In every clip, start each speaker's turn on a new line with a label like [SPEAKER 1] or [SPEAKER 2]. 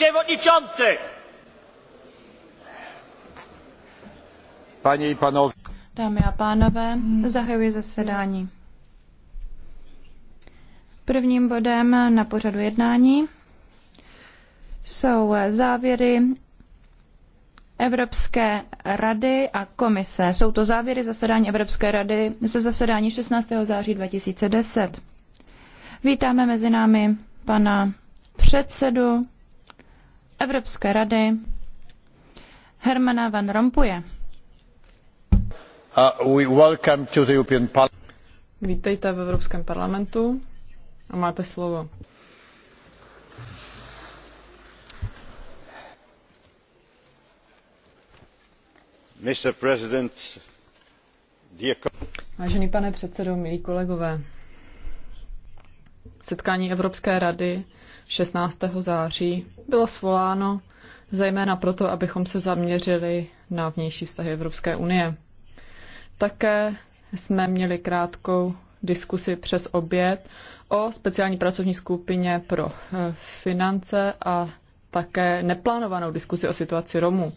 [SPEAKER 1] przewodniczący!
[SPEAKER 2] Panie i panowie.
[SPEAKER 3] Dámy a pánové, zahajuji zasedání. Prvním bodem na pořadu jednání jsou závěry Evropské rady a komise. Jsou to závěry zasedání Evropské rady ze zasedání 16. září 2010. Vítáme mezi námi pana předsedu Evropské rady Hermana Van Rompuye. Uh,
[SPEAKER 4] Vítejte v Evropském parlamentu a máte slovo. Vážený pane předsedo, milí kolegové, setkání Evropské rady 16. září bylo svoláno zejména proto, abychom se zaměřili na vnější vztahy Evropské unie. Také jsme měli krátkou diskusi přes oběd o speciální pracovní skupině pro eh, finance a také neplánovanou diskusi o situaci Romů.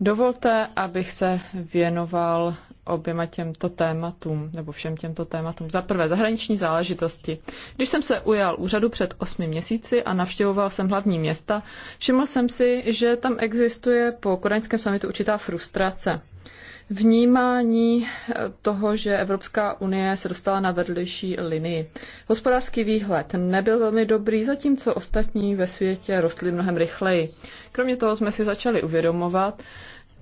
[SPEAKER 4] Dovolte, abych se věnoval oběma těmto tématům, nebo všem těmto tématům. Za prvé, zahraniční záležitosti. Když jsem se ujal úřadu před osmi měsíci a navštěvoval jsem hlavní města, všiml jsem si, že tam existuje po koreňském samitu určitá frustrace. Vnímání eh, toho, že Evropská unie se dostala na vedlejší linii. Hospodářský výhled nebyl velmi dobrý, zatímco ostatní ve světě rostly mnohem rychleji. Kromě toho jsme si začali uvědomovat,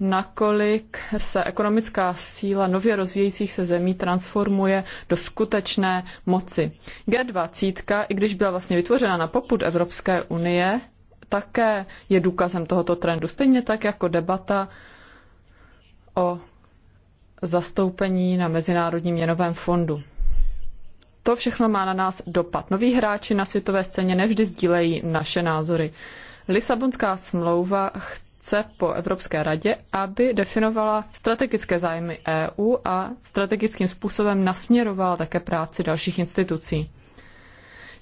[SPEAKER 4] nakolik se ekonomická síla nově rozvíjejících se zemí transformuje do skutečné moci. G20, i když byla vlastně vytvořena na popud Evropské unie, také je důkazem tohoto trendu. Stejně tak jako debata o zastoupení na Mezinárodním měnovém fondu. To všechno má na nás dopad. Noví hráči na světové scéně nevždy sdílejí naše názory. Lisabonská smlouva krátce po Evropské radě, aby definovala strategické zájmy EU a strategickým způsobem nasměrovala také práci dalších institucí.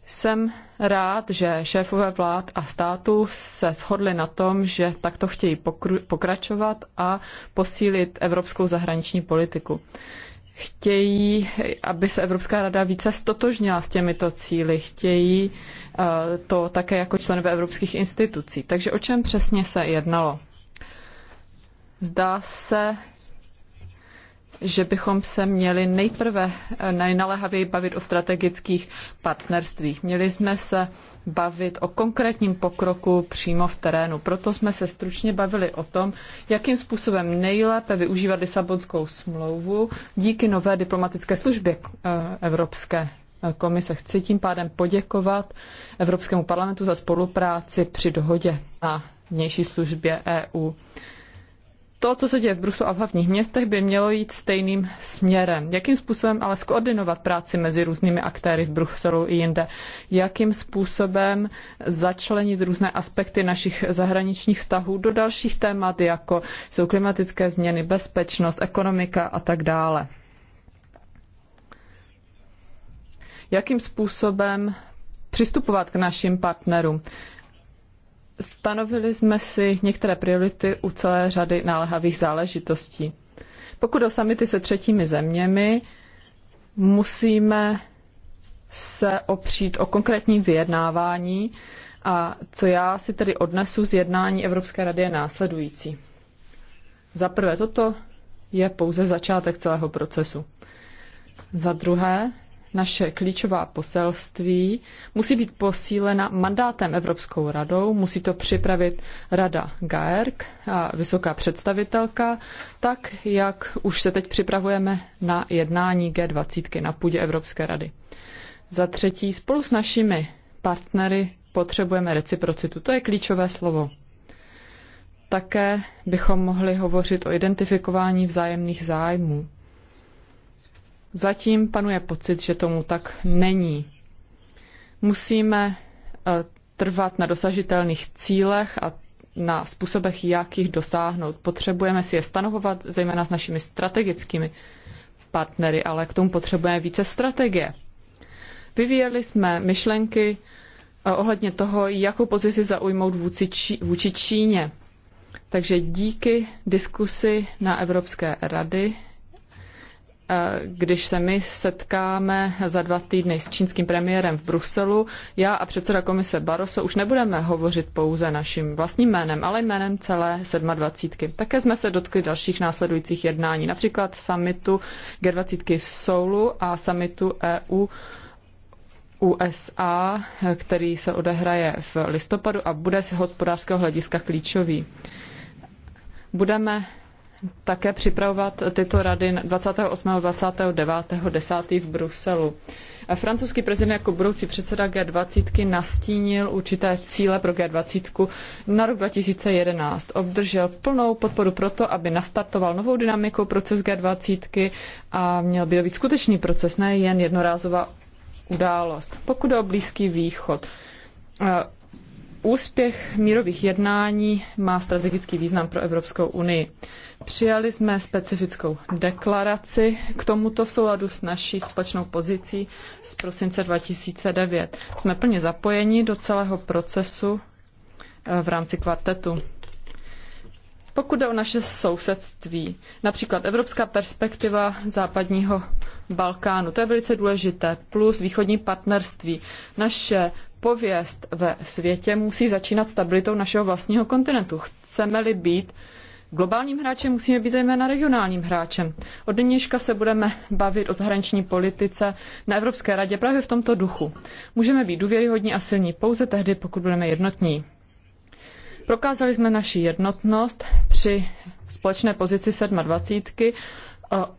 [SPEAKER 4] Jsem rád, že šéfové vlád a států se shodli na tom, že takto chtějí pokračovat a posílit evropskou zahraniční politiku chtějí, aby se Evropská rada více stotožnila s těmito cíly, chtějí eh, to také jako členové evropských institucí. Takže o čem přesně se jednalo? Zdá se, že bychom se měli nejprve eh, nejnaléhavěji bavit o strategických partnerstvích. Měli jsme se bavit o konkrétním pokroku přímo v terénu. Proto jsme se stručně bavili o tom, jakým způsobem nejlépe využívat Lisabonskou smlouvu díky nové diplomatické službě eh, Evropské eh, komise. Chci tím pádem poděkovat Evropskému parlamentu za spolupráci při dohodě na vnější službě EU to, co se děje v Bruselu a v hlavních městech, by mělo jít stejným směrem. Jakým způsobem ale skoordinovat práci mezi různými aktéry v Bruselu i jinde? Jakým způsobem začlenit různé aspekty našich zahraničních vztahů do dalších témat, jako jsou klimatické změny, bezpečnost, ekonomika a tak dále? Jakým způsobem přistupovat k našim partnerům? Stanovili jsme si některé priority u celé řady náléhavých záležitostí. Pokud o samity se třetími zeměmi, musíme se opřít o konkrétní vyjednávání a co já si tedy odnesu z jednání Evropské rady je následující. Za prvé, toto je pouze začátek celého procesu. Za druhé, naše klíčová poselství musí být posílena mandátem Evropskou radou, musí to připravit rada GAERK a vysoká představitelka, tak jak už se teď připravujeme na jednání G20 na půdě Evropské rady. Za třetí, spolu s našimi partnery potřebujeme reciprocitu. To je klíčové slovo. Také bychom mohli hovořit o identifikování vzájemných zájmů. Zatím panuje pocit, že tomu tak není. Musíme eh, trvat na dosažitelných cílech a na způsobech, jak jich dosáhnout. Potřebujeme si je stanovovat, zejména s našimi strategickými partnery, ale k tomu potřebujeme více strategie. Vyvíjeli jsme myšlenky eh, ohledně toho, jakou pozici zaujmout vůči, Čí, vůči Číně. Takže díky diskusi na Evropské rady Eh, když se my setkáme za dva týdny s čínským premiérem v Bruselu, já a předseda komise Barroso už nebudeme hovořit pouze naším vlastním jménem, ale jménem celé 27. Také jsme se dotkli dalších následujících jednání, například summitu G20 v Soulu a summitu EU USA, který se odehraje v listopadu a bude z hospodářského hlediska klíčový. Budeme také připravovat tyto rady 28. 29. 10. v Bruselu. Francouzský prezident jako budoucí předseda G20 nastínil určité cíle pro G20 na rok 2011. Obdržel plnou podporu proto, aby nastartoval novou dynamiku proces G20 a měl by to být skutečný proces, ne jen jednorázová událost. Pokud je o Blízký východ, eh, úspěch mírových jednání má strategický význam pro Evropskou unii. Přijali jsme specifickou deklaraci k tomuto v souladu s naší společnou pozicí z prosince 2009. Jsme plně zapojeni do celého procesu eh, v rámci kvartetu. Pokud jde o naše sousedství, například evropská perspektiva západního Balkánu, to je velice důležité, plus východní partnerství. Naše pověst ve světě musí začínat stabilitou našeho vlastního kontinentu. Chceme-li být globálním hráčem, musíme být zejména regionálním hráčem. Od dneška se budeme bavit o zahraniční politice na Evropské radě právě v tomto duchu. Můžeme být důvěryhodní a silní pouze tehdy, pokud budeme jednotní. Prokázali jsme naši jednotnost při společné pozici 27 eh,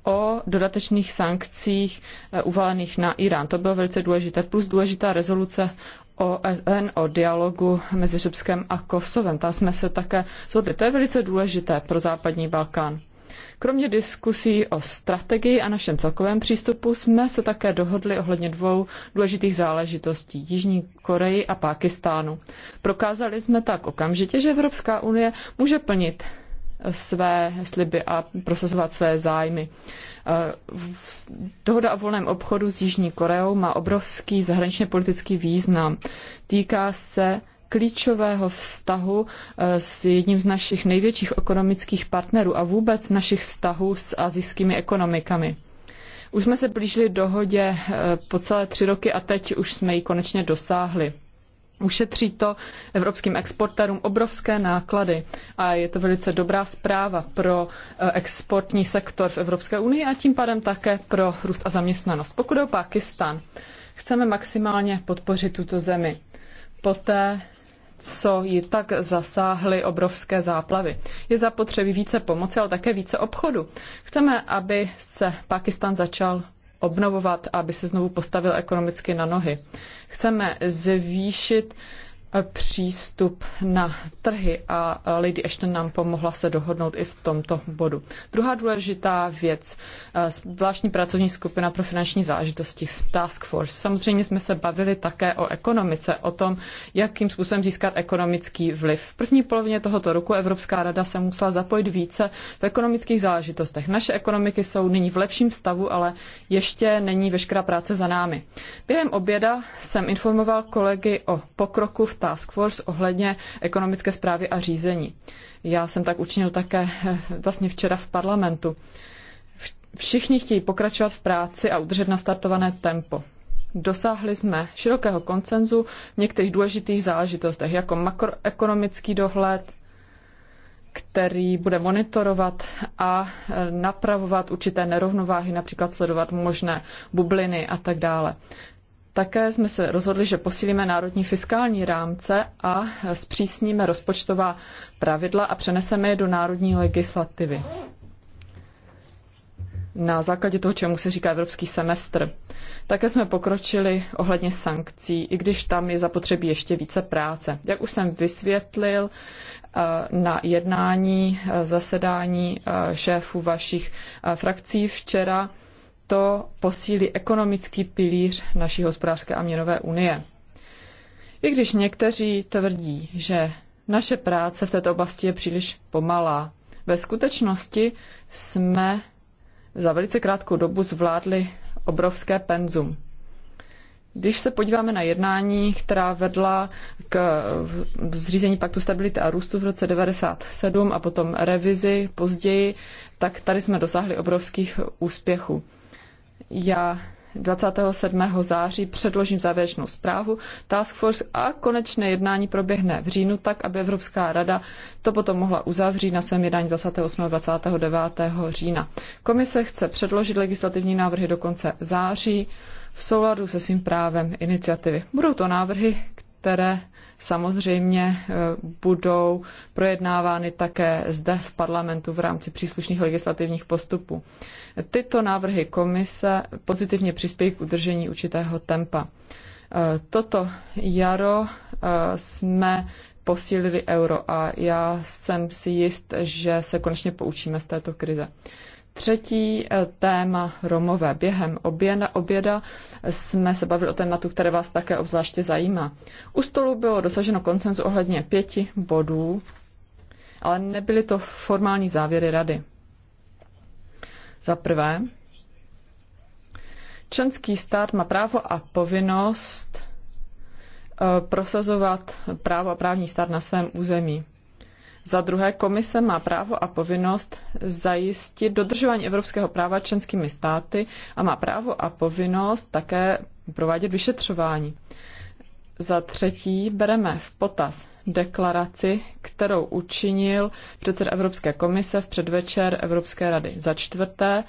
[SPEAKER 4] o dodatečných sankcích eh, uvalených na Irán. To bylo velice důležité, plus důležitá rezoluce OSN o dialogu mezi Řebskem a Kosovem. Tam jsme se také shodli. To je velice důležité pro západní Balkán. Kromě diskusí o strategii a našem celkovém přístupu jsme se také dohodli ohledně dvou důležitých záležitostí Jižní Koreji a Pákistánu. Prokázali jsme tak okamžitě, že Evropská unie může plnit své sliby a prosazovat své zájmy. Eh, dohoda o volném obchodu s Jižní Koreou má obrovský zahraničně politický význam. Týká se klíčového vztahu eh, s jedním z našich největších ekonomických partnerů a vůbec našich vztahů s asijskými ekonomikami. Už jsme se blížili dohodě eh, po celé tři roky a teď už jsme ji konečně dosáhli. Ušetří to evropským exportérům obrovské náklady a je to velice dobrá zpráva pro eh, exportní sektor v Evropské unii a tím pádem také pro růst a zaměstnanost. Pokud o Pakistan, chceme maximálně podpořit tuto zemi. Poté co ji tak zasáhly obrovské záplavy. Je zapotřebí více pomoci, ale také více obchodu. Chceme, aby se Pakistan začal obnovovat, aby se znovu postavil ekonomicky na nohy. Chceme zvýšit přístup na trhy a Lady Ashton nám pomohla se dohodnout i v tomto bodu. Druhá důležitá věc, eh, zvláštní pracovní skupina pro finanční záležitosti Task Force. Samozřejmě jsme se bavili také o ekonomice, o tom, jakým způsobem získat ekonomický vliv. V první polovině tohoto roku Evropská rada se musela zapojit více v ekonomických záležitostech. Naše ekonomiky jsou nyní v lepším stavu, ale ještě není veškerá práce za námi. Během oběda jsem informoval kolegy o pokroku v Task Force ohledně ekonomické zprávy a řízení. Já jsem tak učinil také eh, vlastně včera v parlamentu. Všichni chtějí pokračovat v práci a udržet nastartované tempo. Dosáhli jsme širokého koncenzu v některých důležitých záležitostech, jako makroekonomický dohled, který bude monitorovat a eh, napravovat určité nerovnováhy, například sledovat možné bubliny a tak dále. Také jsme se rozhodli, že posílíme národní fiskální rámce a zpřísníme rozpočtová pravidla a přeneseme je do národní legislativy. Na základě toho, čemu se říká evropský semestr. Také jsme pokročili ohledně sankcí, i když tam je zapotřebí ještě více práce. Jak už jsem vysvětlil eh, na jednání eh, zasedání eh, šéfů vašich frakcí včera, to posílí ekonomický pilíř naší hospodářské a měnové unie. I když někteří tvrdí, že naše práce v této oblasti je příliš pomalá, ve skutečnosti jsme za velice krátkou dobu zvládli obrovské penzum. Když se podíváme na jednání, která vedla k zřízení paktu stability a růstu v roce 1997 a potom revizi později, tak tady jsme dosáhli obrovských úspěchů. Já 27. září předložím závěrečnou zprávu Task Force a konečné jednání proběhne v říjnu tak, aby Evropská rada to potom mohla uzavřít na svém jednání 28. a 29. října. Komise chce předložit legislativní návrhy do konce září v souladu se svým právem iniciativy. Budou to návrhy, které samozřejmě eh, budou projednávány také zde v parlamentu v rámci příslušných legislativních postupů. Tyto návrhy komise pozitivně přispějí k udržení určitého tempa. Eh, toto jaro eh, jsme posílili euro a já jsem si jist, že se konečně poučíme z této krize. Třetí eh, téma Romové. Během oběda, oběda jsme se bavili o tématu, které vás také obzvláště zajímá. U stolu bylo dosaženo koncenzu ohledně pěti bodů, ale nebyly to formální závěry rady. Za prvé, členský stát má právo a povinnost eh, prosazovat právo a právní stát na svém území. Za druhé, komise má právo a povinnost zajistit dodržování evropského práva členskými státy a má právo a povinnost také provádět vyšetřování. Za třetí, bereme v potaz deklaraci, kterou učinil předseda Evropské komise v předvečer Evropské rady. Za čtvrté,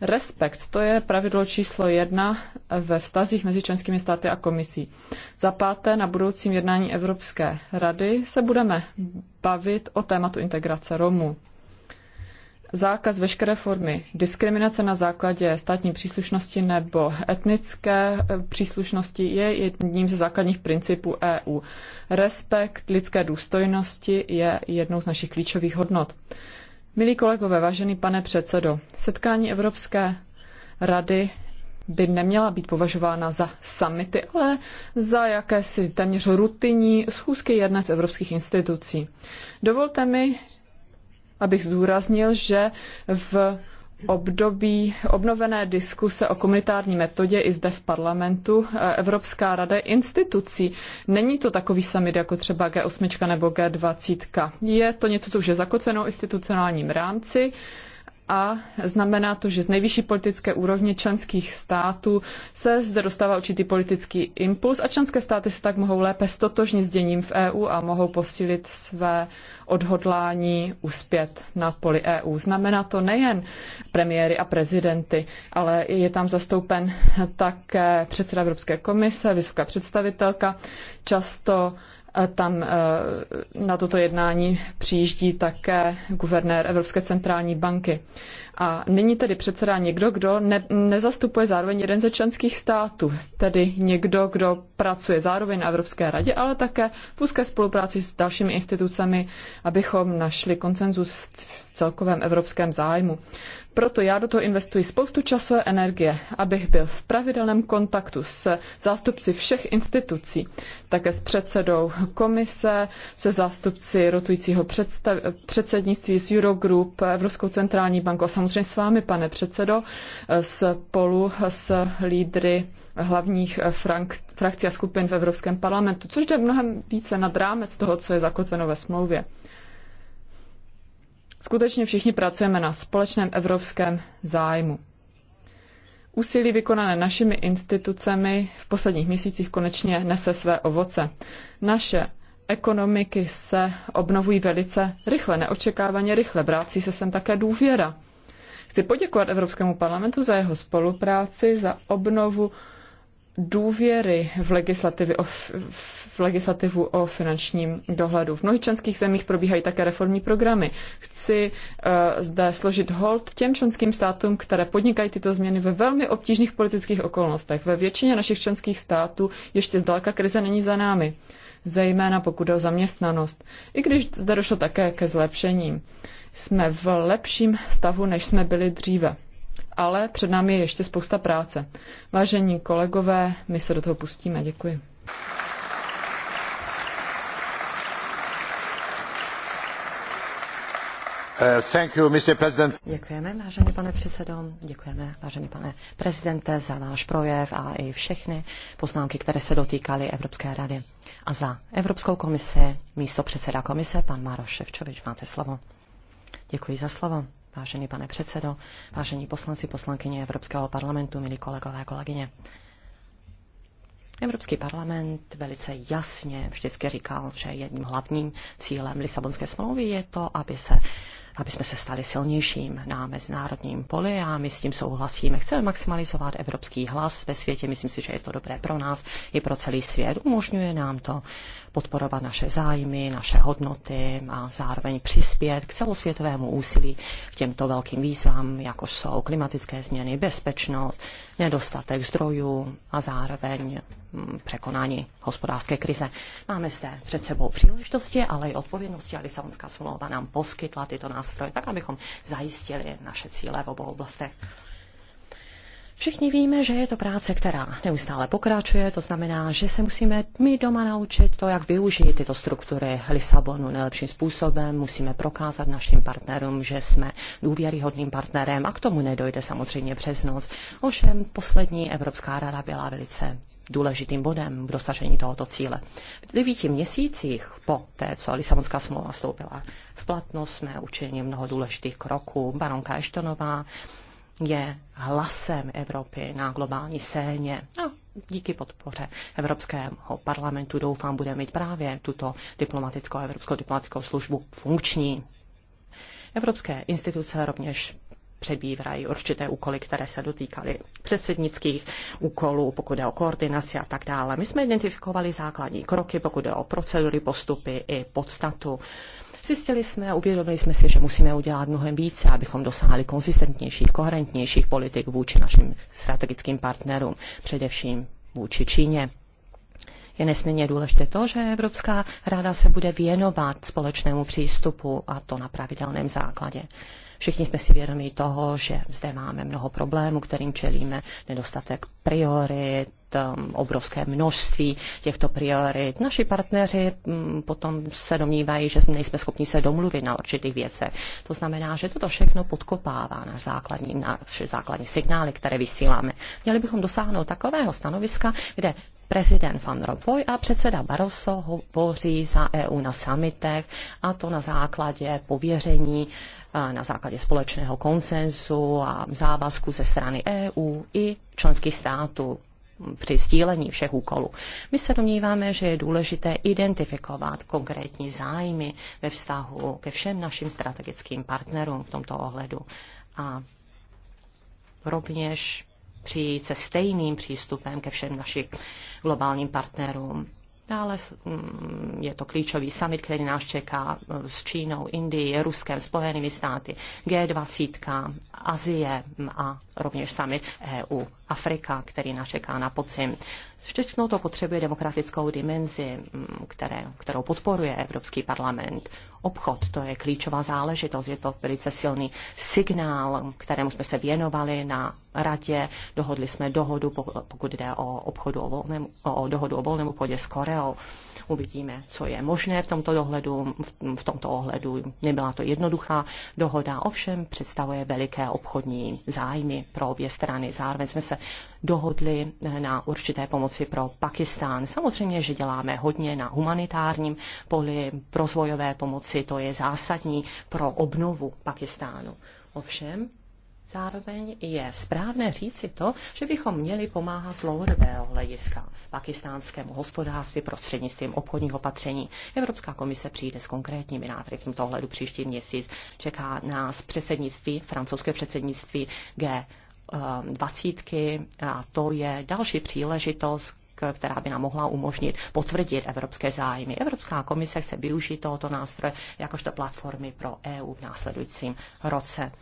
[SPEAKER 4] respekt, to je pravidlo číslo jedna ve vztazích mezi členskými státy a komisí. Za páté, na budoucím jednání Evropské rady se budeme bavit o tématu integrace Romů zákaz veškeré formy diskriminace na základě státní příslušnosti nebo etnické eh, příslušnosti je jedním ze základních principů EU. Respekt lidské důstojnosti je jednou z našich klíčových hodnot. Milí kolegové, vážený pane předsedo, setkání Evropské rady by neměla být považována za samity, ale za jakési téměř rutinní schůzky jedné z evropských institucí. Dovolte mi abych zdůraznil, že v období obnovené diskuse o komunitární metodě i zde v parlamentu eh, Evropská rada je institucí. Není to takový summit jako třeba G8 nebo G20. Je to něco, co už je zakotveno institucionálním rámci a znamená to, že z nejvyšší politické úrovně členských států se zde dostává určitý politický impuls a členské státy se tak mohou lépe stotožnit s děním v EU a mohou posílit své odhodlání uspět na poli EU. Znamená to nejen premiéry a prezidenty, ale je tam zastoupen také předseda Evropské komise, vysoká představitelka, často tam eh, na toto jednání přijíždí také guvernér Evropské centrální banky. A není tedy předseda někdo, kdo ne, nezastupuje zároveň jeden ze členských států, tedy někdo, kdo pracuje zároveň na Evropské radě, ale také v úzké spolupráci s dalšími institucemi, abychom našli konsenzus v celkovém evropském zájmu. Proto já do toho investuji spoustu času a energie, abych byl v pravidelném kontaktu s zástupci všech institucí, také s předsedou komise, se zástupci rotujícího předsednictví z Eurogroup, Evropskou centrální banku a samozřejmě s vámi, pane předsedo, spolu s lídry hlavních frank, frakcí a skupin v Evropském parlamentu, což jde mnohem více nad rámec toho, co je zakotveno ve smlouvě. Skutečně všichni pracujeme na společném evropském zájmu. Úsilí vykonané našimi institucemi v posledních měsících konečně nese své ovoce. Naše ekonomiky se obnovují velice rychle, neočekávaně rychle. Vrácí se sem také důvěra. Chci poděkovat Evropskému parlamentu za jeho spolupráci, za obnovu důvěry v, legislativy o, v legislativu o finančním dohledu. V mnohých členských zemích probíhají také reformní programy. Chci uh, zde složit hold těm členským státům, které podnikají tyto změny ve velmi obtížných politických okolnostech. Ve většině našich členských států ještě zdaleka krize není za námi, zejména pokud jde o zaměstnanost, i když zde došlo také ke zlepšením. Jsme v lepším stavu, než jsme byli dříve ale před námi je ještě spousta práce. Vážení kolegové, my se do toho pustíme. Děkuji.
[SPEAKER 3] Uh, you,
[SPEAKER 1] děkujeme, vážený pane předsedo, děkujeme, vážený pane prezidente, za váš projev a i všechny poznámky, které se dotýkaly Evropské rady. A za Evropskou komisi místo předseda komise, pan Maroš Ševčovič, máte slovo. Děkuji za slovo vážený pane předsedo, vážení poslanci, poslankyně Evropského parlamentu, milí kolegové, kolegyně. Evropský parlament velice jasně vždycky říkal, že jedním hlavním cílem Lisabonské smlouvy je to, aby, se, aby jsme se stali silnějším na mezinárodním poli a my s tím souhlasíme. Chceme maximalizovat evropský hlas ve světě, myslím si, že je to dobré pro nás i pro celý svět. Umožňuje nám to podporovat naše zájmy, naše hodnoty a zároveň přispět k celosvětovému úsilí k těmto velkým výzvám, jako jsou klimatické změny, bezpečnost, nedostatek zdrojů a zároveň mm, překonání hospodářské krize. Máme zde před sebou příležitosti, ale i odpovědnosti a Lisabonská smlouva nám poskytla tyto nástroje, tak abychom zajistili naše cíle v obou oblastech. Všichni víme, že je to práce, která neustále pokračuje, to znamená, že se musíme my doma naučit to, jak využít tyto struktury Lisabonu nejlepším způsobem, musíme prokázat našim partnerům, že jsme důvěryhodným partnerem a k tomu nedojde samozřejmě přes noc. Ovšem poslední Evropská rada byla velice důležitým bodem v dosažení tohoto cíle. V devíti měsících po té, co Lisabonská smlouva vstoupila v platnost, jsme učinili mnoho důležitých kroků. Baronka Eštonová je hlasem Evropy na globální scéně. A díky podpoře Evropského parlamentu doufám bude mít právě tuto diplomatickou a evropskou diplomatickou službu funkční. Evropské instituce rovněž přebývají určité úkoly, které se dotýkaly předsednických úkolů, pokud jde o koordinaci a tak dále. My jsme identifikovali základní kroky, pokud jde o procedury, postupy i podstatu Zjistili jsme a uvědomili jsme si, že musíme udělat mnohem více, abychom dosáhli konzistentnějších, koherentnějších politik vůči našim strategickým partnerům, především vůči Číně. Je nesmírně důležité to, že Evropská rada se bude věnovat společnému přístupu a to na pravidelném základě. Všichni jsme si vědomi toho, že zde máme mnoho problémů, kterým čelíme, nedostatek priorit, obrovské množství těchto priorit. Naši partneři mm, potom se domnívají, že nejsme schopni se domluvit na určitých věcech. To znamená, že toto všechno podkopává na základní, naše základní signály, které vysíláme. Měli bychom dosáhnout takového stanoviska, kde prezident Van Rompuy a předseda Barroso hovoří za EU na samitech a to na základě pověření, eh, na základě společného konsenzu a závazku ze strany EU i členských států při sdílení všech úkolů. My se domníváme, že je důležité identifikovat konkrétní zájmy ve vztahu ke všem našim strategickým partnerům v tomto ohledu a rovněž přijít se stejným přístupem ke všem našim globálním partnerům. Dále mm, je to klíčový summit, který nás čeká s Čínou, Indií, Ruskem, Spojenými státy, G20, Azie a rovněž summit EU Afrika, který nás čeká na podzim. Všechno to potřebuje demokratickou dimenzi, mm, které, kterou podporuje Evropský parlament. Obchod, to je klíčová záležitost, je to velice silný signál, kterému jsme se věnovali na radě. Dohodli jsme dohodu, pokud jde o, obchodu o, volném, o dohodu o volném obchodě s Koreou uvidíme, co je možné v tomto dohledu, v tomto ohledu. Nebyla to jednoduchá dohoda, ovšem představuje veliké obchodní zájmy pro obě strany. Zároveň jsme se dohodli na určité pomoci pro Pakistán. Samozřejmě, že děláme hodně na humanitárním poli rozvojové pomoci, to je zásadní pro obnovu Pakistánu. Ovšem, Zároveň je správné říci to, že bychom měli pomáhat z dlouhodobého hlediska pakistánskému hospodářství prostřednictvím obchodních opatření. Evropská komise přijde s konkrétními návrhy v tomto ohledu příští měsíc. Čeká nás předsednictví, francouzské předsednictví G20 eh, a to je další příležitost, která by nám mohla umožnit potvrdit evropské zájmy. Evropská komise chce využít tohoto nástroje jakožto platformy pro EU v následujícím roce.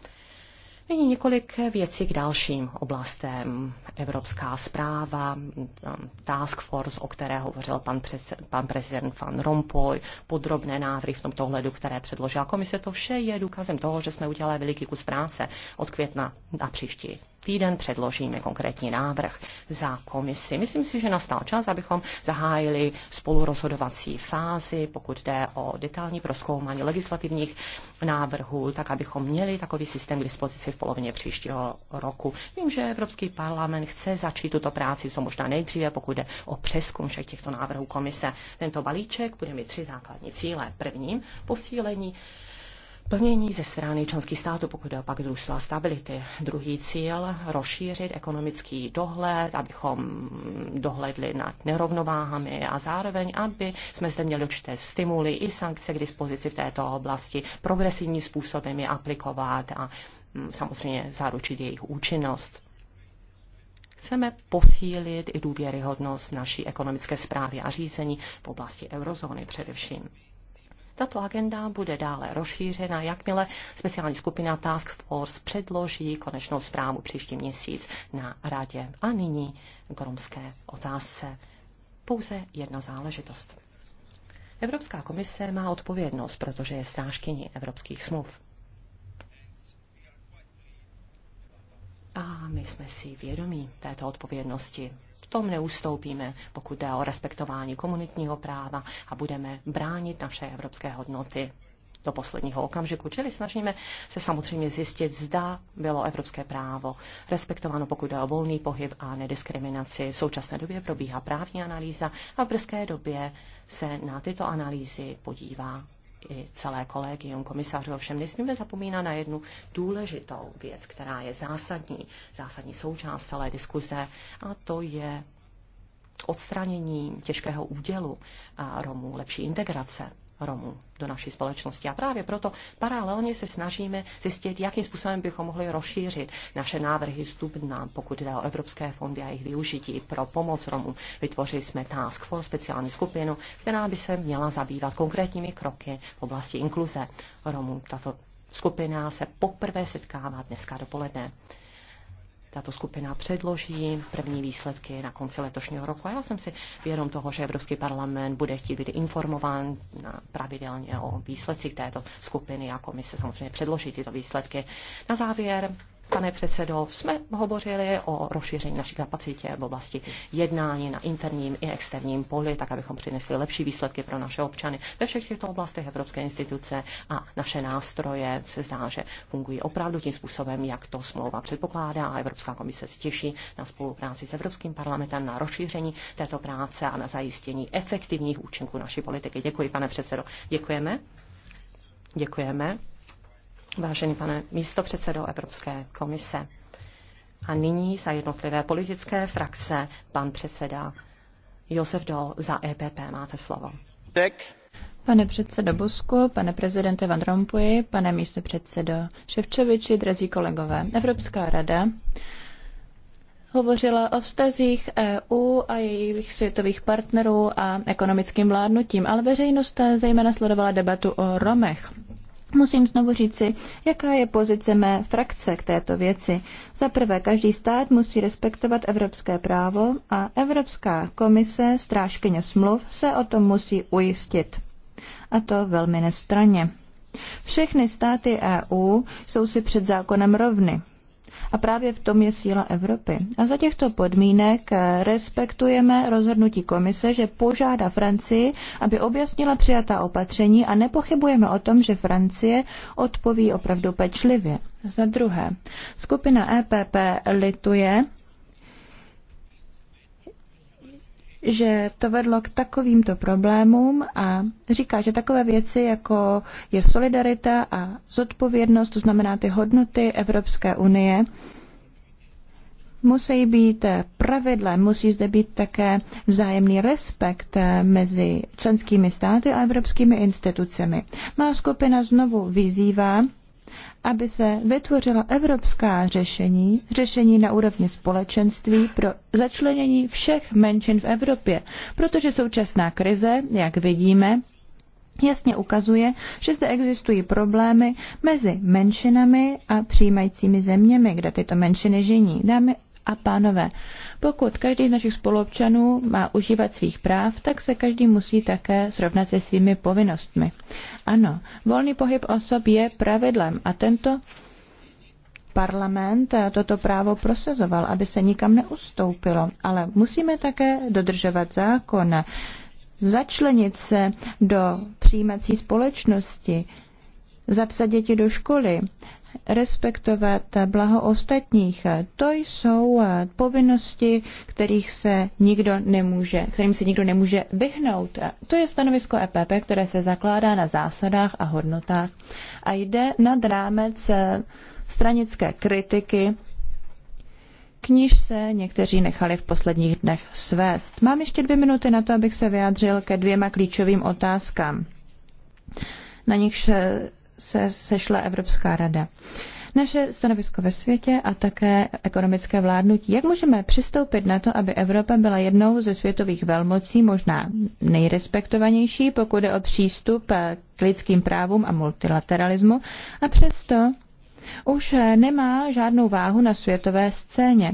[SPEAKER 1] Nyní několik věcí k dalším oblastem. Evropská zpráva, mm, task force, o které hovořil pan, prez. pan prezident Van Rompuy, podrobné návrhy v tomto ohledu, které předložila komise, to vše je důkazem toho, že jsme udělali veliký kus práce od května na příští týden předložíme konkrétní návrh za komisi. Myslím si, že nastal čas, abychom zahájili spolurozhodovací fázi, pokud jde o detailní proskoumání legislativních návrhů, tak abychom měli takový systém k dispozici v polovině příštího roku. Vím, že Evropský parlament chce začít tuto práci co možná nejdříve, pokud jde o přeskum všech těchto návrhů komise. Tento balíček bude mít tři základní cíle. Prvním posílení plnění ze strany členských států, pokud jde o pak růstu a stability. Druhý cíl, rozšířit ekonomický dohled, abychom dohledli nad nerovnováhami a zároveň, aby jsme zde měli určité stimuly i sankce k dispozici v této oblasti, progresivní způsobem je aplikovat a mm, samozřejmě zaručit jejich účinnost. Chceme posílit i důvěryhodnost naší ekonomické zprávy a řízení v oblasti eurozóny především. Tato agenda bude dále rozšířena, jakmile speciální skupina Task Force předloží konečnou zprávu příští měsíc na radě. A nyní k romské otázce. Pouze jedna záležitost. Evropská komise má odpovědnost, protože je strážkyní evropských smluv. A my jsme si vědomí této odpovědnosti v tom neustoupíme, pokud jde o respektování komunitního práva a budeme bránit naše evropské hodnoty do posledního okamžiku. Čili snažíme se samozřejmě zjistit, zda bylo evropské právo respektováno, pokud jde o volný pohyb a nediskriminaci. V současné době probíhá právní analýza a v brzké době se na tyto analýzy podívá i celé kolegium komisařů. Ovšem nesmíme zapomínat na jednu důležitou věc, která je zásadní, zásadní součást celé diskuze, a to je odstranění těžkého údělu Romů, lepší integrace Romů do naší společnosti. A právě proto paralelně se snažíme zjistit, jakým způsobem bychom mohli rozšířit naše návrhy stupna, pokud jde o evropské fondy a jejich využití pro pomoc Romům. Vytvořili jsme Task Force, speciální skupinu, která by se měla zabývat konkrétními kroky v oblasti inkluze Romů. Tato skupina se poprvé setkává dneska dopoledne tato skupina předloží první výsledky na konci letošního roku. A já jsem si vědom toho, že Evropský parlament bude chtít být informován pravidelně o výsledcích této skupiny a komise samozřejmě předloží tyto výsledky. Na závěr pane předsedo, jsme hovořili o rozšíření naší kapacitě v oblasti jednání na interním i externím poli, tak abychom přinesli lepší výsledky pro naše občany. Ve všech těchto oblastech evropské instituce a naše nástroje se zdá, že fungují opravdu tím způsobem, jak to smlouva předpokládá a Evropská komise se těší na spolupráci s Evropským parlamentem, na rozšíření této práce a na zajištění efektivních účinků naší politiky. Děkuji, pane předsedo. Děkujeme. Děkujeme vážený pane místopředsedo Evropské komise. A nyní za jednotlivé politické frakce pan předseda Josef Dol za EPP. Máte slovo. Tak. Pane předsedo Busku, pane prezidente Van Rompuy, pane
[SPEAKER 3] místopředsedo Ševčoviči, drazí kolegové, Evropská rada hovořila o vztazích EU a jejich světových partnerů a ekonomickým vládnutím, ale veřejnost zejména sledovala debatu o Romech. Musím znovu říci, jaká je pozice mé frakce k této věci. Za prvé, každý stát musí respektovat evropské právo a Evropská komise, strážkyně smluv, se o tom musí ujistit. A to velmi nestraně. Všechny státy EU jsou si před zákonem rovny. A právě v tom je síla Evropy. A za těchto podmínek eh, respektujeme rozhodnutí komise, že požádá Francii, aby objasnila přijatá opatření a nepochybujeme o tom, že Francie odpoví opravdu pečlivě. Za druhé, skupina EPP lituje, že to vedlo k takovýmto problémům a říká, že takové věci, jako je solidarita a zodpovědnost, to znamená ty hodnoty Evropské unie, musí být pravidle, musí zde být také vzájemný respekt mezi členskými státy a evropskými institucemi. Má skupina znovu vyzývá aby se vytvořila evropská řešení, řešení na úrovni společenství pro začlenění všech menšin v Evropě, protože současná krize, jak vidíme, jasně ukazuje, že zde existují problémy mezi menšinami a přijímajícími zeměmi, kde tyto menšiny žijí. Dámy a pánové, pokud každý z našich spoluobčanů má užívat svých práv, tak se každý musí také srovnat se svými povinnostmi. Ano, volný pohyb osob je pravidlem a tento parlament toto právo prosazoval, aby se nikam neustoupilo, ale musíme také dodržovat zákon, začlenit se do přijímací společnosti, zapsat děti do školy, respektovat blaho ostatních. To jsou povinnosti, kterých se nikdo nemůže, kterým se nikdo nemůže vyhnout. To je stanovisko EPP, které se zakládá na zásadách a hodnotách a jde nad rámec eh, stranické kritiky, k se někteří nechali v posledních dnech svést. Mám ještě dvě minuty na to, abych se vyjádřil ke dvěma klíčovým otázkám na nichž eh, se sešla Evropská rada. Naše stanovisko ve světě a také ekonomické vládnutí. Jak můžeme přistoupit na to, aby Evropa byla jednou ze světových velmocí, možná nejrespektovanější, pokud je o přístup k lidským právům a multilateralismu, a přesto už nemá žádnou váhu na světové scéně.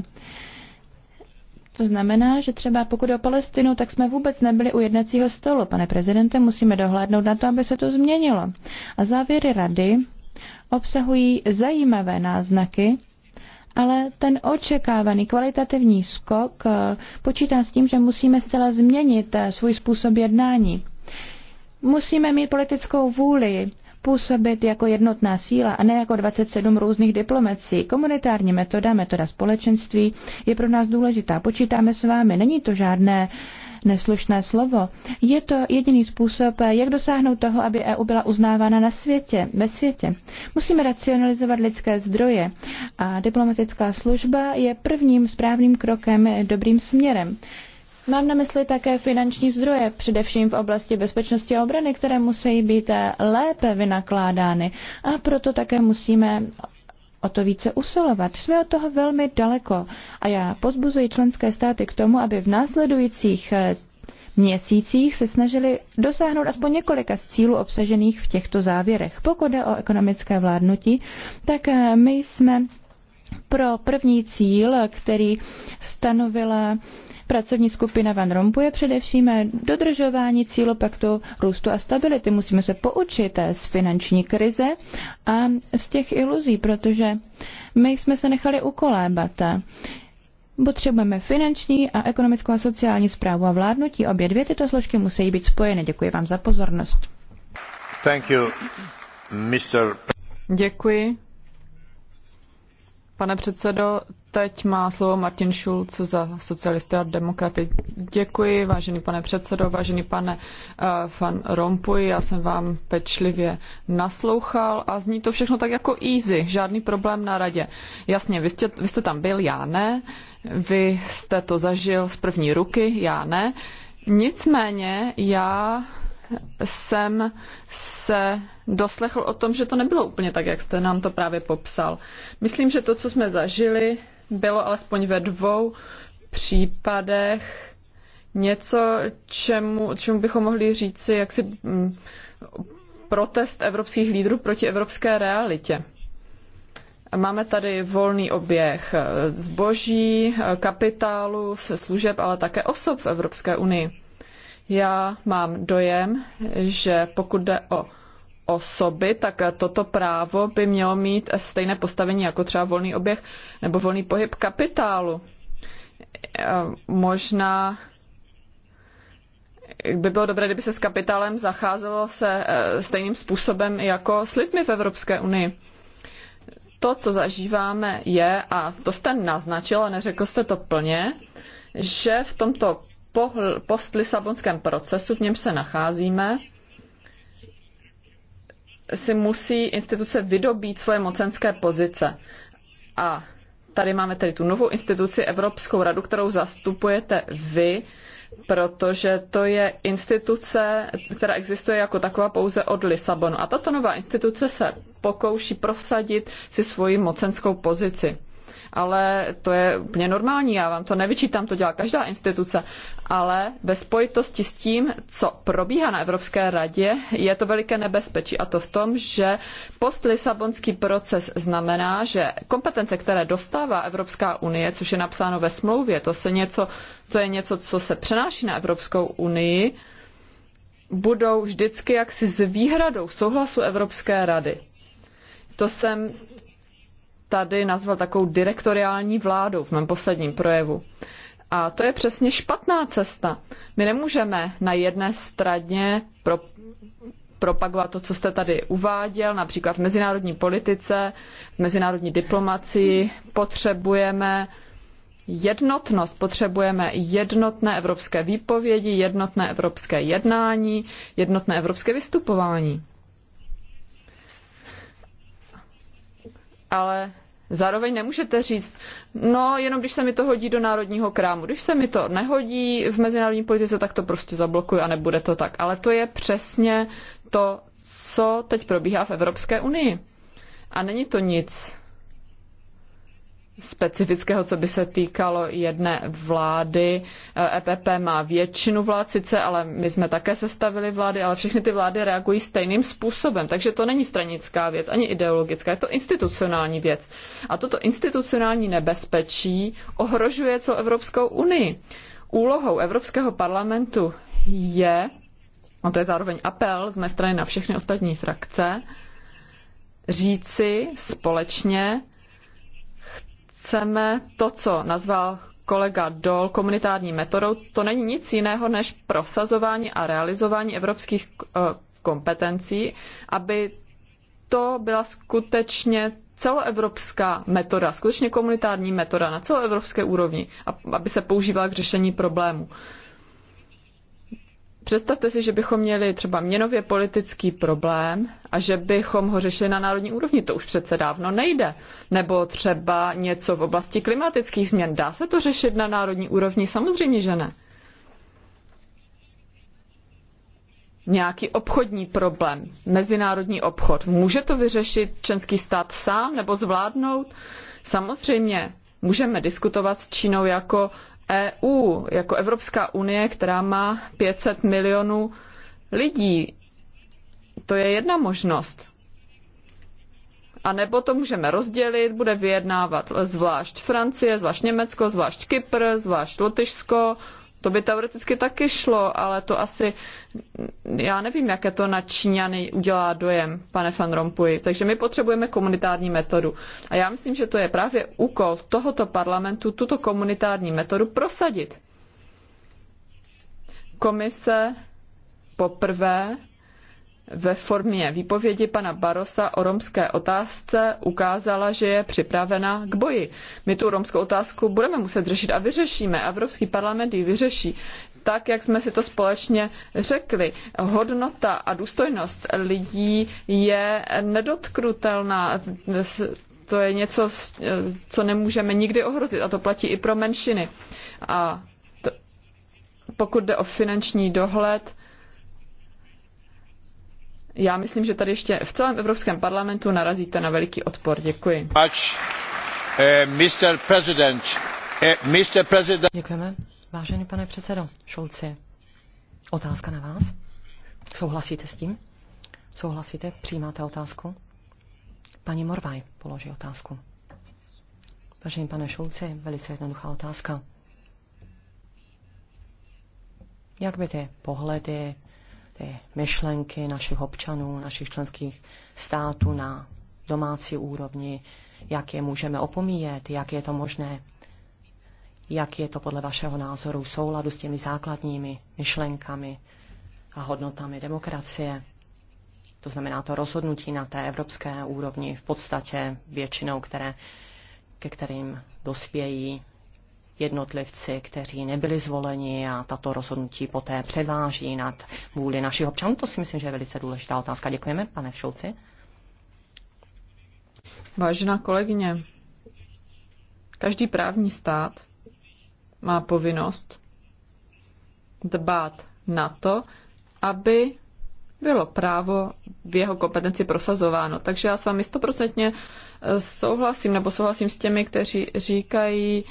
[SPEAKER 3] To znamená, že třeba pokud o Palestinu, tak jsme vůbec nebyli u jednacího stolu. Pane prezidente, musíme dohlédnout na to, aby se to změnilo. A závěry rady obsahují zajímavé náznaky, ale ten očekávaný kvalitativní skok eh, počítá s tím, že musíme zcela změnit eh, svůj způsob jednání. Musíme mít politickou vůli působit jako jednotná síla a ne jako 27 různých diplomací. Komunitární metoda, metoda společenství je pro nás důležitá. Počítáme s vámi, není to žádné neslušné slovo. Je to jediný způsob, jak dosáhnout toho, aby EU byla uznávána na světě, ve světě. Musíme racionalizovat lidské zdroje a diplomatická služba je prvním správným krokem dobrým směrem. Mám na mysli také finanční zdroje, především v oblasti bezpečnosti a obrany, které musí být eh, lépe vynakládány a proto také musíme o to více usilovat. Jsme od toho velmi daleko a já pozbuzuji členské státy k tomu, aby v následujících eh, měsících se snažili dosáhnout aspoň několika z cílů obsažených v těchto závěrech. Pokud jde o ekonomické vládnutí, tak eh, my jsme pro první cíl, který stanovila Pracovní skupina Van Rompuje především dodržování cílu paktu růstu a stability. Musíme se poučit z finanční krize a z těch iluzí, protože my jsme se nechali ukolébat. Potřebujeme finanční a ekonomickou a sociální zprávu a vládnutí. Obě dvě tyto složky musí být spojeny.
[SPEAKER 4] Děkuji vám za pozornost. Thank you, Mr. Děkuji. Pane předsedo, teď má slovo Martin Schulz za socialisty a demokraty. Děkuji, vážený pane předsedo, vážený pane uh, Van Rompuy, já jsem vám pečlivě naslouchal a zní to všechno tak jako easy, žádný problém na radě. Jasně, vy jste, vy jste tam byl, já ne, vy jste to zažil z první ruky, já ne. Nicméně já jsem se doslechl o tom, že to nebylo úplně tak, jak jste nám to právě popsal. Myslím, že to, co jsme zažili, bylo alespoň ve dvou případech něco, čemu, čemu bychom mohli říci jaksi mm, protest evropských lídrů proti evropské realitě. Máme tady volný oběh zboží, kapitálu, služeb, ale také osob v Evropské unii. Já mám dojem, že pokud jde o osoby, tak toto právo by mělo mít stejné postavení jako třeba volný oběh nebo volný pohyb kapitálu. Eh, možná by bylo dobré, kdyby se s kapitálem zacházelo se eh, stejným způsobem jako s lidmi v Evropské unii. To, co zažíváme, je, a to jste naznačil, a neřekl jste to plně, že v tomto post-Lisabonském procesu, v něm se nacházíme, si musí instituce vydobít svoje mocenské pozice. A tady máme tedy tu novou instituci, Evropskou radu, kterou zastupujete vy, protože to je instituce, která existuje jako taková pouze od Lisabonu. A tato nová instituce se pokouší prosadit si svoji mocenskou pozici ale to je úplně normální, já vám to nevyčítám, to dělá každá instituce, ale ve spojitosti s tím, co probíhá na Evropské radě, je to veliké nebezpečí a to v tom, že post-Lisabonský proces znamená, že kompetence, které dostává Evropská unie, což je napsáno ve smlouvě, to, se něco, to je něco, co se přenáší na Evropskou unii, budou vždycky jaksi s výhradou souhlasu Evropské rady. To jsem tady nazval takovou direktoriální vládu v mém posledním projevu. A to je přesně špatná cesta. My nemůžeme na jedné straně pro, propagovat to, co jste tady uváděl, například v mezinárodní politice, v mezinárodní diplomacii. Potřebujeme jednotnost, potřebujeme jednotné evropské výpovědi, jednotné evropské jednání, jednotné evropské vystupování. ale zároveň nemůžete říct, no jenom když se mi to hodí do národního krámu. Když se mi to nehodí v mezinárodní politice, tak to prostě zablokuju a nebude to tak. Ale to je přesně to, co teď probíhá v Evropské unii. A není to nic specifického, co by se týkalo jedné vlády. EPP eh, e má většinu vlád sice, ale my jsme také sestavili vlády, ale všechny ty vlády reagují stejným způsobem. Takže to není stranická věc, ani ideologická, je to institucionální věc. A toto institucionální nebezpečí ohrožuje co Evropskou unii. Úlohou Evropského parlamentu je, a to je zároveň apel z mé strany na všechny ostatní frakce, říci společně, chceme to, co nazval kolega Dol komunitární metodou, to není nic jiného než prosazování a realizování evropských eh, kompetencí, aby to byla skutečně celoevropská metoda, skutečně komunitární metoda na celoevropské úrovni, aby se používala k řešení problému. Představte si, že bychom měli třeba měnově politický problém a že bychom ho řešili na národní úrovni. To už přece dávno nejde. Nebo třeba něco v oblasti klimatických změn. Dá se to řešit na národní úrovni? Samozřejmě, že ne. Nějaký obchodní problém, mezinárodní obchod. Může to vyřešit členský stát sám nebo zvládnout? Samozřejmě, můžeme diskutovat s Čínou jako EU, jako Evropská unie, která má 500 milionů lidí. To je jedna možnost. A nebo to můžeme rozdělit, bude vyjednávat zvlášť Francie, zvlášť Německo, zvlášť Kypr, zvlášť Lotyšsko, to by teoreticky taky šlo, ale to asi, já nevím, jaké to na Číňany udělá dojem, pane Van Rompuy. Takže my potřebujeme komunitární metodu. A já myslím, že to je právě úkol tohoto parlamentu tuto komunitární metodu prosadit. Komise poprvé ve formě výpovědi pana Barosa o romské otázce ukázala, že je připravena k boji. My tu romskou otázku budeme muset řešit a vyřešíme. Evropský parlament ji vyřeší tak, jak jsme si to společně řekli. Hodnota a důstojnost lidí je nedotknutelná. To je něco, co nemůžeme nikdy ohrozit a to platí i pro menšiny. A pokud jde o finanční dohled, já myslím, že tady ještě v celém Evropském parlamentu narazíte na veliký odpor. Děkuji.
[SPEAKER 3] Mr. Eh, President. Eh, Mr.
[SPEAKER 1] President. Děkujeme. Vážený pane předsedo Šulci, otázka na vás. Souhlasíte s tím? Souhlasíte? Přijímáte otázku? Paní Morvaj položí otázku. Vážený pane Šulci, velice jednoduchá otázka. Jak by ty pohledy, ty myšlenky našich občanů, našich členských států na domácí úrovni, jak je můžeme opomíjet, jak je to možné, jak je to podle vašeho názoru v souladu s těmi základními myšlenkami a hodnotami demokracie. To znamená to rozhodnutí na té evropské úrovni v podstatě většinou, které, ke kterým dospějí jednotlivci, kteří nebyli zvoleni a tato rozhodnutí poté převáží nad vůli našich občanů. To si myslím, že je velice důležitá otázka. Děkujeme, pane Všouci.
[SPEAKER 4] Vážená kolegyně, každý právní stát má povinnost dbát na to, aby bylo právo v jeho kompetenci prosazováno. Takže já s vámi stoprocentně souhlasím, nebo souhlasím s těmi, kteří říkají,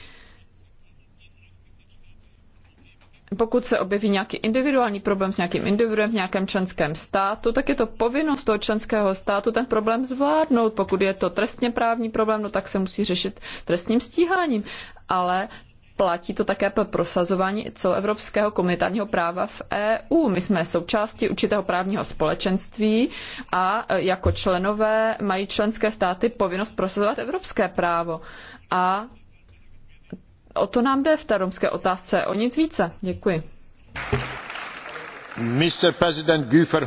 [SPEAKER 4] pokud se objeví nějaký individuální problém s nějakým individuem v nějakém členském státu, tak je to povinnost toho členského státu ten problém zvládnout. Pokud je to trestně právní problém, no tak se musí řešit trestním stíháním. Ale platí to také pro prosazování celoevropského komunitárního práva v EU. My jsme součástí určitého právního společenství a jako členové mají členské státy povinnost prosazovat evropské právo. A O to nám jde v té romské otázce, o nic více. Děkuji.
[SPEAKER 3] Mr. President
[SPEAKER 5] Güfer.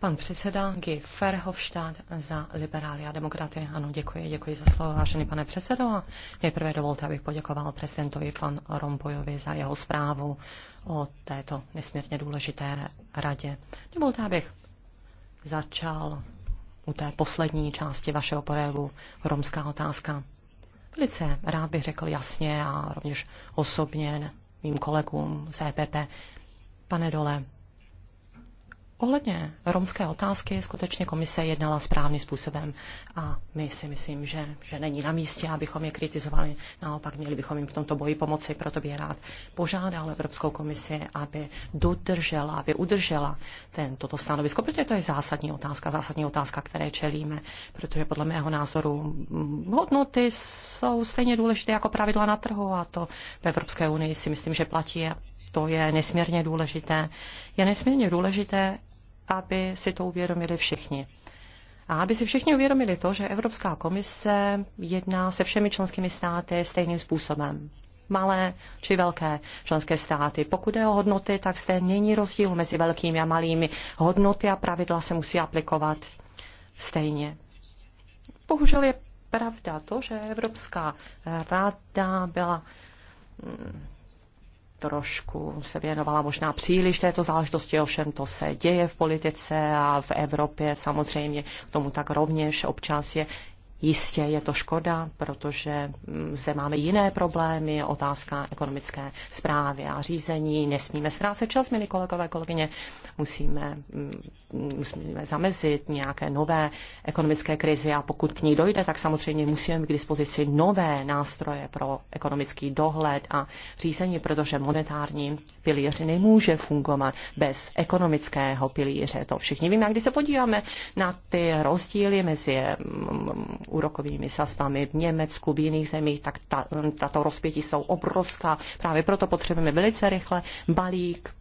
[SPEAKER 1] Pan předseda Guy Verhofstadt za liberály a demokraty. Ano, děkuji, děkuji za slovo, vážený pane předsedo. A nejprve dovolte, abych poděkoval prezidentovi pan Rompojovi za jeho zprávu o této nesmírně důležité radě. Dovolte, abych začal u té poslední části vašeho projevu romská otázka. Velice rád bych řekl jasně a rovněž osobně mým kolegům z EPP. Pane Dole, Ohledně romské otázky skutečně komise jednala správným způsobem a my si myslím, že, že není na místě, abychom je kritizovali. Naopak měli bychom jim v tomto boji pomoci, proto bych rád požádal Evropskou komisi, aby dodržela, aby udržela tento toto stanovisko, protože to je zásadní otázka, zásadní otázka, které čelíme, protože podle mého názoru mm, hodnoty jsou stejně důležité jako pravidla na trhu a to v Evropské unii si myslím, že platí to je nesmírně důležité. Je nesmírně důležité, aby si to uvědomili všichni. A aby si všichni uvědomili to, že Evropská komise jedná se všemi členskými státy stejným způsobem. Malé či velké členské státy. Pokud je o hodnoty, tak zde není rozdíl mezi velkými a malými. Hodnoty a pravidla se musí aplikovat stejně. Bohužel je pravda to, že Evropská rada byla mm, trošku se věnovala možná příliš této záležitosti, ovšem to se děje v politice a v Evropě samozřejmě tomu tak rovněž občas je Jistě je to škoda, protože mm, zde máme jiné problémy, otázka ekonomické zprávy a řízení. Nesmíme ztrácet čas, milí kolegové, kolegyně. Musíme, mm, musíme zamezit nějaké nové ekonomické krizi a pokud k ní dojde, tak samozřejmě musíme mít k dispozici nové nástroje pro ekonomický dohled a řízení, protože monetární pilíř nemůže fungovat bez ekonomického pilíře. To všichni víme. A když se podíváme na ty rozdíly mezi mm, úrokovými sazbami v Německu, v jiných zemích, tak ta, tato rozpětí jsou obrovská. Právě proto potřebujeme velice rychle balík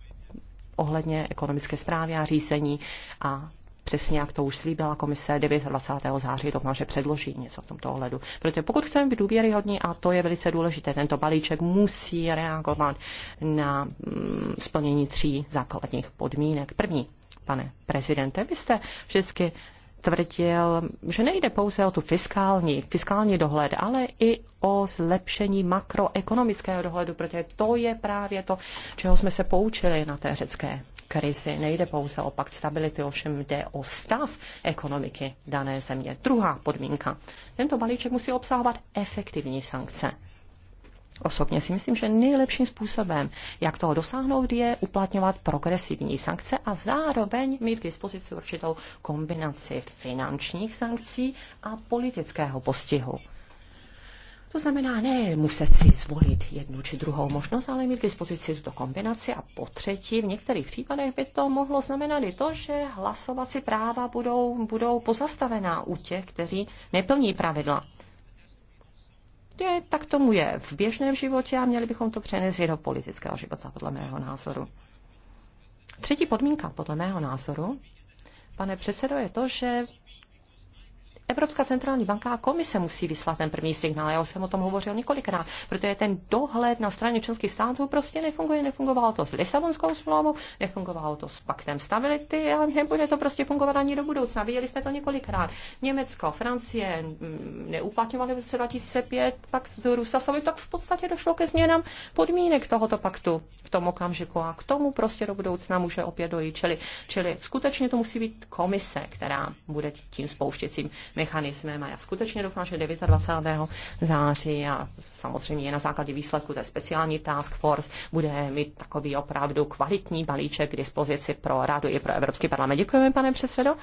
[SPEAKER 1] ohledně ekonomické zprávy a řízení a přesně jak to už slíbila komise 29. září, doufám, že předloží něco v tomto ohledu. Protože pokud chceme být důvěryhodní, a to je velice důležité, tento balíček musí reagovat na mm, splnění tří základních podmínek. První, pane prezidente, vy jste vždycky tvrdil, že nejde pouze o tu fiskální, fiskální dohled, ale i o zlepšení makroekonomického dohledu, protože to je právě to, čeho jsme se poučili na té řecké krizi. Nejde pouze o pakt stability, ovšem jde o stav ekonomiky dané země. Druhá podmínka. Tento balíček musí obsahovat efektivní sankce. Osobně si myslím, že nejlepším způsobem, jak toho dosáhnout, je uplatňovat progresivní sankce a zároveň mít k dispozici určitou kombinaci finančních sankcí a politického postihu. To znamená ne muset si zvolit jednu či druhou možnost, ale mít k dispozici tuto kombinaci a po třetí v některých případech by to mohlo znamenat i to, že hlasovací práva budou, budou pozastavená u těch, kteří neplní pravidla prostě tak tomu je v běžném životě a měli bychom to přenést i do politického života, podle mého názoru. Třetí podmínka, podle mého názoru, pane předsedo, je to, že Evropská centrální banka a komise musí vyslat ten první signál. Já už jsem o tom hovořil několikrát, protože ten dohled na straně členských států prostě nefunguje. Nefungovalo to s Lisabonskou smlouvou, nefungovalo to s paktem stability a nebude to prostě fungovat ani do budoucna. Viděli jsme to několikrát. Německo, Francie mm, neuplatňovali v roce 2005 pak z Rusasovi, tak v podstatě došlo ke změnám podmínek tohoto paktu v tom okamžiku a k tomu prostě do budoucna může opět dojít. Čili, čili skutečně to musí být komise, která bude tím spouštěcím mechanismem a já skutečně doufám, že 29. září a samozřejmě na základě výsledku té speciální task force bude mít takový opravdu kvalitní balíček k dispozici pro radu i pro Evropský parlament. Děkujeme, pane předsedo.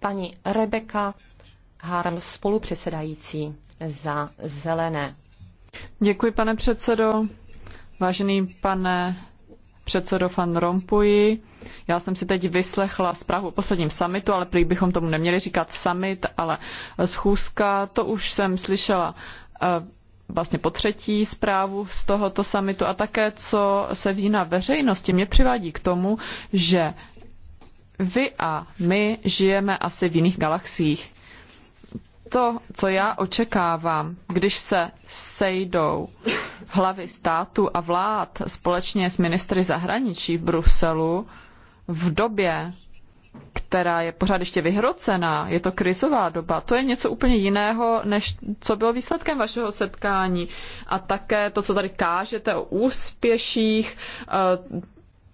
[SPEAKER 1] Paní Rebeka
[SPEAKER 4] Harm, spolupředsedající za zelené. Děkuji, pane předsedo. Vážený pane předsedo Van Rompuy. Já jsem si teď vyslechla zprávu o posledním summitu, ale prý bychom tomu neměli říkat summit, ale schůzka, to už jsem slyšela eh, vlastně po třetí zprávu z tohoto summitu a také, co se ví na veřejnosti, mě přivádí k tomu, že vy a my žijeme asi v jiných galaxiích to, co já očekávám, když se sejdou hlavy států a vlád společně s ministry zahraničí v Bruselu v době, která je pořád ještě vyhrocená, je to krizová doba, to je něco úplně jiného, než co bylo výsledkem vašeho setkání. A také to, co tady kážete o úspěších eh,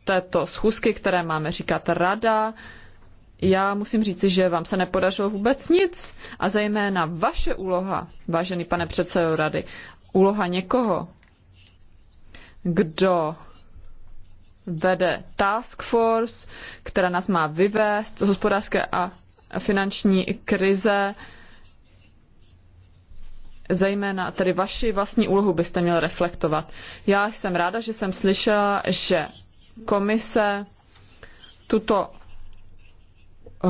[SPEAKER 4] této schůzky, které máme říkat rada, já musím říci, že vám se nepodařilo vůbec nic a zejména vaše úloha, vážený pane předsedo rady, úloha někoho, kdo vede task force, která nás má vyvést z hospodářské a finanční krize, zejména tedy vaši vlastní úlohu byste měl reflektovat. Já jsem ráda, že jsem slyšela, že komise tuto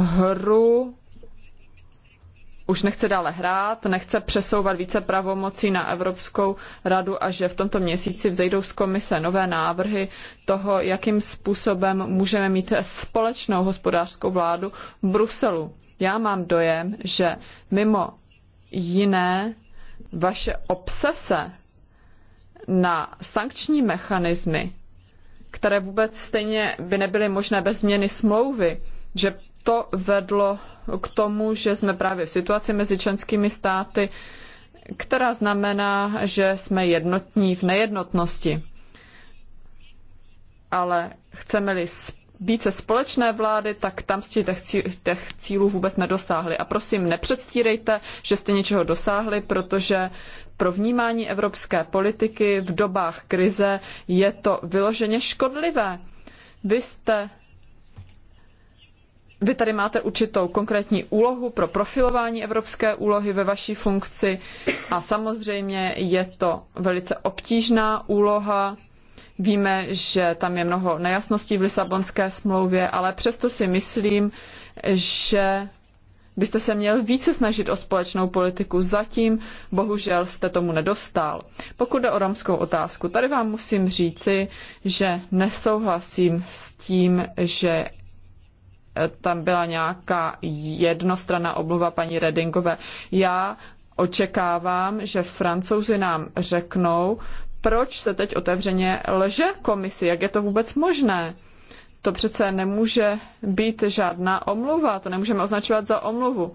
[SPEAKER 4] hru už nechce dále hrát, nechce přesouvat více pravomocí na Evropskou radu a že v tomto měsíci vzejdou z komise nové návrhy toho, jakým způsobem můžeme mít společnou hospodářskou vládu v Bruselu. Já mám dojem, že mimo jiné vaše obsese na sankční mechanismy, které vůbec stejně by nebyly možné bez změny smlouvy, že to vedlo k tomu, že jsme právě v situaci mezi členskými státy, která znamená, že jsme jednotní v nejednotnosti. Ale chceme-li více společné vlády, tak tam jste těch cílů vůbec nedosáhli. A prosím, nepředstírejte, že jste něčeho dosáhli, protože pro vnímání evropské politiky v dobách krize je to vyloženě škodlivé. Vy jste vy tady máte určitou konkrétní úlohu pro profilování evropské úlohy ve vaší funkci a samozřejmě je to velice obtížná úloha. Víme, že tam je mnoho nejasností v Lisabonské smlouvě, ale přesto si myslím, že byste se měl více snažit o společnou politiku. Zatím bohužel jste tomu nedostal. Pokud jde o romskou otázku, tady vám musím říci, že nesouhlasím s tím, že tam byla nějaká jednostranná omluva paní Redingové. Já očekávám, že francouzi nám řeknou, proč se teď otevřeně lže komisi, jak je to vůbec možné. To přece nemůže být žádná omluva, to nemůžeme označovat za omluvu.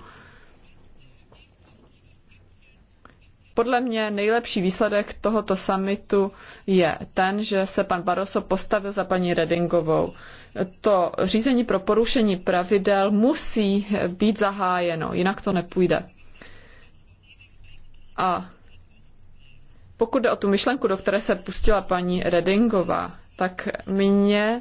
[SPEAKER 4] Podle mě nejlepší výsledek tohoto samitu je ten, že se pan Barroso postavil za paní Redingovou to řízení pro porušení pravidel musí být zahájeno, jinak to nepůjde. A pokud jde o tu myšlenku, do které se pustila paní Redingová, tak mě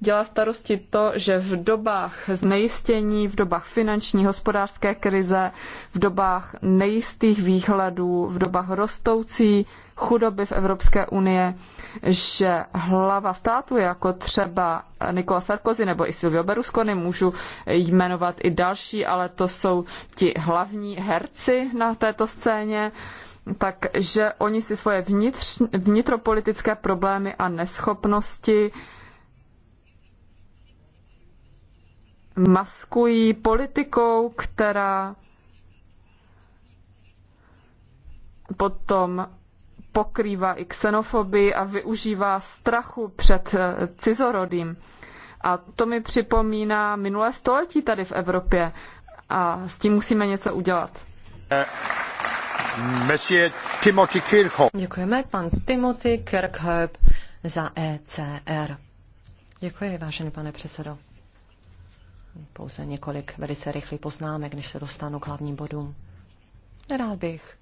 [SPEAKER 4] dělá starosti to, že v dobách znejistění, v dobách finanční, hospodářské krize, v dobách nejistých výhledů, v dobách rostoucí chudoby v Evropské unii že hlava státu, jako třeba Nikola Sarkozy nebo i Silvio Berlusconi, můžu jmenovat i další, ale to jsou ti hlavní herci na této scéně, takže oni si svoje vnitř, vnitropolitické problémy a neschopnosti maskují politikou, která potom pokrývá i xenofobii a využívá strachu před eh, cizorodým. A to mi připomíná minulé století tady v Evropě a s tím musíme něco udělat. Eh,
[SPEAKER 2] Děkujeme
[SPEAKER 1] pan Timothy Kirkhope za ECR. Děkuji, vážený pane předsedo. Pouze několik velice rychlých poznámek, než se dostanu k hlavním bodům. Rád bych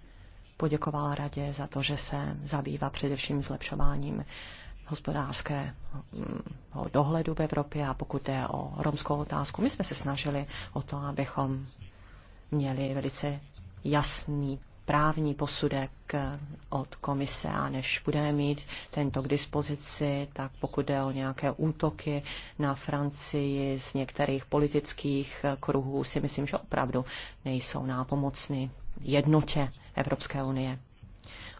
[SPEAKER 1] poděkovala radě za to, že se zabývá především zlepšováním hospodářského dohledu v Evropě a pokud jde o romskou otázku, my jsme se snažili o to, abychom měli velice jasný právní posudek od komise a než budeme mít tento k dispozici, tak pokud jde o nějaké útoky na Francii z některých politických kruhů, si myslím, že opravdu nejsou nápomocny jednotě Evropské unie.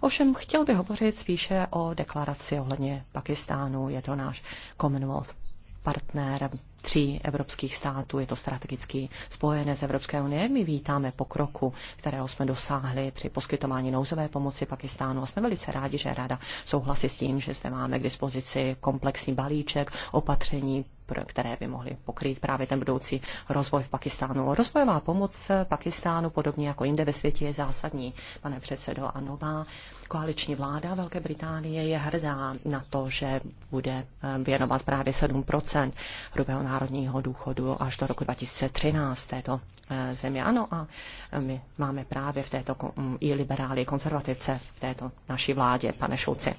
[SPEAKER 1] Ovšem chtěl bych hovořit spíše o deklaraci ohledně Pakistánu. Je to náš Commonwealth partner tří evropských států, je to strategický spojené z Evropské unie. My vítáme pokroku, kterého jsme dosáhli při poskytování nouzové pomoci Pakistánu a jsme velice rádi, že Rada souhlasí s tím, že zde máme k dispozici komplexní balíček opatření které by mohly pokrýt právě ten budoucí rozvoj v Pakistánu. Rozvojová pomoc Pakistánu, podobně jako jinde ve světě, je zásadní, pane předsedo. A nová koaliční vláda Velké Británie je hrdá na to, že bude eh, věnovat právě 7 hrubého národního důchodu až do roku 2013 této eh, země. Ano, a eh, my máme právě v této mm, i liberáli, konzervativce v této naší vládě, pane Šulci.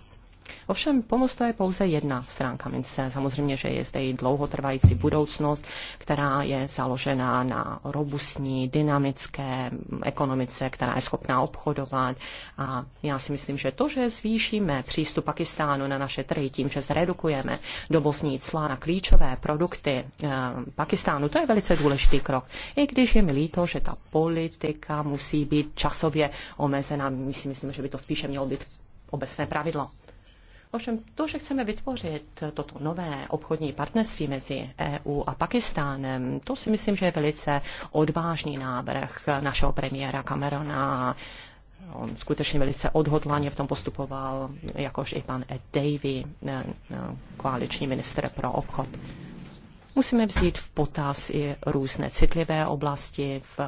[SPEAKER 1] Ovšem pomoc to je pouze jedna stránka mince. Samozřejmě, že je zde i dlouhotrvající budoucnost, která je založená na robustní, dynamické ekonomice, která je schopná obchodovat. A já si myslím, že to, že zvýšíme přístup Pakistánu na naše trhy tím, že zredukujeme dobozní cla na klíčové produkty eh, Pakistánu, to je velice důležitý krok. I když je mi líto, že ta politika musí být časově omezená, my si myslím, že by to spíše mělo být obecné pravidlo. Ovšem to, že chceme vytvořit toto nové obchodní partnerství mezi EU a Pakistánem, to si myslím, že je velice odvážný návrh našeho premiéra Camerona. On skutečně velice odhodlaně v tom postupoval, jakož i pan Ed Davy, eh, eh, koaliční minister pro obchod. Musíme vzít v potaz i různé citlivé oblasti v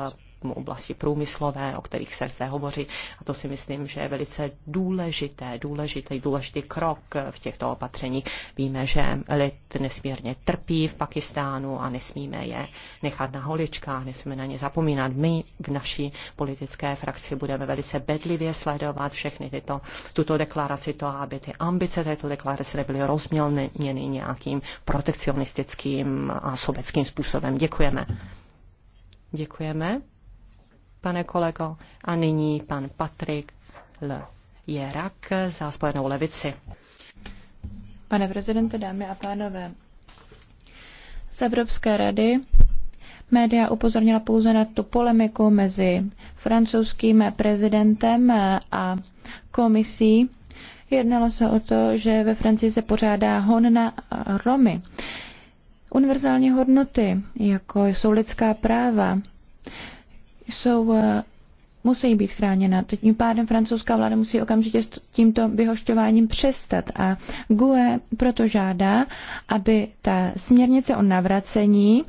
[SPEAKER 1] oblasti průmyslové, o kterých se zde hovoří. A to si myslím, že je velice důležité, důležitý, důležitý krok v těchto opatřeních. Víme, že lid nesmírně trpí v Pakistánu a nesmíme je nechat na holičkách, nesmíme na ně zapomínat. My v naší politické frakci budeme velice bedlivě sledovat všechny tyto, tuto deklaraci, to, aby ty ambice této deklarace nebyly rozmělněny nějakým protekcionistickým a sobeckým způsobem. Děkujeme. Děkujeme pane kolego. A nyní pan Patrik L. Jerak za Spojenou levici.
[SPEAKER 3] Pane prezidente, dámy a pánové, z Evropské rady média upozornila pouze na tu polemiku mezi francouzským prezidentem a komisí. Jednalo se o to, že ve Francii se pořádá hon na Romy. Univerzální hodnoty, jako jsou lidská práva, jsou eh, musí být chráněna. Teď Tím pádem francouzská vláda musí okamžitě s tímto vyhošťováním přestat a GUE proto žádá, aby ta směrnice o navracení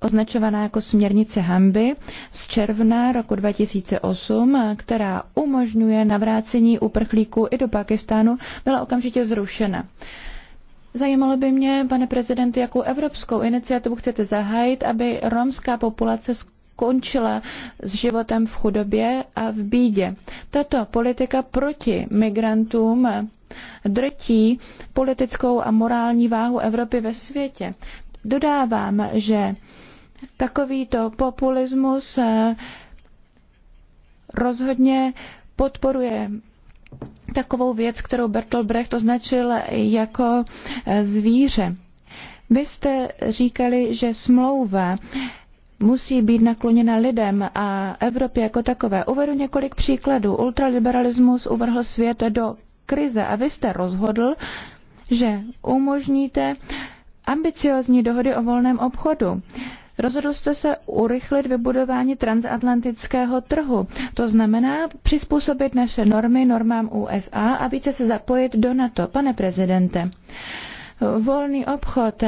[SPEAKER 3] označovaná jako směrnice Hamby z června roku 2008, která umožňuje navrácení uprchlíků i do Pakistánu, byla okamžitě zrušena. Zajímalo by mě, pane prezident, jakou evropskou iniciativu chcete zahájit, aby romská populace skončila s životem v chudobě a v bídě. Tato politika proti migrantům drtí politickou a morální váhu Evropy ve světě. Dodávám, že takovýto populismus eh, rozhodně podporuje takovou věc, kterou Bertolt Brecht označil jako eh, zvíře. Vy jste říkali, že smlouva musí být nakloněna lidem a Evropě jako takové. Uvedu několik příkladů. Ultraliberalismus uvrhl svět do krize a vy jste rozhodl, že umožníte ambiciozní dohody o volném obchodu. Rozhodl jste se urychlit vybudování transatlantického trhu. To znamená přizpůsobit naše normy normám USA a více se zapojit do NATO. Pane prezidente, volný obchod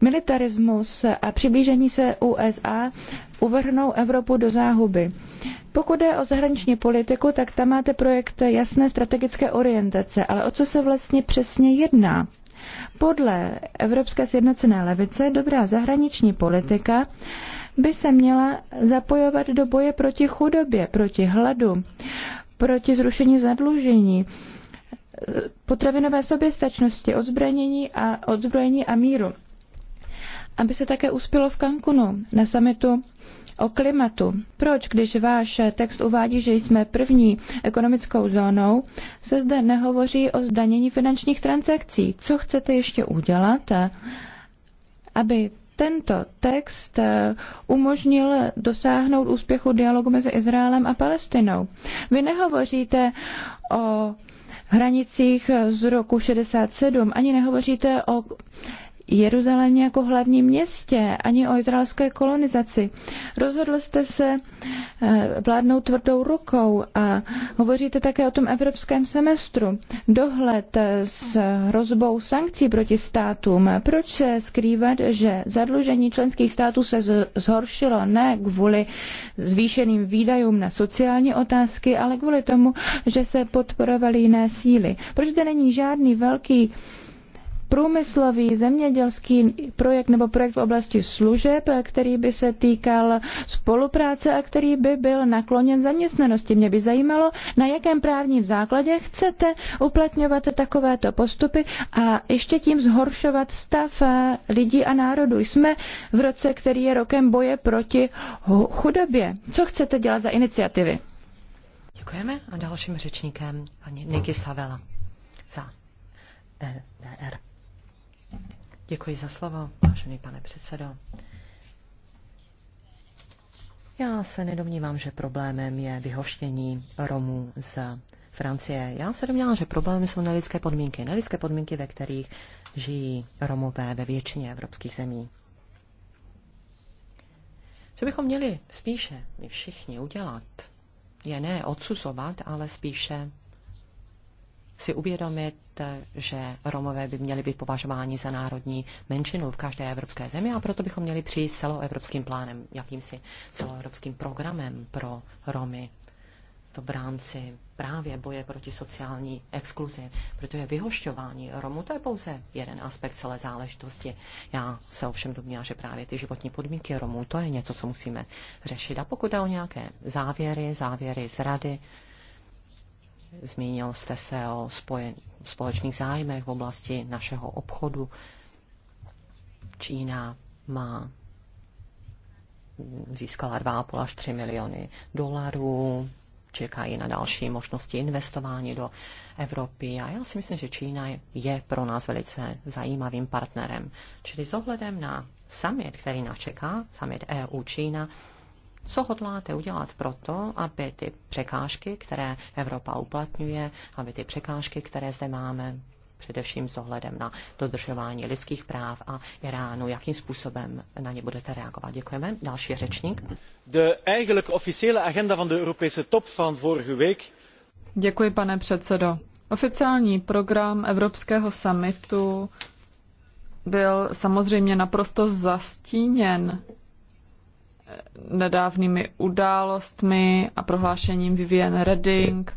[SPEAKER 3] Militarismus a přiblížení se USA uvrhnou Evropu do záhuby. Pokud je o zahraniční politiku, tak tam máte projekt jasné strategické orientace, ale o co se vlastně přesně jedná? Podle Evropské sjednocené levice dobrá zahraniční politika by se měla zapojovat do boje proti chudobě, proti hladu, proti zrušení zadlužení, potravinové soběstačnosti, odzbrojení a, odzbrojení a míru aby se také uspělo v Cancunu na samitu o klimatu. Proč, když váš text uvádí, že jsme první ekonomickou zónou, se zde nehovoří o zdanění finančních transakcí? Co chcete ještě udělat, aby tento text eh, umožnil dosáhnout úspěchu dialogu mezi Izraelem a Palestinou? Vy nehovoříte o hranicích z roku 67, ani nehovoříte o Jeruzalémě jako hlavním městě, ani o izraelské kolonizaci. Rozhodl jste se eh, vládnout tvrdou rukou a hovoříte také o tom evropském semestru. Dohled eh, s hrozbou sankcí proti státům. Proč se skrývat, že zadlužení členských států se zhoršilo ne kvůli zvýšeným výdajům na sociální otázky, ale kvůli tomu, že se podporovaly jiné síly? Proč zde není žádný velký průmyslový, zemědělský projekt nebo projekt v oblasti služeb, který by se týkal spolupráce a který by byl nakloněn zaměstnanosti. Mě by zajímalo, na jakém právním základě chcete uplatňovat takovéto postupy a ještě tím zhoršovat stav eh, lidí a národů. Jsme v roce, který je rokem boje proti chudobě. Co chcete dělat za iniciativy?
[SPEAKER 1] Děkujeme a dalším řečníkem paní Niky Savela za LDR. E Děkuji za slovo, vážený pane předsedo. Já se nedomnívám, že problémem je vyhoštění Romů z Francie. Já se domnívám, že problémy jsou nelidské podmínky. Nelidské podmínky, ve kterých žijí Romové ve většině evropských zemí. Co bychom měli spíše my všichni udělat, je ne odsuzovat, ale spíše si uvědomit, že Romové by měli být považováni za národní menšinu v každé evropské zemi a proto bychom měli přijít s celoevropským plánem, jakýmsi celoevropským programem pro Romy. To v rámci právě boje proti sociální exkluzi, protože vyhošťování Romů to je pouze jeden aspekt celé záležitosti. Já se ovšem domnívám, že právě ty životní podmínky Romů, to je něco, co musíme řešit. A pokud jde o nějaké závěry, závěry z rady, Zmínil jste se o spojen, společných zájmech v oblasti našeho obchodu. Čína má mm, získala 2,5 až 3 miliony dolarů, čekají na další možnosti investování do Evropy a já si myslím, že Čína je pro nás velice zajímavým partnerem. Čili s ohledem na summit, který nás čeká, summit EU-Čína, co hodláte udělat proto, aby ty překážky, které Evropa uplatňuje, aby ty překážky, které zde máme, především s ohledem na dodržování lidských práv a Iránu, jakým způsobem na ně budete reagovat. Děkujeme. Další řečník.
[SPEAKER 2] De eigenlijke officiële agenda van de Europese top van vorige week.
[SPEAKER 4] Děkuji, pane předsedo. Oficiální program Evropského summitu byl samozřejmě naprosto zastíněn nedávnými událostmi a prohlášením Vivienne Redding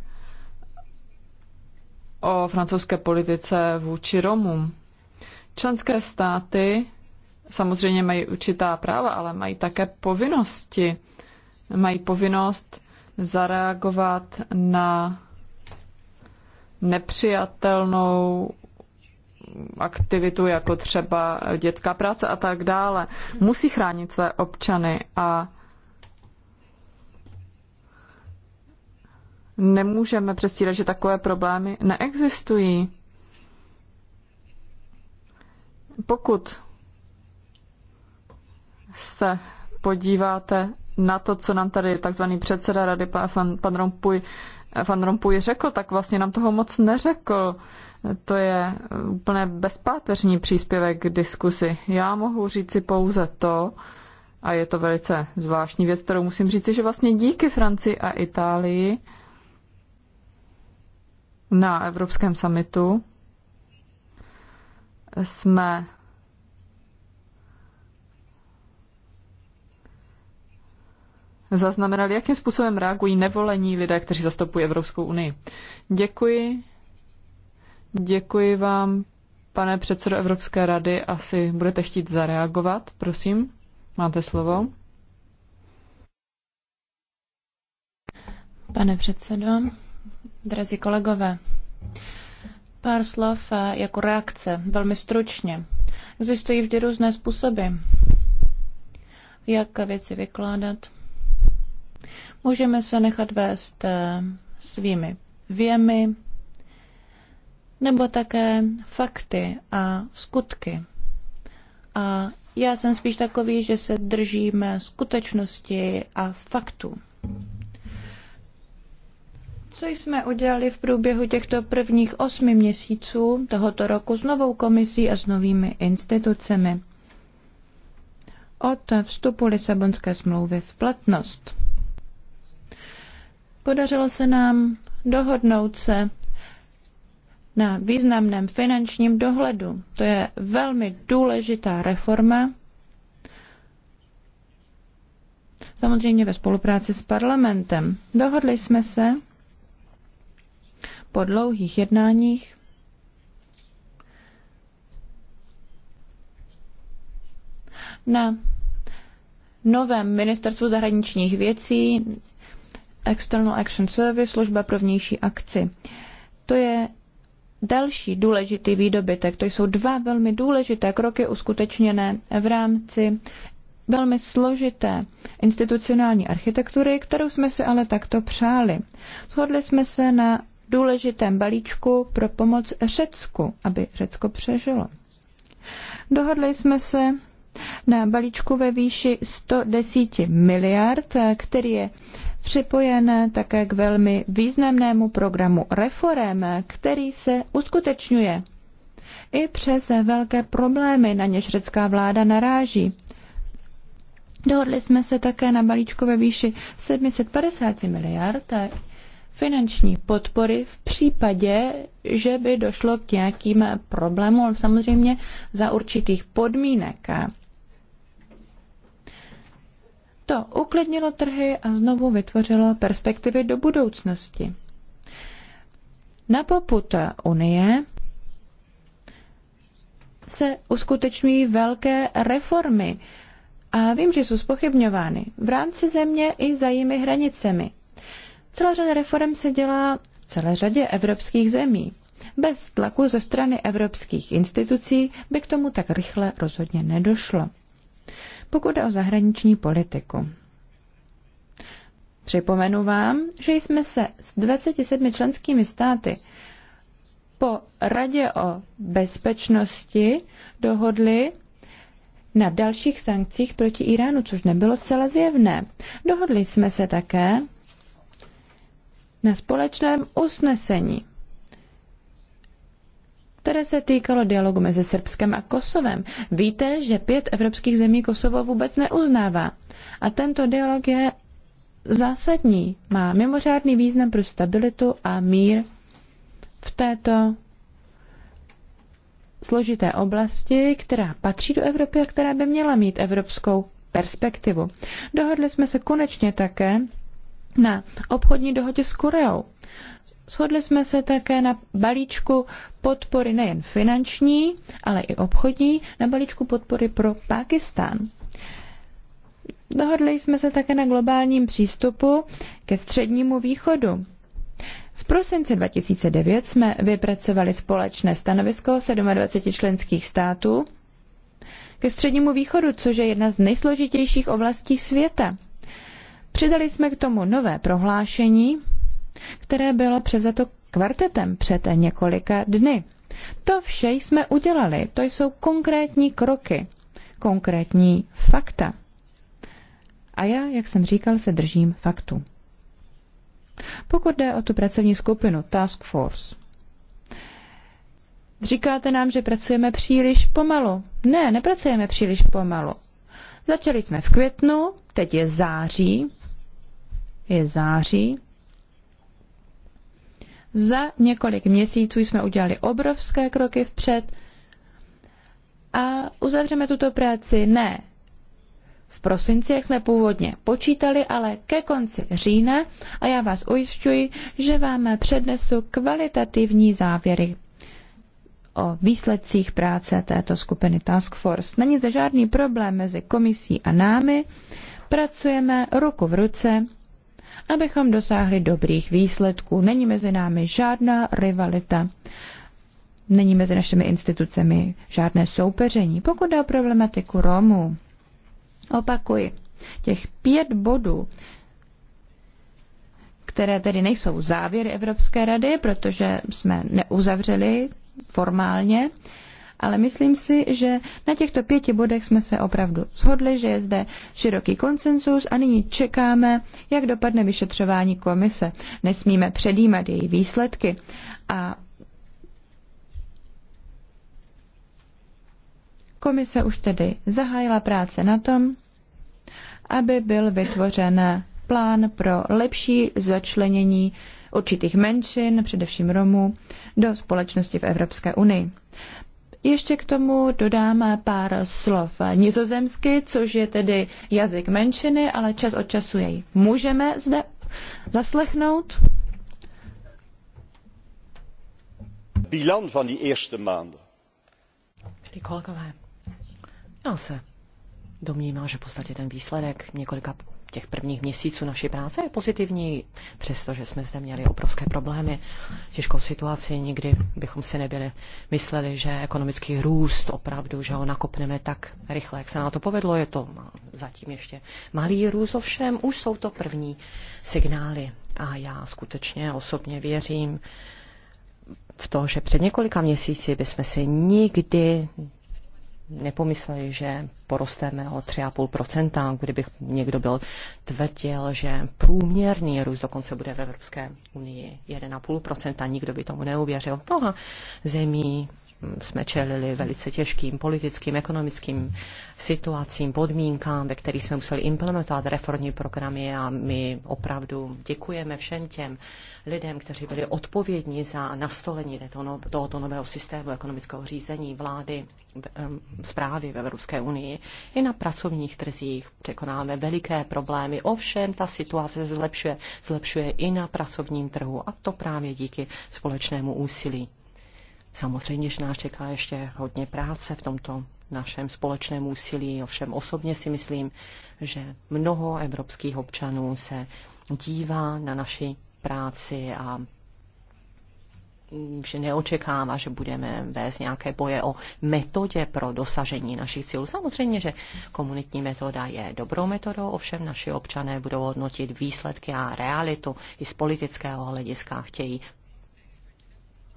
[SPEAKER 4] o francouzské politice vůči Romům. Členské státy samozřejmě mají určitá práva, ale mají také povinnosti. Mají povinnost zareagovat na nepřijatelnou aktivitu, jako třeba dětská práce a tak dále. Musí chránit své občany a nemůžeme přestírat, že takové problémy neexistují. Pokud se podíváte na to, co nám tady takzvaný předseda rady pan, pan, Rompuy, pan Rompuy řekl, tak vlastně nám toho moc neřekl. To je úplně bezpáteřní příspěvek k diskusi. Já mohu říci pouze to, a je to velice zvláštní věc, kterou musím říci, že vlastně díky Francii a Itálii na Evropském summitu jsme zaznamenali, jakým způsobem reagují nevolení lidé, kteří zastupují Evropskou unii. Děkuji. Děkuji vám, pane předsedo Evropské rady. Asi budete chtít zareagovat, prosím. Máte slovo. Pane předsedo, drazí kolegové,
[SPEAKER 3] pár slov eh, jako reakce, velmi stručně. Existují vždy různé způsoby, jak věci vykládat. Můžeme se nechat vést eh, svými věmi, nebo také fakty a skutky. A já jsem spíš takový, že se držíme skutečnosti a faktů. Co jsme udělali v průběhu těchto prvních osmi měsíců tohoto roku s novou komisí a s novými institucemi? Od vstupu Lisabonské smlouvy v platnost. Podařilo se nám dohodnout se na významném finančním dohledu. To je velmi důležitá reforma, samozřejmě ve spolupráci s parlamentem. Dohodli jsme se po dlouhých jednáních, na novém ministerstvu zahraničních věcí External Action Service, služba pro vnější akci. To je další důležitý výdobytek. To jsou dva velmi důležité kroky uskutečněné v rámci velmi složité institucionální architektury, kterou jsme si ale takto přáli. Shodli jsme se na důležitém balíčku pro pomoc Řecku, aby Řecko přežilo. Dohodli jsme se na balíčku ve výši 110 miliard, který je připojen také k velmi významnému programu reform, který se uskutečňuje. I přes velké problémy na něž řecká vláda naráží. Dohodli jsme se také na balíčkové výši 750 miliard finanční podpory v případě, že by došlo k nějakým problémům, samozřejmě za určitých podmínek. To uklidnilo trhy a znovu vytvořilo perspektivy do budoucnosti. Na poput Unie se uskutečňují velké reformy a vím, že jsou spochybňovány v rámci země i za jimi hranicemi. Celá řada reform se dělá v celé řadě evropských zemí. Bez tlaku ze strany evropských institucí by k tomu tak rychle rozhodně nedošlo. Pokud jde o zahraniční politiku, připomenu vám, že jsme se s 27 členskými státy po Radě o bezpečnosti dohodli na dalších sankcích proti Iránu, což nebylo zcela zjevné. Dohodli jsme se také na společném usnesení které se týkalo dialogu mezi Srbskem a Kosovem. Víte, že pět evropských zemí Kosovo vůbec neuznává. A tento dialog je zásadní, má mimořádný význam pro stabilitu a mír v této složité oblasti, která patří do Evropy a která by měla mít evropskou perspektivu. Dohodli jsme se konečně také na obchodní dohodě s Koreou. Shodli jsme se také na balíčku podpory nejen finanční, ale i obchodní, na balíčku podpory pro Pákistán. Dohodli jsme se také na globálním přístupu ke střednímu východu. V prosinci 2009 jsme vypracovali společné stanovisko 27 členských států ke střednímu východu, což je jedna z nejsložitějších oblastí světa. Přidali jsme k tomu nové prohlášení které bylo převzato kvartetem před několika dny. To vše jsme udělali, to jsou konkrétní kroky, konkrétní fakta. A já, jak jsem říkal, se držím faktu. Pokud jde o tu pracovní skupinu Task Force, Říkáte nám, že pracujeme příliš pomalu. Ne, nepracujeme příliš pomalu. Začali jsme v květnu, teď je září. Je září. Za několik měsíců jsme udělali obrovské kroky vpřed a uzavřeme tuto práci ne v prosinci, jak jsme původně počítali, ale ke konci října a já vás ujišťuji, že vám přednesu kvalitativní závěry o výsledcích práce této skupiny Task Force. Není zde žádný problém mezi komisí a námi. Pracujeme ruku v ruce abychom dosáhli dobrých výsledků. Není mezi námi žádná rivalita, není mezi našimi institucemi žádné soupeření. Pokud jde o problematiku Romů, opakuji, těch pět bodů, které tedy nejsou závěry Evropské rady, protože jsme neuzavřeli formálně, ale myslím si, že na těchto pěti bodech jsme se opravdu shodli, že je zde široký konsensus a nyní čekáme, jak dopadne vyšetřování komise. Nesmíme předjímat její výsledky a Komise už tedy zahájila práce na tom, aby byl vytvořen plán pro lepší začlenění určitých menšin, především Romů, do společnosti v Evropské unii. Ještě k tomu dodám pár slov nizozemsky, což je tedy jazyk menšiny, ale čas od času jej můžeme zde zaslechnout. Bilan van die eerste maanden.
[SPEAKER 1] já se domnívám, že v podstatě ten výsledek několika těch prvních měsíců naší práce je pozitivní, přestože jsme zde měli obrovské problémy, těžkou situaci. Nikdy bychom si nebyli mysleli, že ekonomický růst opravdu, že ho nakopneme tak rychle, jak se nám to povedlo. Je to zatím ještě malý růst, ovšem už jsou to první signály. A já skutečně osobně věřím, v to, že před několika měsíci bychom si nikdy nepomysleli, že porosteme o 3,5%, kdybych někdo byl tvrdil, že průměrný růst dokonce bude v Evropské unii 1,5%, nikdo by tomu neuvěřil. Mnoha zemí jsme čelili velice těžkým politickým, ekonomickým situacím, podmínkám, ve kterých jsme museli implementovat reformní programy a my opravdu děkujeme všem těm lidem, kteří byli odpovědní za nastolení no-, tohoto nového systému ekonomického řízení vlády zprávy v Evropské unii. I na pracovních trzích překonáme veliké problémy, ovšem ta situace zlepšuje, zlepšuje i na pracovním trhu a to právě díky společnému úsilí. Samozřejmě, že nás čeká ještě hodně práce v tomto našem společném úsilí. Ovšem osobně si myslím, že mnoho evropských občanů se dívá na naši práci a že neočekává, že budeme vést nějaké boje o metodě pro dosažení našich cílů. Samozřejmě, že komunitní metoda je dobrou metodou, ovšem naši občané budou hodnotit výsledky a realitu i z politického hlediska. Chtějí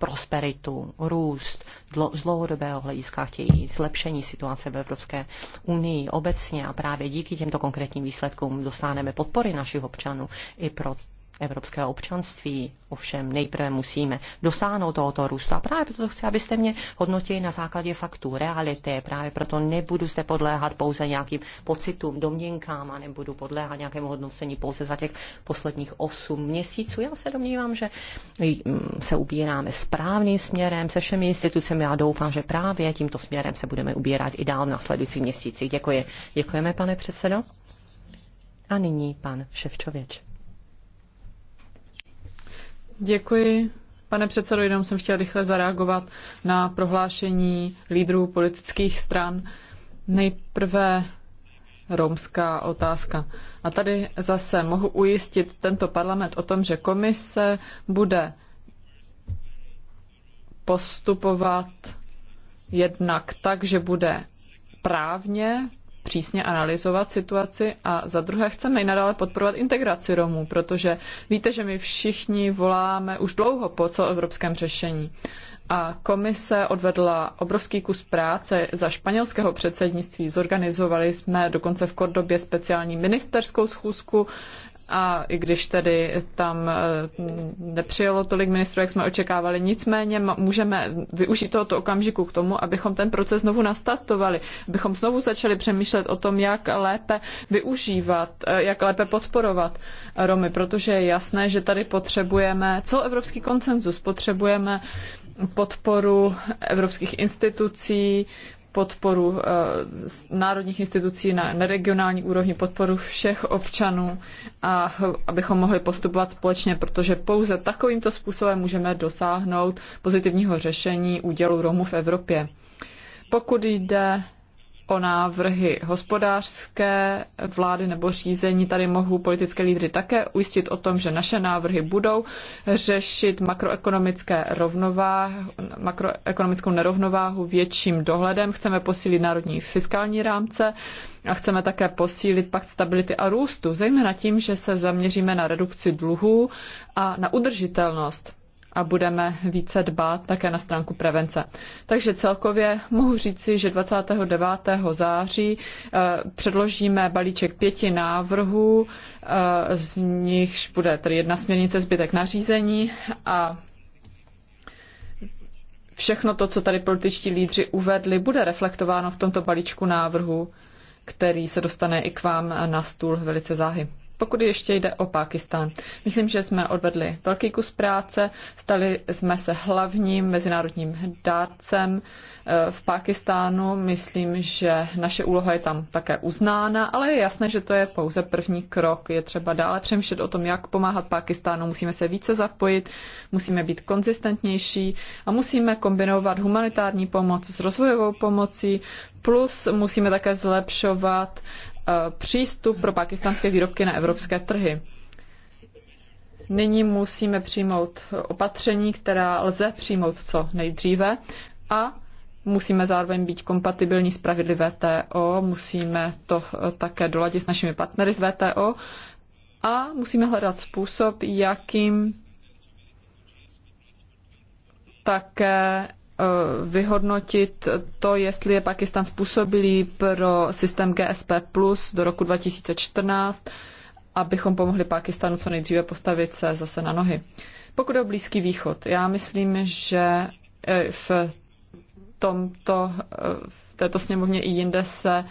[SPEAKER 1] prosperitu, růst dlo, z dlouhodobého hlediska, chtějí zlepšení situace v Evropské unii obecně a právě díky těmto konkrétním výsledkům dosáhneme podpory našich občanů i pro evropského občanství. Ovšem nejprve musíme dosáhnout tohoto růstu a právě proto chci, abyste mě hodnotili na základě faktů, reality. Právě proto nebudu zde podléhat pouze nějakým pocitům, domněnkám a nebudu podléhat nějakému hodnocení pouze za těch posledních 8 měsíců. Já se domnívám, že mm, se ubíráme správným směrem se všemi institucemi a doufám, že právě tímto směrem se budeme ubírat i dál v následujících měsících. Děkuji. Děkujeme, pane předsedo. A nyní pan Ševčověč.
[SPEAKER 4] Děkuji. Pane předsedo, jenom jsem chtěla rychle zareagovat na prohlášení lídrů politických stran. Nejprve romská otázka. A tady zase mohu ujistit tento parlament o tom, že komise bude postupovat jednak tak, že bude právně přísně analyzovat situaci a za druhé chceme i nadále podporovat integraci Romů, protože víte, že my všichni voláme už dlouho po celoevropském řešení a komise odvedla obrovský kus práce za španělského předsednictví. Zorganizovali jsme dokonce v Kordobě speciální ministerskou schůzku a i když tedy tam eh, nepřijelo tolik ministrů, jak jsme očekávali, nicméně můžeme využít tohoto okamžiku k tomu, abychom ten proces znovu nastartovali, abychom znovu začali přemýšlet o tom, jak lépe využívat, eh, jak lépe podporovat Romy, protože je jasné, že tady potřebujeme celoevropský konsenzus, potřebujeme podporu evropských institucí, podporu eh, národních institucí na regionální úrovni, podporu všech občanů a abychom mohli postupovat společně, protože pouze takovýmto způsobem můžeme dosáhnout pozitivního řešení údělu Romů v Evropě. Pokud jde o návrhy hospodářské vlády nebo řízení. Tady mohou politické lídry také ujistit o tom, že naše návrhy budou řešit makroekonomické rovnováhu, makroekonomickou nerovnováhu větším dohledem. Chceme posílit národní fiskální rámce a chceme také posílit pakt stability a růstu, zejména tím, že se zaměříme na redukci dluhů a na udržitelnost a budeme více dbát také na stránku prevence. Takže celkově mohu říci, že 29. září eh, předložíme balíček pěti návrhů, eh, z nichž bude tedy jedna směrnice, zbytek nařízení a všechno to, co tady političtí lídři uvedli, bude reflektováno v tomto balíčku návrhu, který se dostane i k vám na stůl velice záhy. Pokud ještě jde o Pákistán, myslím, že jsme odvedli velký kus práce, stali jsme se hlavním mezinárodním dárcem eh, v Pákistánu. Myslím, že naše úloha je tam také uznána, ale je jasné, že to je pouze první krok. Je třeba dále přemýšlet o tom, jak pomáhat Pákistánu. Musíme se více zapojit, musíme být konzistentnější a musíme kombinovat humanitární pomoc s rozvojovou pomocí, plus musíme také zlepšovat Eh, přístup pro pakistánské výrobky na evropské trhy. Nyní musíme přijmout opatření, která lze přijmout co nejdříve a musíme zároveň být kompatibilní s pravidly VTO, musíme to eh, také doladit s našimi partnery z VTO a musíme hledat způsob, jakým také Eh, vyhodnotit to, jestli je Pakistan způsobilý pro systém GSP Plus do roku 2014, abychom pomohli Pakistanu co nejdříve postavit se zase na nohy. Pokud o Blízký východ, já myslím, že eh, v tomto, eh, v této sněmovně i jinde se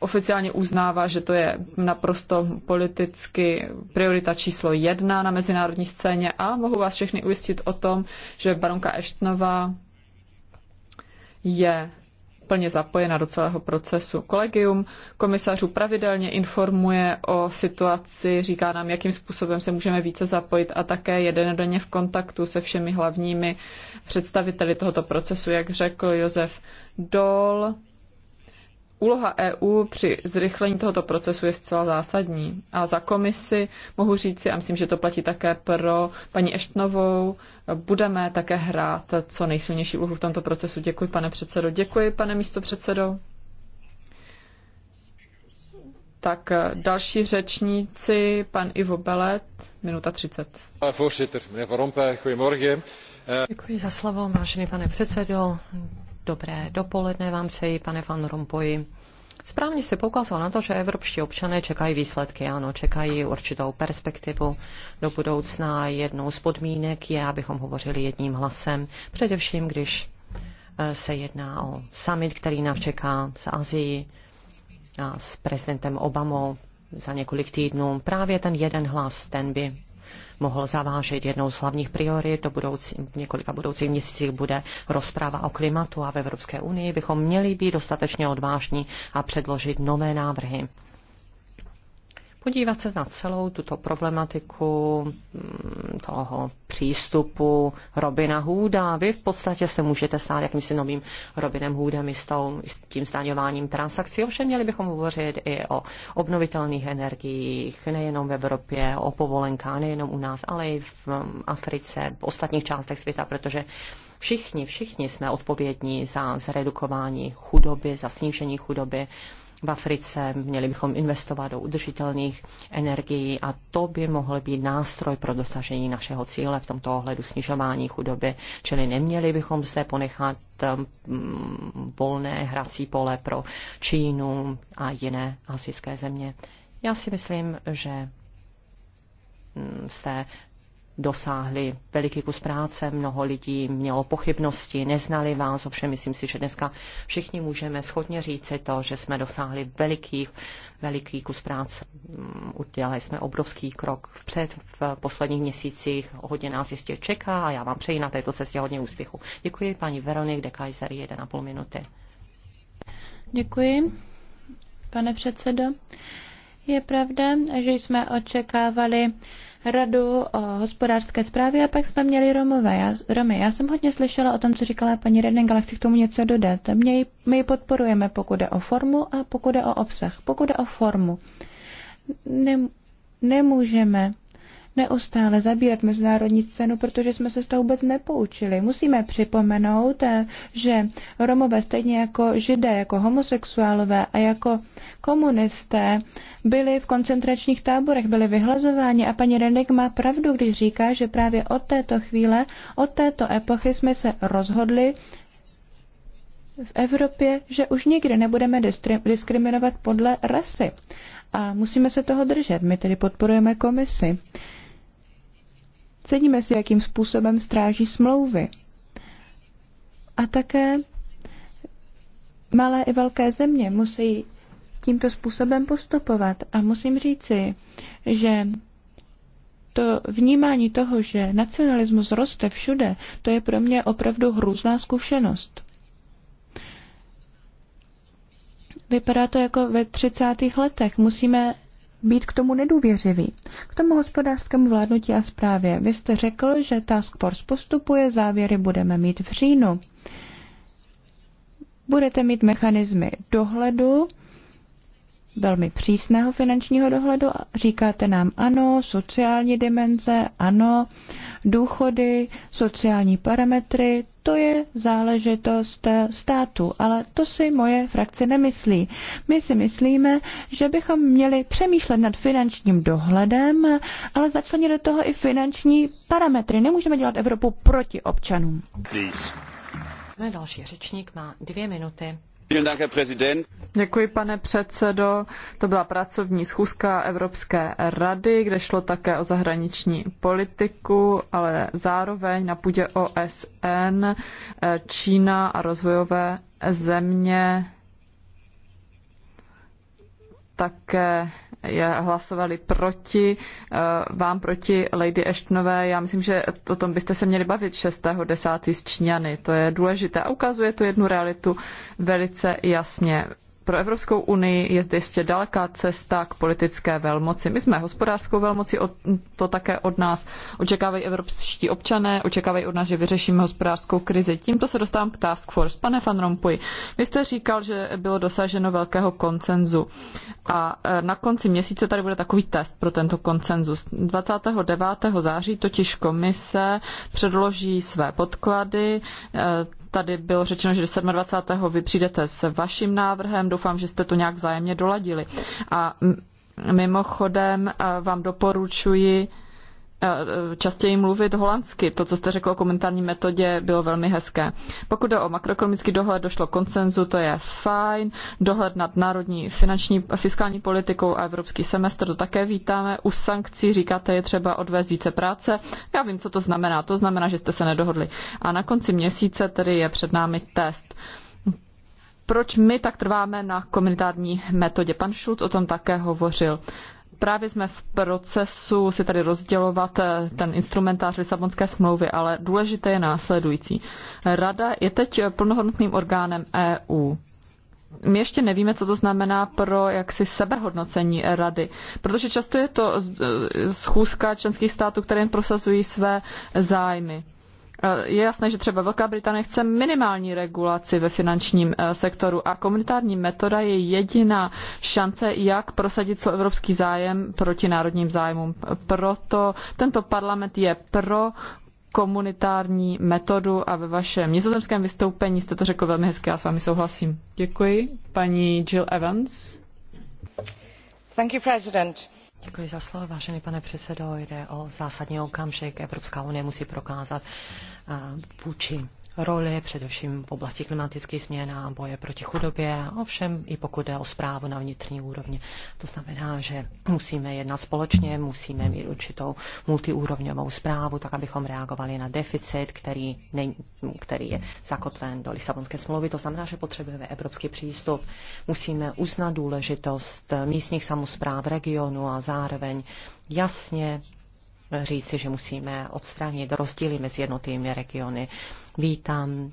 [SPEAKER 4] oficiálně uznává, že to je naprosto politicky priorita číslo jedna na mezinárodní scéně a mohu vás všechny ujistit o tom, že baronka Eštnová je plně zapojena do celého procesu. Kolegium komisařů pravidelně informuje o situaci, říká nám, jakým způsobem se můžeme více zapojit a také je denodenně v kontaktu se všemi hlavními představiteli tohoto procesu, jak řekl Josef Dol, Úloha EU při zrychlení tohoto procesu je zcela zásadní. A za komisi mohu říci, a myslím, že to platí také pro paní Eštnovou, budeme také hrát co nejsilnější úlohu v tomto procesu. Děkuji, pane předsedo. Děkuji, pane místo předsedo. Tak další řečníci, pan Ivo Belet, minuta 30. Děkuji za
[SPEAKER 1] slovo, vážený pane předsedo, Dobré dopoledne vám přeji, pane Van Rompuy. Správně se poukázal na to, že evropští občané čekají výsledky, ano, čekají určitou perspektivu do budoucna. Jednou z podmínek je, abychom hovořili jedním hlasem, především když eh, se jedná o summit, který nám čeká z Azii a s prezidentem Obamou za několik týdnů. Právě ten jeden hlas, ten by mohl zavážit Jednou z hlavních priorit do budoucí, několika budoucích měsících bude rozpráva o klimatu a v Evropské unii bychom měli být dostatečně odvážní a předložit nové návrhy podívat se na celou tuto problematiku mm, toho přístupu Robina Hooda. Vy v podstatě se můžete stát jakýmsi novým Robinem Hoodem i s, tím stáňováním transakcí. Ovšem měli bychom hovořit i o obnovitelných energiích, nejenom v Evropě, o povolenkách, nejenom u nás, ale i v mm, Africe, v ostatních částech světa, protože všichni, všichni jsme odpovědní za zredukování chudoby, za snížení chudoby v Africe, měli bychom investovat do udržitelných energií a to by mohl být nástroj pro dosažení našeho cíle v tomto ohledu snižování chudoby. Čili neměli bychom zde ponechat um, volné hrací pole pro Čínu a jiné asijské země. Já si myslím, že jste mm, dosáhli veliký kus práce, mnoho lidí mělo pochybnosti, neznali vás, ovšem myslím si, že dneska všichni můžeme schodně říci to, že jsme dosáhli veliký, veliký kus práce. Udělali jsme obrovský krok vpřed v posledních měsících, hodně nás ještě čeká a já vám přeji na této cestě hodně úspěchu. Děkuji paní Veronik de Kaiser, 1,5 minuty.
[SPEAKER 3] Děkuji, pane předsedo. Je pravda, že jsme očekávali radu o hospodářské zprávě a pak jsme měli Romové. Já, Romy. Já jsem hodně slyšela o tom, co říkala paní Redning, ale chci k tomu něco dodat. Mě, my ji podporujeme, pokud jde o formu a pokud jde o obsah. Pokud jde o formu, ne, nemůžeme neustále zabírat mezinárodní cenu, protože jsme se z toho vůbec nepoučili. Musíme připomenout, eh, že Romové stejně jako židé, jako homosexuálové a jako komunisté byli v koncentračních táborech, byli vyhlazováni a paní Renek má pravdu, když říká, že právě od této chvíle, od této epochy jsme se rozhodli, v Evropě, že už nikdy nebudeme diskriminovat podle rasy. A musíme se toho držet. My tedy podporujeme komisi. Ceníme si, jakým způsobem stráží smlouvy. A také malé i velké země musí tímto způsobem postupovat. A musím říci, že to vnímání toho, že nacionalismus roste všude, to je pro mě opravdu hrůzná zkušenost. Vypadá to jako ve 30. letech. Musíme být k tomu nedůvěřivý. K tomu hospodářskému vládnutí a zprávě. Vy jste řekl, že task force postupuje, závěry budeme mít v říjnu. Budete mít mechanismy dohledu, velmi přísného finančního dohledu. Říkáte nám ano, sociální dimenze, ano, důchody, sociální parametry, to je záležitost eh, státu, ale to si moje frakce nemyslí. My si myslíme, že bychom měli přemýšlet nad finančním dohledem, ale začlenit do toho i finanční parametry. Nemůžeme dělat Evropu proti občanům. Please.
[SPEAKER 4] No další řečník má dvě minuty. Děkuji, pane předsedo. To byla pracovní schůzka Evropské rady, kde šlo také o zahraniční politiku, ale zároveň na půdě OSN eh, Čína a rozvojové země také hlasovali proti, eh, vám proti Lady Ashtonové. Já myslím, že o tom byste se měli bavit 6.10. s Číňany. To je důležité a ukazuje tu jednu realitu velice jasně pro Evropskou unii je zde ještě daleká cesta k politické velmoci. My jsme hospodářskou velmoci, to také od nás očekávají evropští občané, očekávají od nás, že vyřešíme hospodářskou krizi. Tímto se dostávám k Task Force. Pane Van Rompuy, vy jste říkal, že bylo dosaženo velkého koncenzu a e, na konci měsíce tady bude takový test pro tento koncenzus. 29. září totiž komise předloží své podklady, e, Tady bylo řečeno, že 27. vy přijdete s vaším návrhem, doufám, že jste to nějak vzájemně doladili. A mimochodem eh, vám doporučuji E, častěji mluvit holandsky. To, co jste řekl o komentární metodě, bylo velmi hezké. Pokud jde o makroekonomický dohled, došlo k koncenzu, to je fajn. Dohled nad národní finanční fiskální politikou a evropský semestr, to také vítáme. U sankcí říkáte, je třeba odvést více práce. Já vím, co to znamená. To znamená, že jste se nedohodli. A na konci měsíce tedy je před námi test proč my tak trváme na komunitární metodě. Pan Schulz o tom také hovořil. Právě jsme v procesu si tady rozdělovat eh, ten instrumentář Lisabonské smlouvy, ale důležité je následující. Rada je teď eh, plnohodnotným orgánem EU. My ještě nevíme, co to znamená pro jaksi sebehodnocení rady, protože často je to eh, schůzka členských států, které jen prosazují své zájmy. Je jasné, že třeba Velká Británie chce minimální regulaci ve finančním eh, sektoru a komunitární metoda je jediná šance, jak prosadit evropský zájem proti národním zájmům. Proto tento parlament je pro komunitární metodu a ve vašem nizozemském vystoupení jste to řekl velmi hezky, já s vámi souhlasím. Děkuji. Paní Jill Evans.
[SPEAKER 2] Thank you, President. Děkuji za slovo, vážený
[SPEAKER 1] pane předsedo. Jde o zásadní okamžik. Evropská unie musí prokázat, vůči roli, především v oblasti klimatických změn a boje proti chudobě, ovšem i pokud jde o zprávu na vnitřní úrovni. To znamená, že musíme jednat společně, musíme mít určitou multiúrovňovou zprávu, tak abychom reagovali na deficit, který, ne, který je zakotven do Lisabonské smlouvy. To znamená, že potřebujeme evropský přístup, musíme uznat důležitost místních samozpráv regionu a zároveň jasně říci, že musíme odstranit rozdíly mezi jednotlivými regiony. Vítám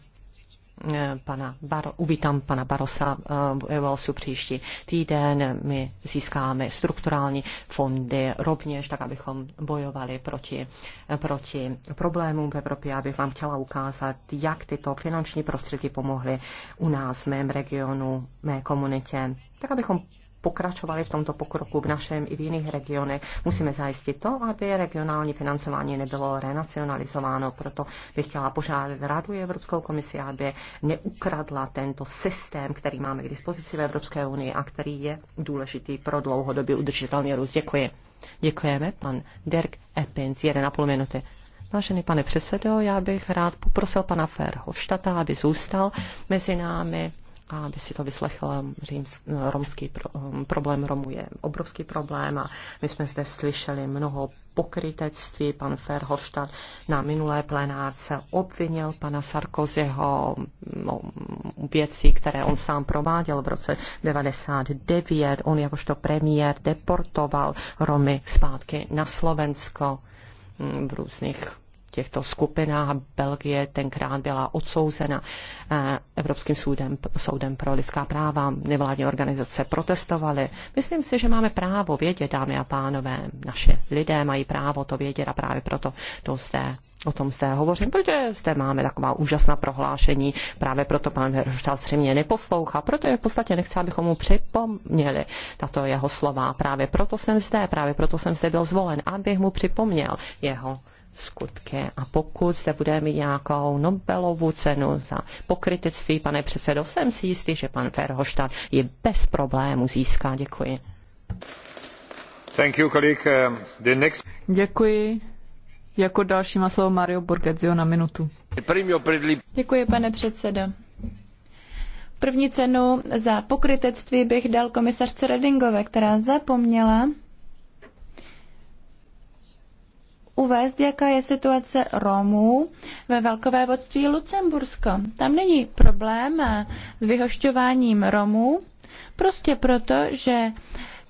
[SPEAKER 1] eh, pana Baro, uvítám pana Barosa eh, v Walesu příští týden. My získáme strukturální fondy rovněž, tak abychom bojovali proti, eh, proti problémům v Evropě. Já bych vám chtěla ukázat, jak tyto finanční prostředky pomohly u nás, v mém regionu, mé komunitě, tak abychom pokračovali v tomto pokroku v našem i v jiných regionech. Musíme zajistit to, aby regionální financování nebylo renacionalizováno. Proto bych chtěla požádat Radu Evropskou komisi, aby neukradla tento systém, který máme k dispozici v Evropské unii a který je důležitý pro dlouhodobě udržitelný růst. Děkuji. Děkujeme, pan Dirk Epins, 1,5 minuty. Vážený pane předsedo, já bych rád poprosil pana Ferhoštata, aby zůstal mezi námi a aby si to vyslechla, římsk, romský pro, um, problém Romů je obrovský problém a my jsme zde slyšeli mnoho pokrytectví. Pan Ferhofstadt na minulé plenárce obvinil pana Sarkozyho no, věcí, které on sám prováděl v roce 99. On jakožto premiér deportoval Romy zpátky na Slovensko v různých těchto skupinách. Belgie tenkrát byla odsouzena eh, Evropským soudem, soudem pro lidská práva. Nevládní organizace protestovaly. Myslím si, že máme právo vědět, dámy a pánové. Naše lidé mají právo to vědět a právě proto to zde O tom zde hovořím, protože zde máme taková úžasná prohlášení. Právě proto pan Verhoštál zřejmě neposlouchá, protože v podstatě nechce, abychom mu připomněli tato jeho slova. Právě proto jsem zde, právě proto jsem zde byl zvolen, abych mu připomněl jeho skutky. A pokud zde budeme mít nějakou Nobelovu cenu za pokrytectví, pane předsedo, jsem si jistý, že pan Verhoštad ji
[SPEAKER 4] bez problému získá. Děkuji. Thank you, colleague. Um, the next... Děkuji. Jako další má slovo Mario Borgezio na minutu. Děkuji, pane předsedo. První cenu za
[SPEAKER 3] pokrytectví bych dal komisařce Redingové, která zapomněla uvést, jaká je situace Romů ve Velkové vodství Lucembursko. Tam není problém s vyhošťováním Romů, prostě proto, že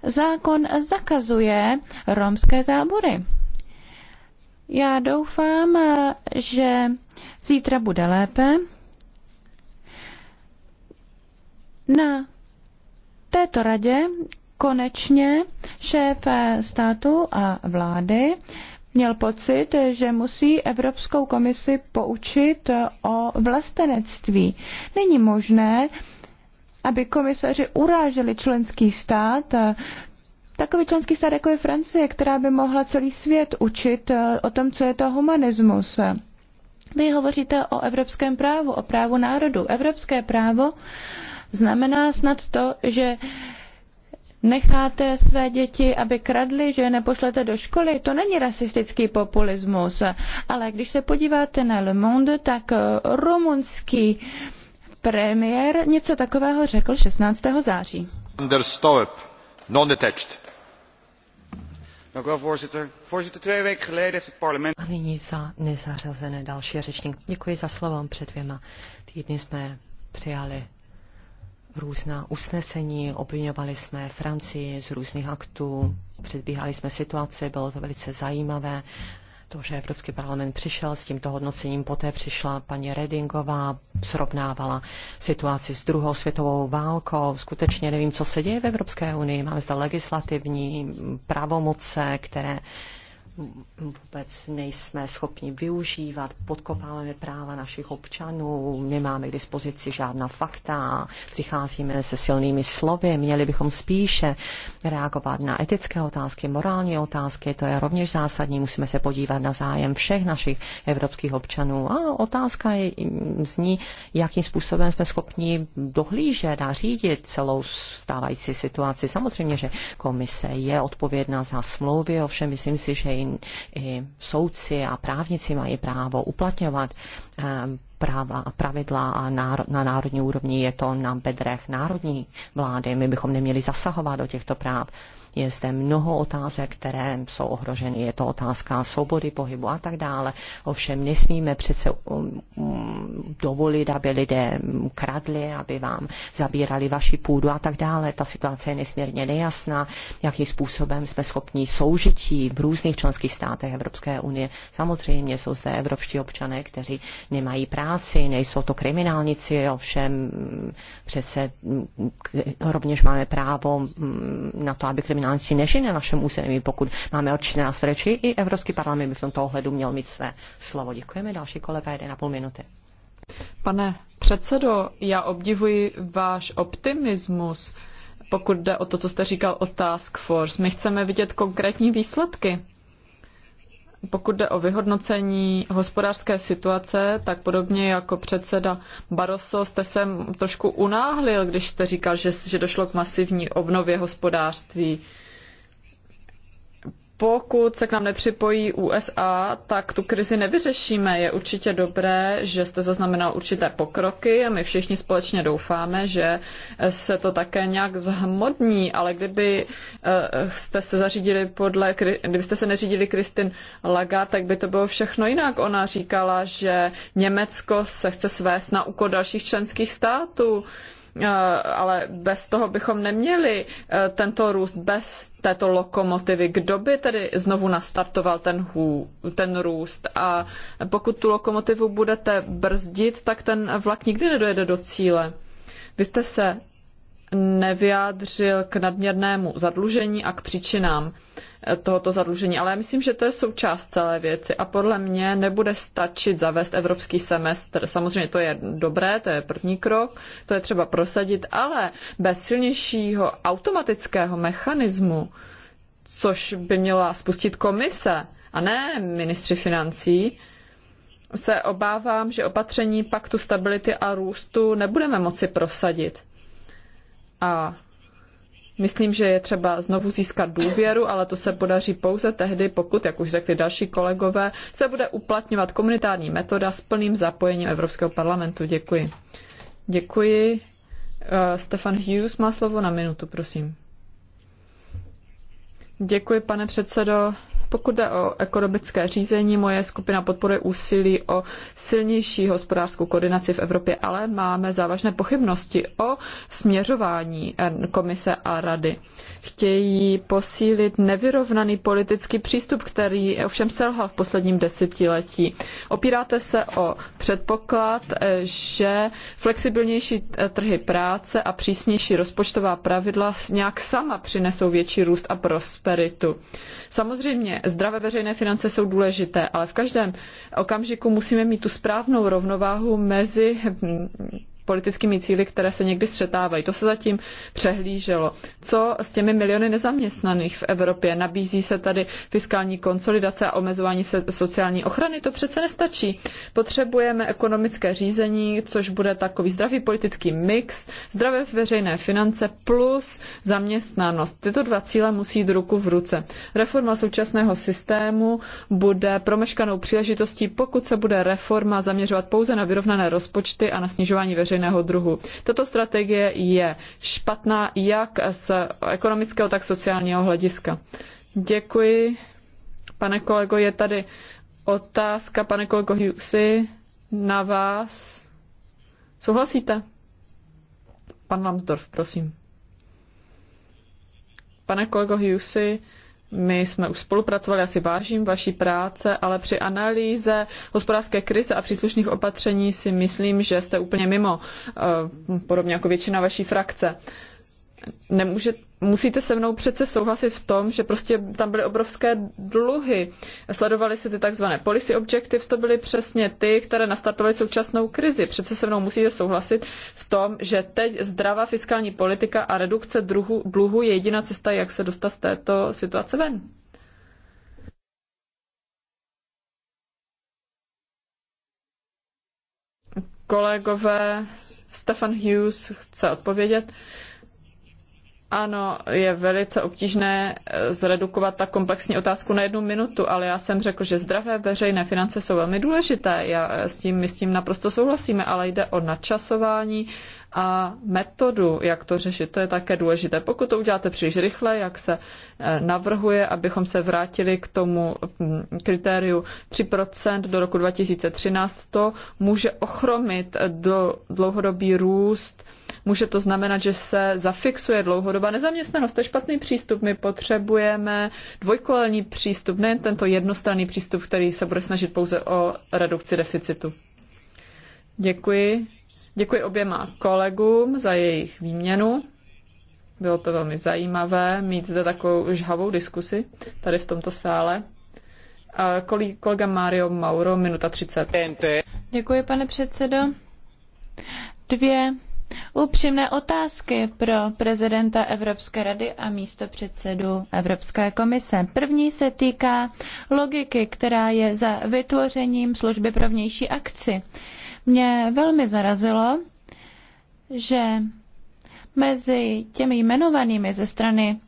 [SPEAKER 3] zákon zakazuje romské tábory. Já doufám, že zítra bude lépe. Na této radě konečně šéf státu a vlády měl pocit, že musí Evropskou komisi poučit o vlastenectví. Není možné, aby komisaři uráželi členský stát, takový členský stát jako je Francie, která by mohla celý svět učit eh, o tom, co je to humanismus. Vy hovoříte o evropském právu, o právu národu. Evropské právo znamená snad to, že necháte své děti, aby kradly, že je nepošlete do školy, to není rasistický populismus. Ale když se podíváte na Le Monde, tak eh, rumunský premiér něco takového řekl 16.
[SPEAKER 1] září.
[SPEAKER 2] Understoep, non-attached.
[SPEAKER 1] A nyní za nezařazené další řečník. Děkuji za slovo. Před dvěma týdny jsme přijali různá usnesení, obvinovali jsme Francii z různých aktů, předbíhali jsme situaci, bylo to velice zajímavé. To, že Evropský parlament přišel s tímto hodnocením, poté přišla paní Redingová, srovnávala situaci s druhou světovou válkou. Skutečně nevím, co se děje v Evropské unii. Máme zde legislativní pravomoce, které vůbec nejsme schopni využívat, podkopáváme práva našich občanů, nemáme k dispozici žádná fakta, přicházíme se silnými slovy, měli bychom spíše reagovat na etické otázky, morální otázky, to je rovněž zásadní, musíme se podívat na zájem všech našich evropských občanů. A otázka je, zní, jakým způsobem jsme schopni dohlížet a řídit celou stávající situaci. Samozřejmě, že komise je odpovědná za smlouvy, ovšem myslím si, že i i soudci a právníci mají právo uplatňovat eh, práva a pravidla a na národní úrovni je to na bedrech národní vlády. My bychom neměli zasahovat do těchto práv. Je zde mnoho otázek, které jsou ohroženy. Je to otázka svobody pohybu a tak dále. Ovšem nesmíme přece um, dovolit, aby lidé kradli, aby vám zabírali vaši půdu a tak dále. Ta situace je nesmírně nejasná, jakým způsobem jsme schopni soužití v různých členských státech Evropské unie. Samozřejmě jsou zde evropští občané, kteří nemají práci, nejsou to kriminálníci. ovšem mm, přece mm, rovněž máme právo mm, na to, aby kriminálníci financí než na našem území, pokud máme určité nástroje, či i Evropský parlament by v tomto ohledu měl mít své slovo. Děkujeme. Další kolega jde na půl minuty.
[SPEAKER 4] Pane předsedo, já obdivuji váš optimismus, pokud jde o to, co jste říkal o Task Force. My chceme vidět konkrétní výsledky. Pokud jde o vyhodnocení hospodářské situace, tak podobně jako předseda Barroso jste se trošku unáhlil, když jste říkal, že, že došlo k masivní obnově hospodářství pokud se k nám nepřipojí USA, tak tu krizi nevyřešíme. Je určitě dobré, že jste zaznamenal určité pokroky a my všichni společně doufáme, že se to také nějak zhmodní, ale kdyby eh, jste se zařídili podle, kdybyste se neřídili Kristin Lagarde, tak by to bylo všechno jinak. Ona říkala, že Německo se chce svést na úkor dalších členských států Eh, ale bez toho bychom neměli eh, tento růst bez této lokomotivy. Kdo by tedy znovu nastartoval ten, hů, ten růst? A pokud tu lokomotivu budete brzdit, tak ten vlak nikdy nedojede do cíle. Vy jste se nevyjádřil k nadměrnému zadlužení a k příčinám tohoto zadlužení. Ale já myslím, že to je součást celé věci a podle mě nebude stačit zavést evropský semestr. Samozřejmě to je dobré, to je první krok, to je třeba prosadit, ale bez silnějšího automatického mechanismu, což by měla spustit komise a ne ministři financí, se obávám, že opatření paktu stability a růstu nebudeme moci prosadit. A Myslím, že je třeba znovu získat důvěru, ale to se podaří pouze tehdy, pokud, jak už řekli další kolegové, se bude uplatňovat komunitární metoda s plným zapojením Evropského parlamentu. Děkuji. Děkuji. Uh, Stefan Hughes má slovo na minutu, prosím. Děkuji, pane předsedo. Pokud jde o ekonomické řízení, moje skupina podporuje úsilí o silnější hospodářskou koordinaci v Evropě, ale máme závažné pochybnosti o směřování eh, komise a rady. Chtějí posílit nevyrovnaný politický přístup, který ovšem selhal v posledním desetiletí. Opíráte se o předpoklad, eh, že flexibilnější eh, trhy práce a přísnější rozpočtová pravidla nějak sama přinesou větší růst a prosperitu. Samozřejmě zdravé veřejné finance jsou důležité, ale v každém okamžiku musíme mít tu správnou rovnováhu mezi politickými cíly, které se někdy střetávají. To se zatím přehlíželo. Co s těmi miliony nezaměstnaných v Evropě? Nabízí se tady fiskální konsolidace a omezování se sociální ochrany? To přece nestačí. Potřebujeme ekonomické řízení, což bude takový zdravý politický mix, zdravé veřejné finance plus zaměstnanost. Tyto dva cíle musí jít ruku v ruce. Reforma současného systému bude promeškanou příležitostí, pokud se bude reforma zaměřovat pouze na vyrovnané rozpočty a na snižování veřejné veřejného druhu. Tato strategie je špatná jak z ekonomického, tak sociálního hlediska. Děkuji. Pane kolego, je tady otázka, pane kolego Hughesy, na vás. Souhlasíte? Pan Lambsdorff, prosím. Pane kolego Hughesy, my jsme už spolupracovali, asi vážím vaší práce, ale při analýze hospodářské krize a příslušných opatření si myslím, že jste úplně mimo, eh, podobně jako většina vaší frakce nemůže, musíte se mnou přece souhlasit v tom, že prostě tam byly obrovské dluhy. Sledovaly se ty takzvané policy objectives, to byly přesně ty, které nastartovaly současnou krizi. Přece se mnou musíte souhlasit v tom, že teď zdravá fiskální politika a redukce druhu, dluhu je jediná cesta, jak se dostat z této situace ven. Kolegové, Stefan Hughes chce odpovědět. Ano, je velice obtížné eh, zredukovat tak komplexní otázku na jednu minutu, ale já jsem řekl, že zdravé veřejné finance jsou velmi důležité. Já eh, s tím, my s tím naprosto souhlasíme, ale jde o načasování a metodu, jak to řešit. To je také důležité. Pokud to uděláte příliš rychle, jak se eh, navrhuje, abychom se vrátili k tomu hm, kritériu 3% do roku 2013, to může ochromit do dlouhodobý růst Může to znamenat, že se zafixuje dlouhodobá nezaměstnanost. To je špatný přístup. My potřebujeme dvojkolní přístup, nejen tento jednostranný přístup, který se bude snažit pouze o redukci deficitu. Děkuji. Děkuji oběma kolegům za jejich výměnu. Bylo to velmi zajímavé mít zde takovou žhavou diskusi tady v tomto sále. Kolega Mario Mauro, minuta 30. Děkuji, pane předsedo. Dvě upřímné otázky pro prezidenta
[SPEAKER 3] Evropské rady a místopředsedu Evropské komise. První se týká logiky, která je za vytvořením služby pro vnější akci. Mě velmi zarazilo, že mezi těmi jmenovanými ze strany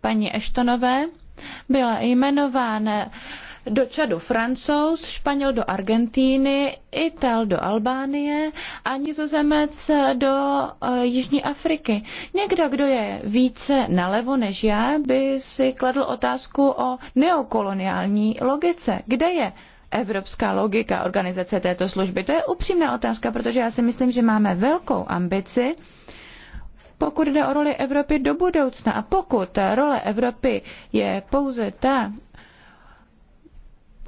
[SPEAKER 3] paní Eštonové byla jmenována do Čadu Francouz, Španěl do Argentíny, Ital do Albánie a Nizozemec do eh, Jižní Afriky. Někdo, kdo je více nalevo než já, by si kladl otázku o neokoloniální logice. Kde je evropská logika organizace této služby? To je upřímná otázka, protože já si myslím, že máme velkou ambici pokud jde o roli Evropy do budoucna a pokud role Evropy je pouze ta,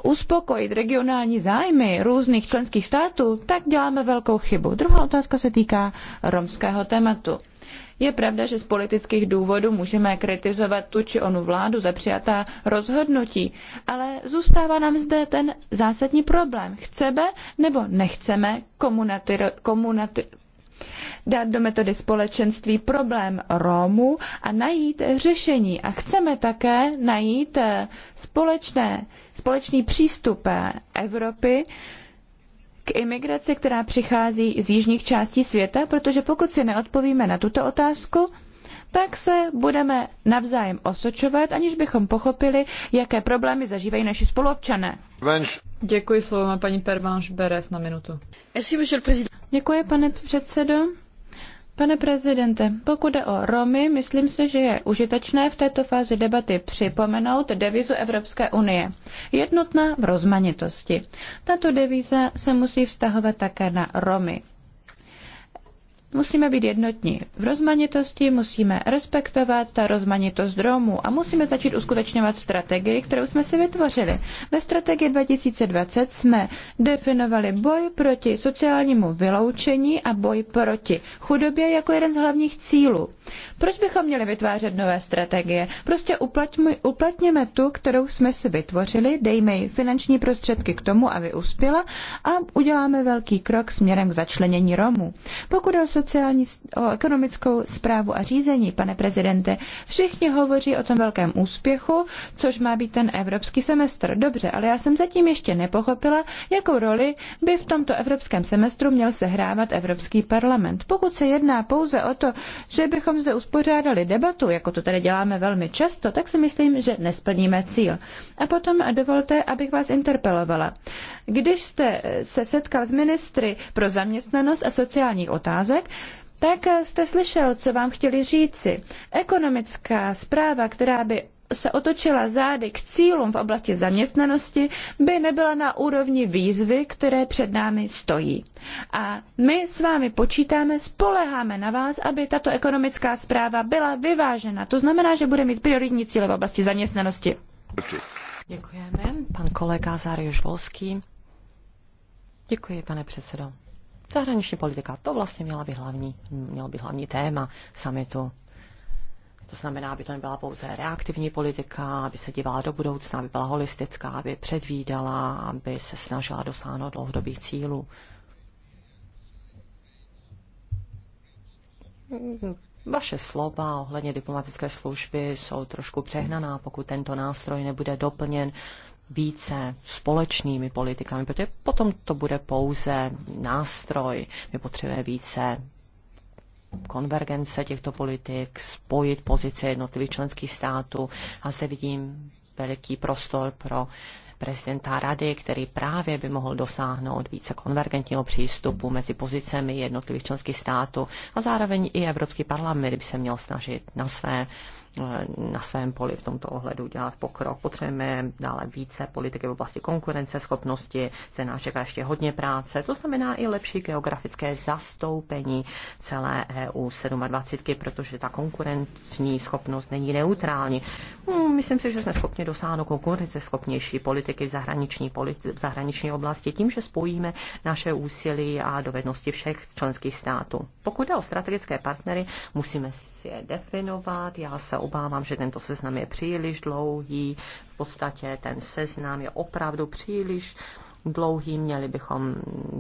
[SPEAKER 3] uspokojit regionální zájmy různých členských států, tak děláme velkou chybu. Druhá otázka se týká romského tématu. Je pravda, že z politických důvodů můžeme kritizovat tu či onu vládu za přijatá rozhodnutí, ale zůstává nám zde ten zásadní problém. Chceme nebo nechceme komunati, komunati, dát do metody společenství problém romů a najít řešení. A chceme také najít eh, společné, společný přístup eh, Evropy k imigraci, která přichází z jižních částí světa, protože pokud si neodpovíme na tuto otázku, tak se budeme navzájem osočovat, aniž bychom pochopili, jaké problémy zažívají naši spoluobčané.
[SPEAKER 4] Děkuji slovo paní Pervanš Beres na minutu.
[SPEAKER 3] Děkuji, pane předsedo. Pane prezidente, pokud jde o Romy, myslím si, že je užitečné v této fázi debaty připomenout devizu Evropské unie. Jednotná v rozmanitosti. Tato devíza se musí vztahovat také na Romy musíme být jednotní v rozmanitosti, musíme respektovat ta rozmanitost Romů a musíme začít uskutečňovat strategii, kterou jsme si vytvořili. Ve strategii 2020 jsme definovali boj proti sociálnímu vyloučení a boj proti chudobě jako jeden z hlavních cílů. Proč bychom měli vytvářet nové strategie? Prostě uplatněme tu, kterou jsme si vytvořili, dejme ji finanční prostředky k tomu, aby uspěla a uděláme velký krok směrem k začlenění Romů. Pokud je o sociální, o ekonomickou zprávu a řízení, pane prezidente. Všichni hovoří o tom velkém úspěchu, což má být ten evropský semestr. Dobře, ale já jsem zatím ještě nepochopila, jakou roli by v tomto evropském semestru měl sehrávat Evropský parlament. Pokud se jedná pouze o to, že bychom zde uspořádali debatu, jako to tady děláme velmi často, tak si myslím, že nesplníme cíl. A potom dovolte, abych vás interpelovala. Když jste se setkal s ministry pro zaměstnanost a sociálních otázek, tak jste slyšel, co vám chtěli říci. Ekonomická zpráva, která by se otočila zády k cílům v oblasti zaměstnanosti, by nebyla na úrovni výzvy, které před námi stojí. A my s vámi počítáme, spoleháme na vás, aby tato ekonomická zpráva byla vyvážena. To znamená, že bude mít prioritní cíle v oblasti zaměstnanosti.
[SPEAKER 4] Děkujeme.
[SPEAKER 1] Pan kolega Zariuš Volský. Děkuji, pane předsedo. Zahraniční politika, to vlastně měla by hlavní, mělo být hlavní téma summitu. To znamená, aby to nebyla pouze reaktivní politika, aby se dívala do budoucna, aby byla holistická, aby předvídala, aby se snažila dosáhnout dlouhodobých cílů. Vaše slova ohledně diplomatické služby jsou trošku přehnaná, pokud tento nástroj nebude doplněn více společnými politikami, protože potom to bude pouze nástroj. My potřebujeme více konvergence těchto politik, spojit pozice jednotlivých členských států. A zde vidím veliký prostor pro prezidenta rady, který právě by mohl dosáhnout více konvergentního přístupu mezi pozicemi jednotlivých členských států a zároveň i Evropský parlament by se měl snažit na své na svém poli v tomto ohledu dělat pokrok. Potřebujeme dále více politiky v oblasti konkurenceschopnosti, se nás čeká ještě hodně práce, to znamená i lepší geografické zastoupení celé EU 27, protože ta konkurenční schopnost není neutrální. Hmm, myslím si, že jsme schopni dosáhnout konkurenceschopnější politiky v zahraniční, politi- v zahraniční oblasti tím, že spojíme naše úsilí a dovednosti všech členských států. Pokud jde o strategické partnery, musíme si je definovat. Já se obávám, že tento seznam je příliš dlouhý. V podstatě ten seznam je opravdu příliš dlouhý. Měli bychom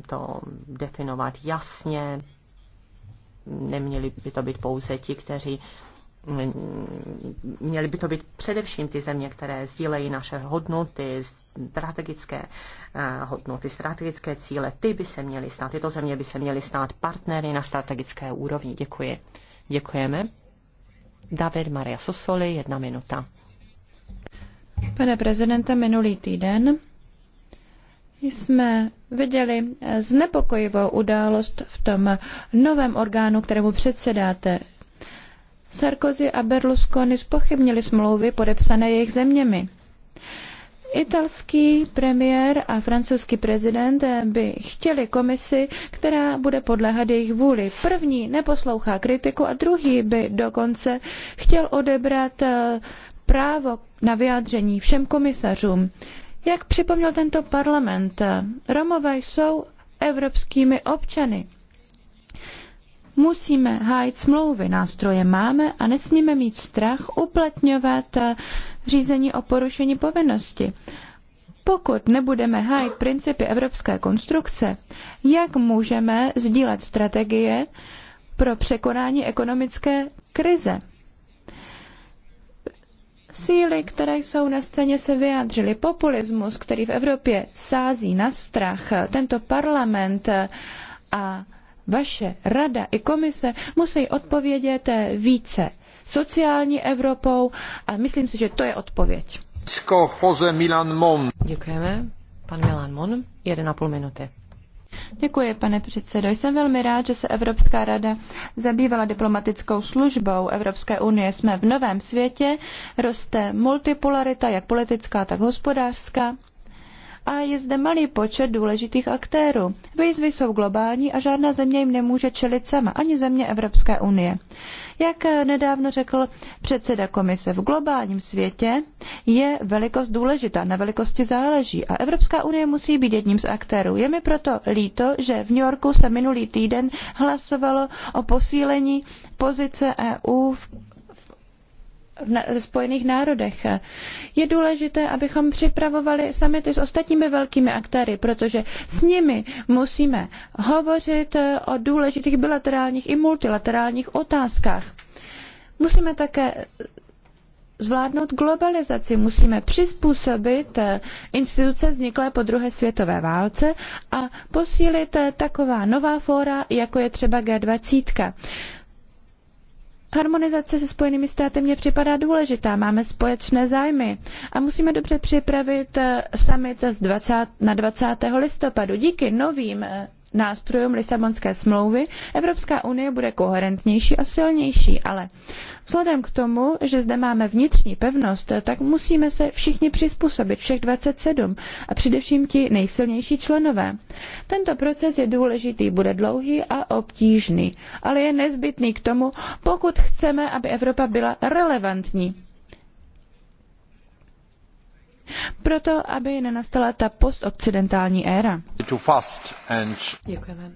[SPEAKER 1] to definovat jasně. Neměli by to být pouze ti, kteří měli by to být především ty země, které sdílejí naše hodnoty, strategické eh, hodnoty, strategické cíle. Ty by se měly stát, tyto země by se měly stát partnery na strategické úrovni. Děkuji. Děkujeme. David Maria Sosoli, jedna minuta.
[SPEAKER 3] Pane prezidente, minulý týden jsme viděli znepokojivou událost v tom novém orgánu, kterému předsedáte. Sarkozy a Berlusconi spochybnili smlouvy podepsané jejich zeměmi. Italský premiér a francouzský prezident by chtěli komisi, která bude podléhat jejich vůli. První neposlouchá kritiku a druhý by dokonce chtěl odebrat eh, právo na vyjádření všem komisařům. Jak připomněl tento parlament, Romové jsou evropskými občany. Musíme hájit smlouvy, nástroje máme a nesmíme mít strach uplatňovat uh, řízení o porušení povinnosti. Pokud nebudeme hájit principy evropské konstrukce, jak můžeme sdílet strategie pro překonání ekonomické krize? Síly, které jsou na scéně, se vyjádřily. Populismus, který v Evropě sází na strach, tento parlament a vaše rada i komise musí odpovědět více sociální Evropou a myslím si, že to je odpověď.
[SPEAKER 2] Jose Milan Mon. Děkujeme.
[SPEAKER 1] Pan Milan Mon, půl minuty.
[SPEAKER 3] Děkuji, pane předsedo. Jsem velmi rád, že se Evropská rada zabývala diplomatickou službou Evropské unie. Jsme v novém světě, roste multipolarita, jak politická, tak hospodářská. A je zde malý počet důležitých aktérů. Výzvy jsou globální a žádná země jim nemůže čelit sama, ani země Evropské unie. Jak nedávno řekl předseda komise, v globálním světě je velikost důležitá, na velikosti záleží a Evropská unie musí být jedním z aktérů. Je mi proto líto, že v New Yorku se minulý týden hlasovalo o posílení pozice EU v ve Spojených národech. Je důležité, abychom připravovali samity s ostatními velkými aktéry, protože s nimi musíme hovořit eh, o důležitých bilaterálních i multilaterálních otázkách. Musíme také zvládnout globalizaci, musíme přizpůsobit eh, instituce vzniklé po druhé světové válce a posílit eh, taková nová fóra, jako je třeba G20. Harmonizace se Spojenými státy mě připadá důležitá. Máme společné zájmy a musíme dobře připravit eh, summit 20, na 20. listopadu. Díky novým eh, nástrojům Lisabonské smlouvy Evropská unie bude koherentnější a silnější, ale vzhledem k tomu, že zde máme vnitřní pevnost, tak musíme se všichni přizpůsobit, všech 27 a především ti nejsilnější členové. Tento proces je důležitý, bude dlouhý a obtížný, ale je nezbytný k tomu, pokud chceme, aby Evropa byla relevantní proto
[SPEAKER 1] aby nenastala ta postoccidentální éra. Děkujeme.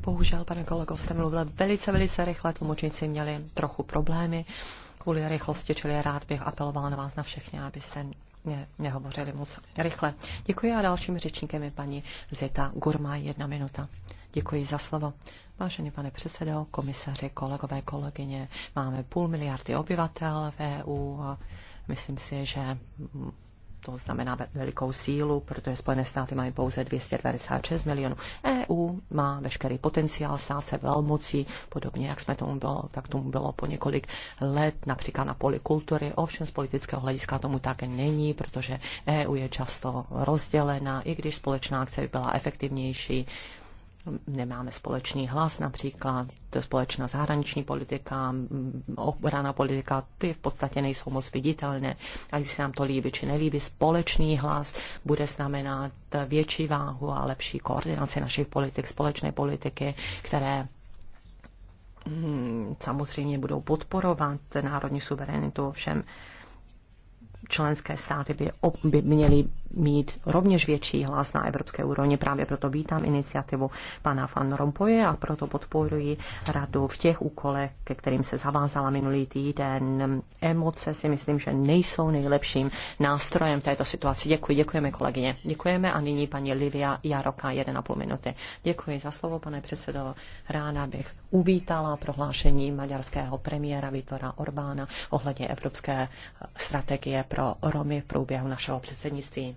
[SPEAKER 1] Bohužel, pane kolego, jste mluvil velice, velice rychle, tlumočníci měli trochu problémy kvůli rychlosti, čili rád bych apeloval na vás na všechny, abyste ne, nehovořili moc rychle. Děkuji a dalším řečníkem je paní Zeta Gurma, jedna minuta. Děkuji za slovo. Vážený pane předsedo, komisaři, kolegové, kolegyně, máme půl miliardy obyvatel v EU a myslím si, že to znamená velikou sílu, protože Spojené státy mají pouze 296 milionů. EU má veškerý potenciál stát se velmocí, podobně jak jsme tomu bylo, tak tomu bylo po několik let, například na poli kultury. Ovšem z politického hlediska tomu tak není, protože EU je často rozdělena, i když společná akce by byla efektivnější, nemáme společný hlas, například společná zahraniční politika, obrana politika, ty v podstatě nejsou moc viditelné, ať už se nám to líbí či nelíbí. Společný hlas bude znamenat větší váhu a lepší koordinaci našich politik, společné politiky, které hm, samozřejmě budou podporovat národní suverenitu, ovšem členské státy by, by měly mít rovněž větší hlas na evropské úrovni. Právě proto vítám iniciativu pana Van Rompuye a proto podporuji radu v těch úkolech, ke kterým se zavázala minulý týden. Emoce si myslím, že nejsou nejlepším nástrojem této situaci. Děkuji, děkujeme kolegyně. Děkujeme a nyní paní Livia Jaroka, 1,5 minuty. Děkuji za slovo, pane předsedo. Ráda bych uvítala prohlášení maďarského premiéra Vitora Orbána ohledně evropské strategie pro Romy v průběhu našeho předsednictví.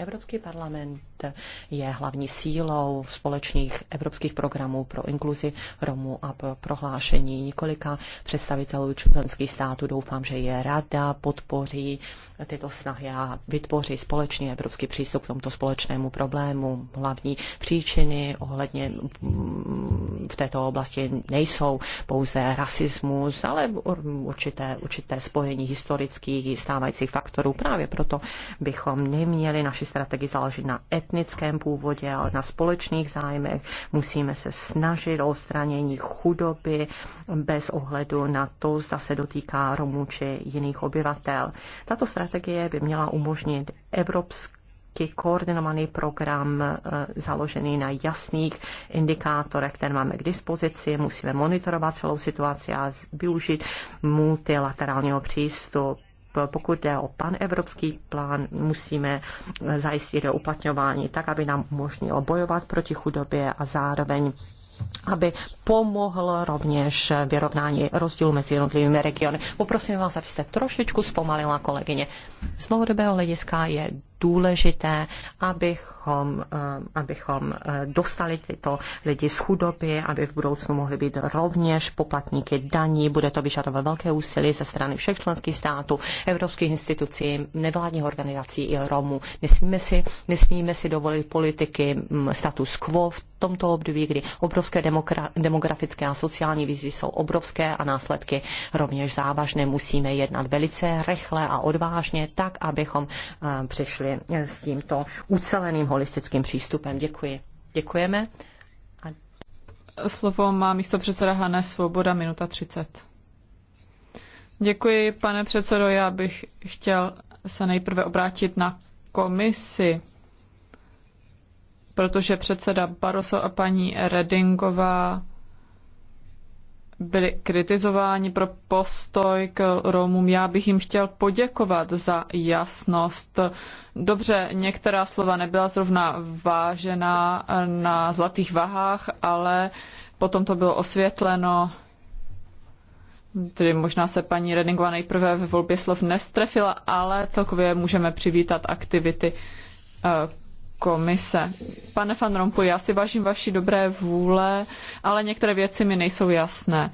[SPEAKER 1] Evropský parlament je hlavní sílou společných evropských programů pro inkluzi Romů a pro prohlášení několika představitelů členských států. Doufám, že je rada podpoří tyto snahy a vytvoří společný evropský přístup k tomuto společnému problému. Hlavní příčiny ohledně mm, v této oblasti nejsou pouze rasismus, ale určité, určité spojení historických i stávajících faktorů. Právě proto bychom neměli naši strategii záleží na etnickém původě, ale na společných zájmech. Musíme se snažit o odstranění chudoby bez ohledu na to, zda se dotýká Romů či jiných obyvatel. Tato strategie by měla umožnit evropské koordinovaný program eh, založený na jasných indikátorech, které máme k dispozici. Musíme monitorovat celou situaci a využít multilaterálního přístup pokud jde o panevropský plán, musíme zajistit jeho uplatňování tak, aby nám umožnilo bojovat proti chudobě a zároveň aby pomohl rovněž vyrovnání rozdílu mezi jednotlivými regiony. Poprosím vás, abyste trošičku zpomalila, kolegyně. Z dlouhodobého hlediska je důležité, abychom, eh, abychom eh, dostali tyto lidi z chudoby, aby v budoucnu mohli být rovněž poplatníky daní. Bude to vyžadovat velké úsilí ze strany všech členských států, evropských institucí, nevládních organizací i Romů. Nesmíme si, nesmíme si dovolit politiky mm, status quo v tomto období, kdy obrovské demografické a sociální výzvy jsou obrovské a následky rovněž závažné. Musíme jednat velice rychle a odvážně, tak, abychom eh, přišli právě s tímto uceleným holistickým přístupem. Děkuji. Děkujeme. A...
[SPEAKER 4] Slovo má místo předseda Hané Svoboda, minuta 30. Děkuji, pane předsedo. Já bych chtěl se nejprve obrátit na komisi, protože předseda Baroso a paní Redingová byli kritizováni pro postoj k Romům. Já bych jim chtěl poděkovat za jasnost. Dobře, některá slova nebyla zrovna vážená na zlatých vahách, ale potom to bylo osvětleno. Tedy možná se paní Redingová nejprve ve volbě slov nestrefila, ale celkově můžeme přivítat aktivity eh, komise. Pane Van Rompuy, já si vážím vaší dobré vůle, ale některé věci mi nejsou jasné.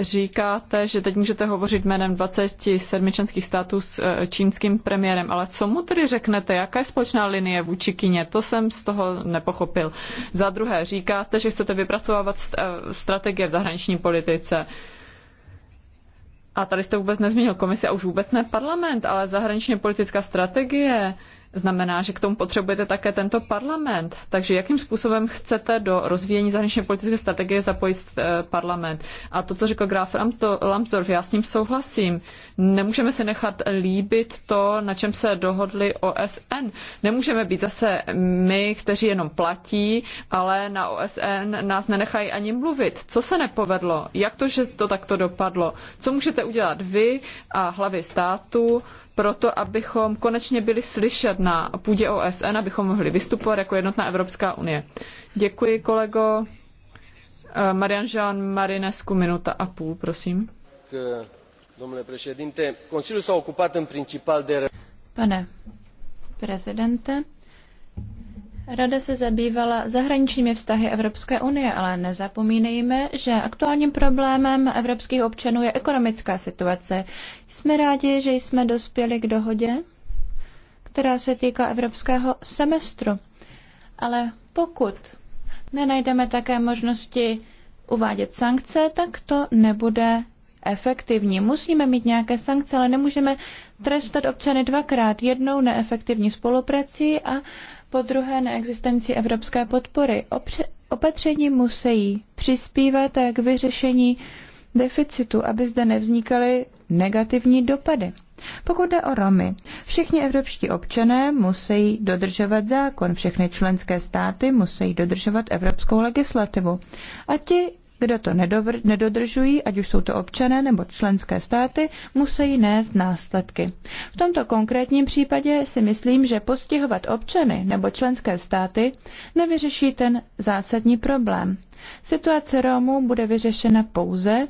[SPEAKER 4] Říkáte, že teď můžete hovořit jménem 27 členských států s eh, čínským premiérem, ale co mu tedy řeknete, jaká je společná linie vůči Kině? To jsem z toho nepochopil. Za druhé, říkáte, že chcete vypracovávat eh, strategie v zahraniční politice. A tady jste vůbec nezmínil komisi a už vůbec ne parlament, ale zahraničně politická strategie Znamená, že k tomu potřebujete také tento parlament. Takže jakým způsobem chcete do rozvíjení zahraniční politické strategie zapojit eh, parlament? A to, co řekl Graf Lambsdorff, já s ním souhlasím. Nemůžeme si nechat líbit to, na čem se dohodli OSN. Nemůžeme být zase my, kteří jenom platí, ale na OSN nás nenechají ani mluvit. Co se nepovedlo? Jak to, že to takto dopadlo? Co můžete udělat vy a hlavy státu? proto, abychom konečně byli slyšet na půdě OSN, abychom mohli vystupovat jako jednotná Evropská unie. Děkuji, kolego. Eh, Marian Jean Marinescu, minuta a půl, prosím. Pane prezidente,
[SPEAKER 3] Rada se zabývala zahraničními vztahy Evropské unie, ale nezapomínejme, že aktuálním problémem evropských občanů je ekonomická situace. Jsme rádi, že jsme dospěli k dohodě, která se týká evropského semestru. Ale pokud nenajdeme také možnosti uvádět sankce, tak to nebude efektivní. Musíme mít nějaké sankce, ale nemůžeme trestat občany dvakrát. Jednou neefektivní spoluprací a po druhé neexistenci evropské podpory. Opře- opatření musí přispívat k vyřešení deficitu, aby zde nevznikaly negativní dopady. Pokud jde o Romy, všichni evropští občané musí dodržovat zákon, všechny členské státy musí dodržovat evropskou legislativu. A ti, kdo to nedodržují, ať už jsou to občané nebo členské státy, musí nést následky. V tomto konkrétním případě si myslím, že postihovat občany nebo členské státy nevyřeší ten zásadní problém. Situace Romů bude vyřešena pouze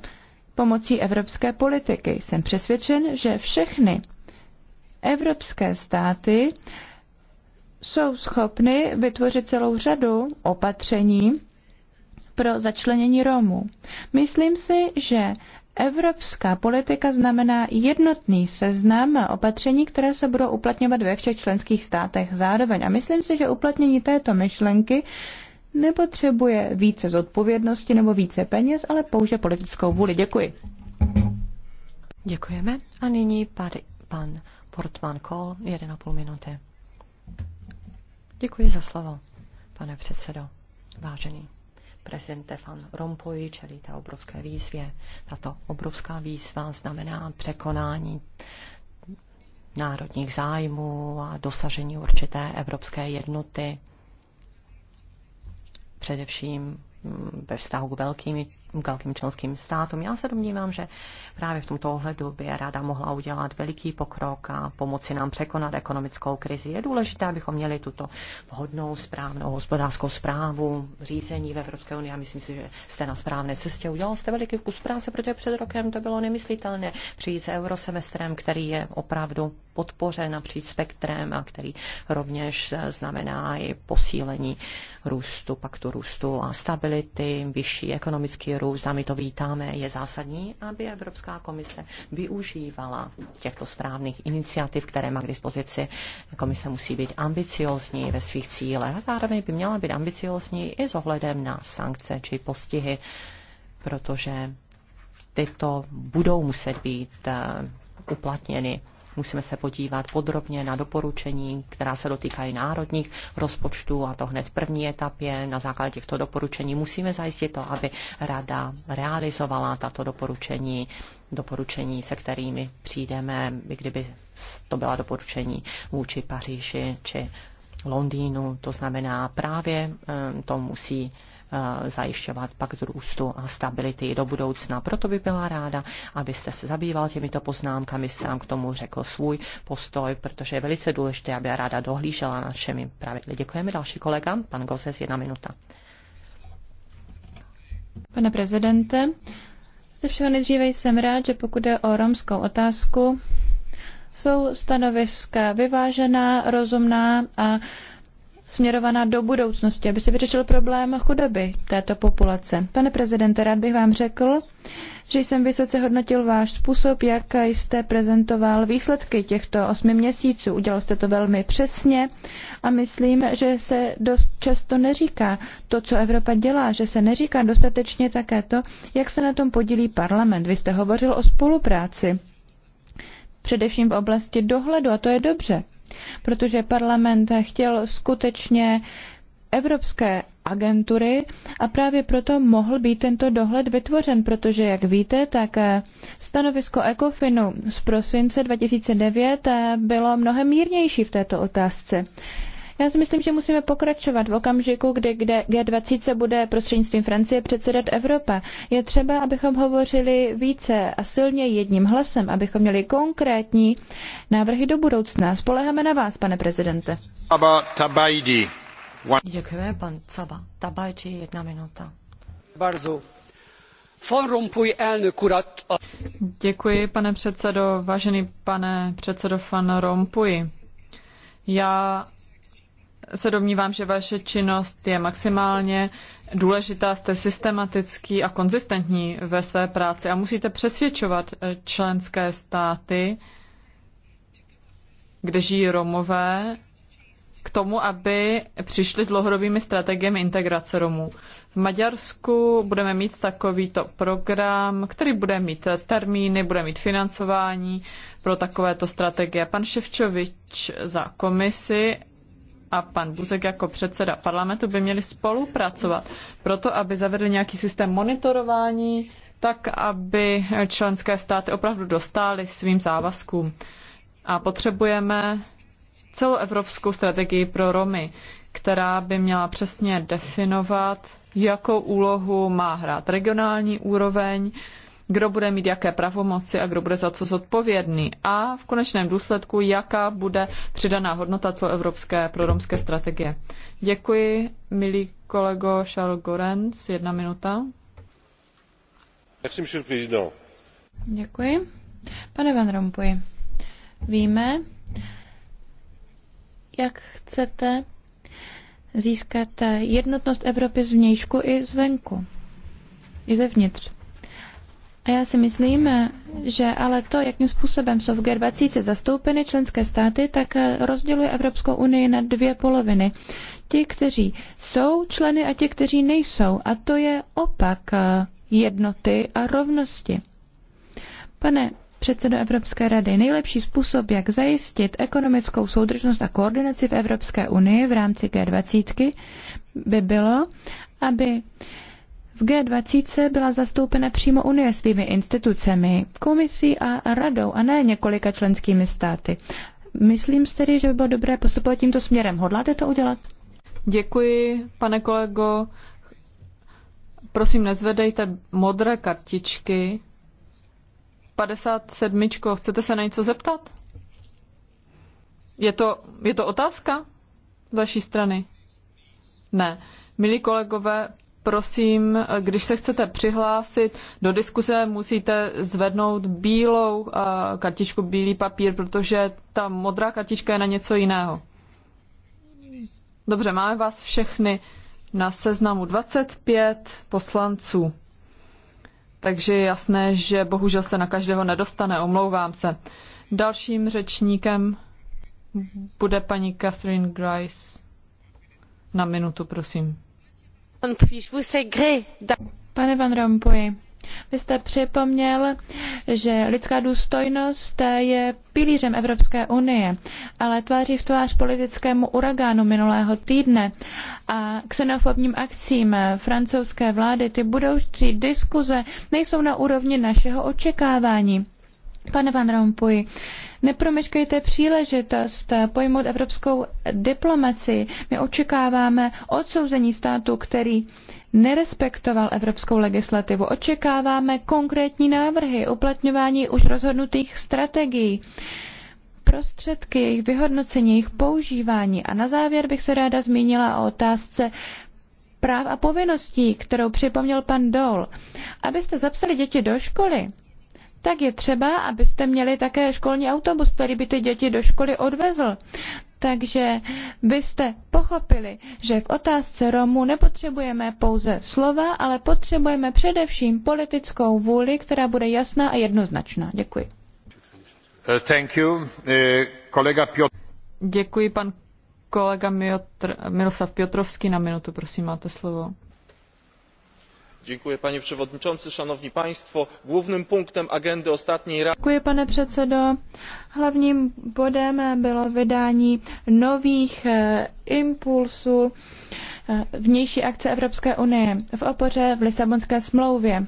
[SPEAKER 3] pomocí evropské politiky. Jsem přesvědčen, že všechny evropské státy jsou schopny vytvořit celou řadu opatření, pro začlenění Romů. Myslím si, že Evropská politika znamená jednotný seznam opatření, které se budou uplatňovat ve všech členských státech zároveň. A myslím si, že uplatnění této myšlenky nepotřebuje více zodpovědnosti nebo více peněz, ale pouze politickou vůli. Děkuji.
[SPEAKER 1] Děkujeme. A nyní pady, pan Portman Kohl, 1,5 minuty. Děkuji za slovo, pane předsedo. Vážený prezidente Van Rompuy čelí té obrovské výzvě. Tato obrovská výzva znamená překonání národních zájmů a dosažení určité evropské jednoty, především ve vztahu k velkým velkým členským státům. Já se domnívám, že právě v tomto ohledu by Rada mohla udělat veliký pokrok a pomoci nám překonat ekonomickou krizi. Je důležité, abychom měli tuto vhodnou, správnou hospodářskou zprávu, řízení v Evropské unii. Já myslím si, že jste na správné cestě. Udělal jste veliký kus práce, protože před rokem to bylo nemyslitelné přijít s eurosemestrem, který je opravdu podpořen napříč spektrem a který rovněž znamená i posílení růstu, paktu růstu a stability, vyšší ekonomický růst kterou a my to vítáme, je zásadní,
[SPEAKER 2] aby Evropská
[SPEAKER 1] komise využívala těchto správných iniciativ, které má k dispozici. Komise musí být ambiciózní ve svých cílech a zároveň by měla být ambiciózní i s ohledem na sankce či postihy, protože tyto budou muset být eh, uplatněny Musíme se podívat podrobně na doporučení, která se dotýkají národních rozpočtů a to hned v první etapě. Na základě těchto doporučení musíme zajistit to, aby rada realizovala tato doporučení doporučení, se kterými přijdeme, kdyby to byla doporučení vůči Paříži či Londýnu. To znamená, právě eh, to musí Eh, zajišťovat pak růstu a stability do budoucna. Proto by byla ráda, abyste se zabýval těmito poznámkami, sám k tomu řekl svůj postoj, protože je velice důležité, aby ráda dohlížela nad všemi pravidly. Děkujeme další kolega, pan Gozes, jedna minuta.
[SPEAKER 3] Pane prezidente, ze všeho nejdříve jsem rád, že pokud jde o romskou otázku, jsou stanoviska vyvážená, rozumná a směrovaná do budoucnosti, aby se vyřešil problém chudoby této populace. Pane prezidente, rád bych vám řekl, že jsem vysoce hodnotil váš způsob, jak jste prezentoval výsledky těchto osmi měsíců. Udělal jste to velmi přesně a myslím, že se dost často neříká to, co Evropa dělá, že se neříká dostatečně také to, jak se na tom podílí parlament. Vy jste hovořil o spolupráci, především v oblasti dohledu a to je dobře protože parlament chtěl skutečně evropské agentury a právě proto mohl být tento dohled vytvořen, protože, jak víte, tak stanovisko ECOFINu z prosince 2009 bylo mnohem mírnější v této otázce. Já si myslím, že musíme pokračovat v okamžiku, kdy kde G20 bude prostřednictvím Francie předsedat Evropa. Je třeba, abychom hovořili více a silně jedním hlasem, abychom měli konkrétní návrhy do budoucna. Spoleháme na vás, pane prezidente.
[SPEAKER 4] Děkujeme, pan Caba. Tabajči, jedna minuta. Bardzo. Děkuji, pane předsedo. Vážený pane předsedo Van Rompuy, já se domnívám, že vaše činnost je maximálně důležitá, jste systematický a konzistentní ve své práci a musíte přesvědčovat eh, členské státy, kde žijí Romové, k tomu, aby přišli s dlouhodobými strategiemi integrace Romů. V Maďarsku budeme mít takovýto program, který bude mít eh, termíny, bude mít financování pro takovéto strategie. Pan Ševčovič za komisi a pan Buzek jako předseda parlamentu by měli spolupracovat proto, aby zavedli nějaký systém monitorování, tak aby členské státy opravdu dostály svým závazkům. A potřebujeme celoevropskou strategii pro Romy, která by měla přesně definovat, jakou úlohu má hrát regionální úroveň, kdo bude mít jaké pravomoci a kdo bude za co zodpovědný a v konečném důsledku, jaká bude přidaná hodnota evropské proromské strategie. Děkuji, milý kolego Charles Gorenc. Jedna minuta. Děkuji. Pane Van
[SPEAKER 3] Rompuy, víme, jak chcete získat jednotnost Evropy zvnějšku i zvenku, i zevnitř. A já si myslím, že ale to, jakým způsobem jsou v G20 zastoupeny členské státy, tak rozděluje Evropskou unii na dvě poloviny. Ti, kteří jsou členy a ti, kteří nejsou. A to je opak jednoty a rovnosti. Pane předsedo Evropské rady, nejlepší způsob, jak zajistit ekonomickou soudržnost a koordinaci v Evropské unii v rámci G20, by bylo, aby v G20 byla zastoupena přímo Unie svými institucemi, komisí a radou a ne několika členskými státy. Myslím si tedy, že by bylo dobré postupovat tímto směrem. Hodláte to
[SPEAKER 4] udělat? Děkuji, pane kolego. Prosím, nezvedejte modré kartičky. 57. Chcete se na něco zeptat? Je to, je to otázka z vaší strany? Ne. Milí kolegové, prosím, když se chcete přihlásit do diskuze, musíte zvednout bílou eh, kartičku, bílý papír, protože ta modrá kartička je na něco jiného. Dobře, máme vás všechny na seznamu 25 poslanců. Takže je jasné, že bohužel se na každého nedostane, omlouvám se. Dalším řečníkem bude paní Catherine Grice. Na minutu, prosím.
[SPEAKER 3] Pane Van Rompuy, vy jste připomněl, že lidská důstojnost je pilířem Evropské unie, ale tváří v tvář politickému uragánu minulého týdne a xenofobním akcím francouzské vlády ty budoucí diskuze nejsou na úrovni našeho očekávání. Pane Van Rompuy, nepromeškejte příležitost pojmout evropskou diplomaci. My očekáváme odsouzení státu, který nerespektoval evropskou legislativu. Očekáváme konkrétní návrhy, uplatňování už rozhodnutých strategií prostředky, jejich vyhodnocení, jejich používání. A na závěr bych se ráda zmínila o otázce práv a povinností, kterou připomněl pan Dol, Abyste zapsali děti do školy, tak je třeba, abyste měli také školní autobus, který by ty děti do školy odvezl. Takže byste pochopili, že v otázce Romů nepotřebujeme pouze slova, ale potřebujeme především politickou vůli, která bude jasná a jednoznačná. Děkuji.
[SPEAKER 4] Uh, thank you. Uh, kolega Piotr. Děkuji, pan kolega Miotr, Miroslav Piotrovský na minutu, prosím, máte slovo panie przewodniczący! głównym punktem agendy ostatniej rady
[SPEAKER 3] hlavním bodem bylo vydání nových eh, impulsů eh, vnější akce evropské unie v oporu v lisabonské smlouvě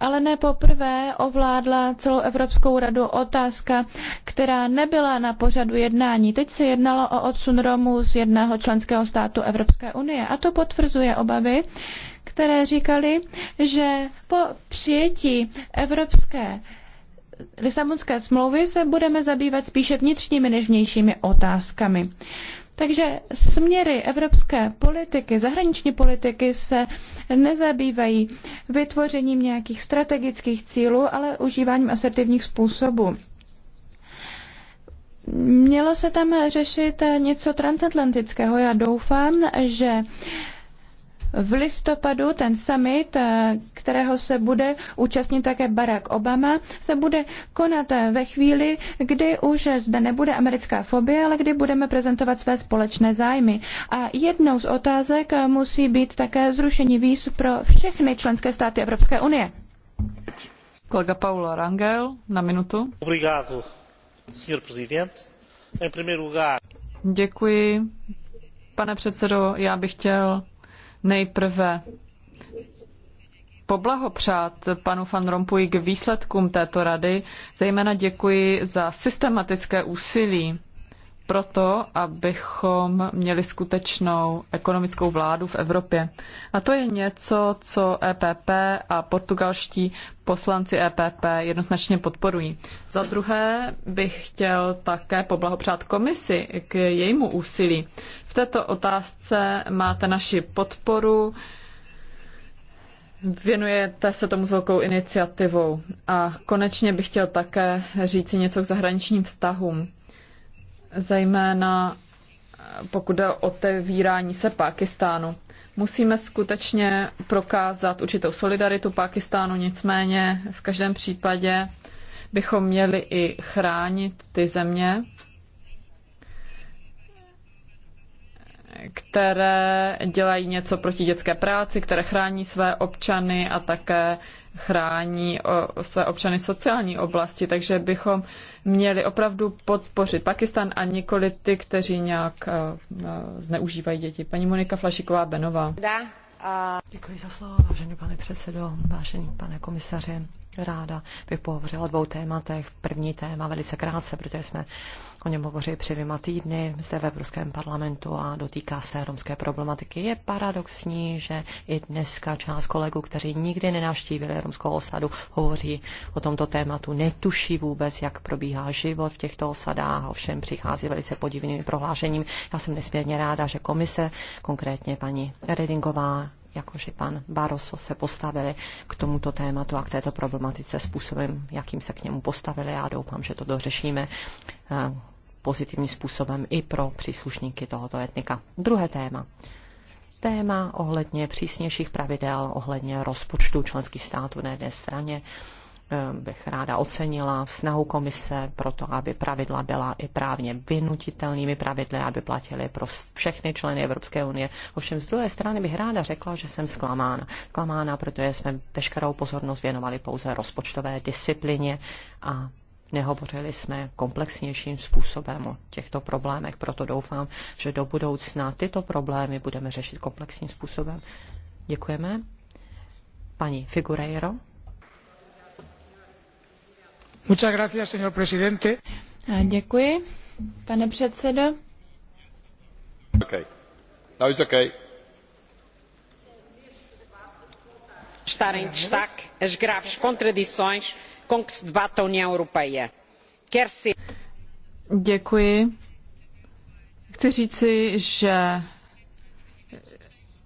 [SPEAKER 3] ale ne poprvé ovládla celou Evropskou radu otázka, která nebyla na pořadu jednání. Teď se jednalo o odsun Romů z jednoho členského státu Evropské unie a to potvrzuje obavy, které říkali, že po přijetí Evropské Lisabonské smlouvy se budeme zabývat spíše vnitřními než vnějšími otázkami. Takže směry evropské politiky, zahraniční politiky se nezabývají vytvořením nějakých strategických cílů, ale užíváním asertivních způsobů. Mělo se tam řešit něco transatlantického. Já doufám, že v listopadu ten summit, eh, kterého se bude účastnit také Barack Obama, se bude konat eh, ve chvíli, kdy už zde nebude americká fobie, ale kdy budeme prezentovat své společné zájmy. A jednou z otázek eh, musí být také zrušení víz pro všechny členské
[SPEAKER 4] státy Evropské unie. Kolega Paulo Rangel, na minutu. Obrigado,
[SPEAKER 2] senhor presidente. Em primeiro lugar...
[SPEAKER 4] Děkuji, pane předsedo. Já bych chtěl nejprve poblahopřát panu Van Rompuy k výsledkům této rady. Zejména děkuji za systematické úsilí proto, abychom měli skutečnou ekonomickou vládu v Evropě. A to je něco, co EPP a portugalští poslanci EPP jednoznačně podporují. Za druhé bych chtěl také poblahopřát komisi k jejímu úsilí. V této otázce máte naši podporu, Věnujete se tomu s velkou iniciativou. A konečně bych chtěl také říci něco k zahraničním vztahům zejména eh, pokud jde o otevírání se Pákistánu. Musíme skutečně prokázat určitou solidaritu Pákistánu, nicméně v každém případě bychom měli i chránit ty země, které dělají něco proti dětské práci, které chrání své občany a také chrání své občany sociální oblasti. Takže bychom měli opravdu podpořit Pakistan a nikoli ty, kteří nějak eh, eh, zneužívají děti. Paní Monika Flašiková Benová.
[SPEAKER 2] Děkuji za slovo, vážený pane
[SPEAKER 1] předsedo, vážený pane komisaři. Ráda bych pohovořila o dvou tématech. První téma velice krátce, protože jsme o něm hovoří před dvěma týdny zde ve Evropském parlamentu a dotýká se romské problematiky. Je paradoxní, že i dneska část kolegů, kteří nikdy nenaštívili romskou osadu, hovoří o tomto tématu, netuší vůbec, jak probíhá život v těchto osadách, ovšem přichází velice podivnými prohlášením. Já jsem nesmírně ráda, že komise, konkrétně paní Redingová, jakože pan Baroso se postavili k tomuto tématu a k této problematice způsobem, jakým se k němu postavili. Já doufám, že to dořešíme eh, pozitivním způsobem i pro příslušníky tohoto etnika. Druhé téma. Téma ohledně přísnějších pravidel, ohledně rozpočtu členských států na jedné straně eh, bych ráda ocenila snahu komise pro to, aby pravidla byla i právně vynutitelnými pravidly, aby platily pro všechny členy Evropské unie. Ovšem z druhé strany bych ráda řekla, že jsem zklamána. Zklamána, protože jsme veškerou pozornost věnovali pouze rozpočtové disciplině a nehovořili jsme komplexnějším způsobem o těchto problémech, proto doufám, že do budoucna tyto problémy budeme řešit komplexním způsobem. Děkujeme. Paní Figureiro.
[SPEAKER 4] Muchas gracias, señor presidente.
[SPEAKER 3] Eh, děkuji, pane předsedo. Okay. No, it's okay.
[SPEAKER 4] Estarem em destaque as graves contradições Děkuji. Chci říci, že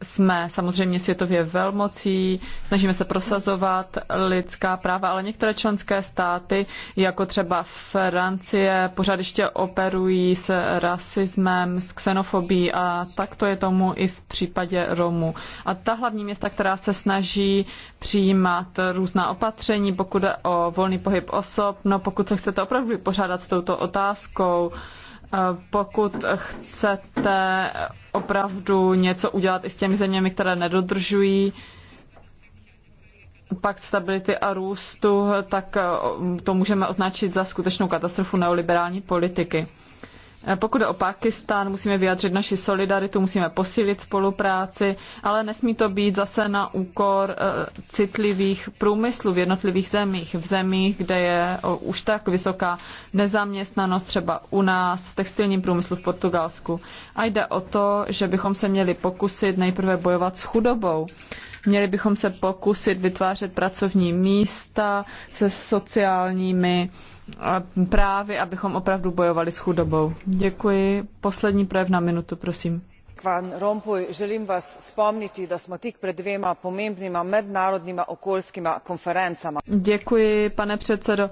[SPEAKER 4] jsme samozřejmě světově velmocí, snažíme se prosazovat lidská práva, ale některé členské státy, jako třeba Francie, pořád ještě operují s rasismem, s xenofobí a tak to je tomu i v případě Romů. A ta hlavní města, která se snaží přijímat různá opatření, pokud je o volný pohyb osob, no pokud se chcete opravdu vypořádat s touto otázkou, pokud chcete opravdu něco udělat i s těmi zeměmi, které nedodržují pakt stability a růstu, tak to můžeme označit za skutečnou katastrofu neoliberální politiky. Eh, pokud o Pakistán, musíme vyjádřit naši solidaritu, musíme posílit spolupráci, ale nesmí to být zase na úkor eh, citlivých průmyslů v jednotlivých zemích, v zemích, kde je už tak vysoká nezaměstnanost, třeba u nás v textilním průmyslu v Portugalsku. A jde o to, že bychom se měli pokusit nejprve bojovat s chudobou. Měli bychom se pokusit vytvářet pracovní místa se sociálními právy, abychom opravdu bojovali s chudobou. Děkuji. Poslední projev na minutu, prosím.
[SPEAKER 1] Kvan Rompuy, želim vas spomniti, da smo tik pred dvěma pomembnima mednarodnima
[SPEAKER 4] okoljskima konferencama. Děkuji, pane předsedo.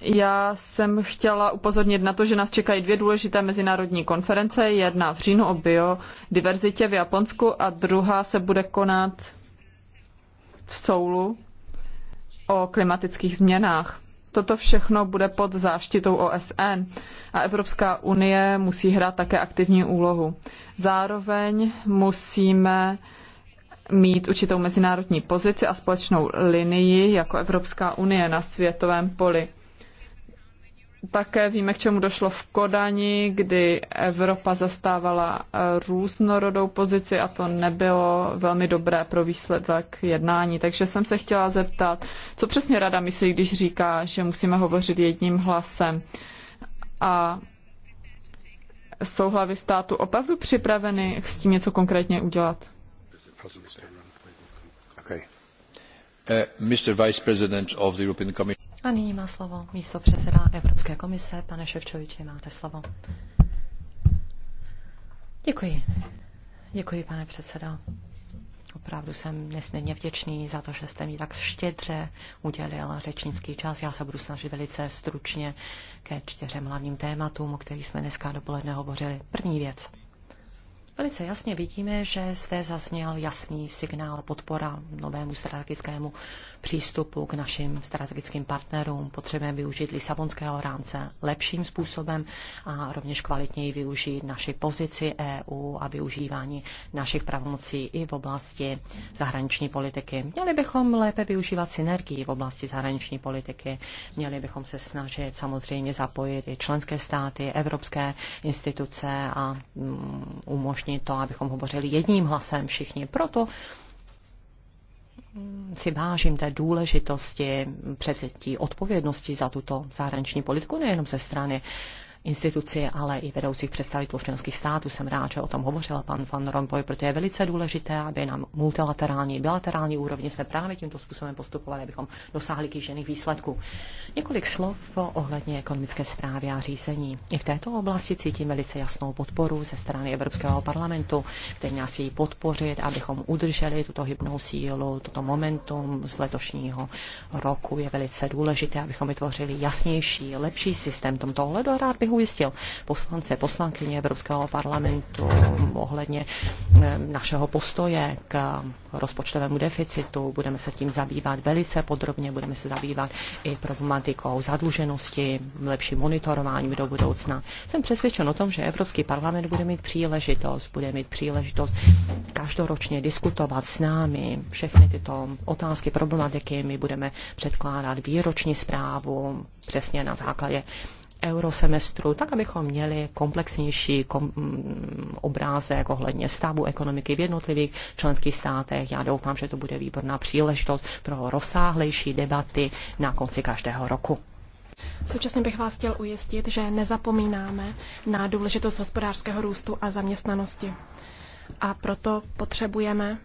[SPEAKER 4] Já jsem chtěla upozornit na to, že nás čekají dvě důležité mezinárodní konference. Jedna v říjnu o biodiverzitě v Japonsku a druhá se bude konat v Soulu o klimatických změnách. Toto všechno bude pod záštitou OSN a Evropská unie musí hrát také aktivní úlohu. Zároveň musíme mít určitou mezinárodní pozici a společnou linii jako Evropská unie na světovém poli. Také víme, k čemu došlo v Kodani, kdy Evropa zastávala eh, různorodou pozici a to nebylo velmi dobré pro výsledek jednání. Takže jsem se chtěla zeptat, co přesně Rada myslí, když říká, že musíme hovořit jedním hlasem. A jsou hlavy státu opravdu připraveny s tím něco konkrétně udělat?
[SPEAKER 3] Okay. Uh, Mr. Vice President of the European Commission.
[SPEAKER 4] A nyní má slovo místo předseda
[SPEAKER 1] Evropské komise. Pane Ševčoviči, máte slovo. Děkuji. Děkuji, pane předsedo. Opravdu jsem nesmírně vděčný za to, že jste mi tak štědře udělil řečnický čas. Já se budu snažit velice stručně ke čtyřem hlavním tématům, o kterých jsme dneska dopoledne hovořili. První věc. Velice jasně vidíme, že zde zazněl jasný signál podpora novému strategickému přístupu k našim strategickým partnerům. Potřebujeme využít Lisabonského rámce lepším způsobem a rovněž kvalitněji využít naši pozici EU a využívání našich pravomocí i v oblasti zahraniční politiky. Měli bychom lépe využívat synergii v oblasti zahraniční politiky. Měli bychom se snažit samozřejmě zapojit i členské státy, evropské instituce a mm, umožnit to, abychom hovořili jedním hlasem všichni. Proto si vážím té důležitosti převzetí odpovědnosti za tuto zahraniční politiku, nejenom ze strany instituci, ale i vedoucích představitelů členských států. Jsem rád, že o tom hovořil pan Van Rompuy, protože je velice důležité, aby na multilaterální, bilaterální úrovni jsme právě tímto způsobem postupovali, abychom dosáhli kýžených výsledků. Několik slov ohledně ekonomické zprávy a řízení. I v této oblasti cítím velice jasnou podporu ze strany Evropského parlamentu, který nás chtějí podpořit, abychom udrželi tuto hybnou sílu, toto momentum z letošního roku. Je velice důležité, abychom vytvořili jasnější, lepší systém tomto ohledu. Rád bych bych ujistil poslance, poslankyně Evropského parlamentu ohledně eh, našeho postoje k rozpočtovému deficitu. Budeme se tím zabývat velice podrobně, budeme se zabývat i problematikou zadluženosti, lepší monitorováním do budoucna. Jsem přesvědčen o tom, že Evropský parlament bude mít příležitost, bude mít příležitost každoročně diskutovat s námi všechny tyto otázky, problematiky. My budeme předkládat výroční zprávu přesně na základě eurosemestru, tak abychom měli komplexnější kom, mm, obrázek ohledně stavu ekonomiky v jednotlivých členských státech. Já doufám, že to bude výborná příležitost pro rozsáhlejší debaty na konci každého roku.
[SPEAKER 5] Současně bych vás chtěl ujistit, že nezapomínáme na důležitost hospodářského růstu a zaměstnanosti. A proto potřebujeme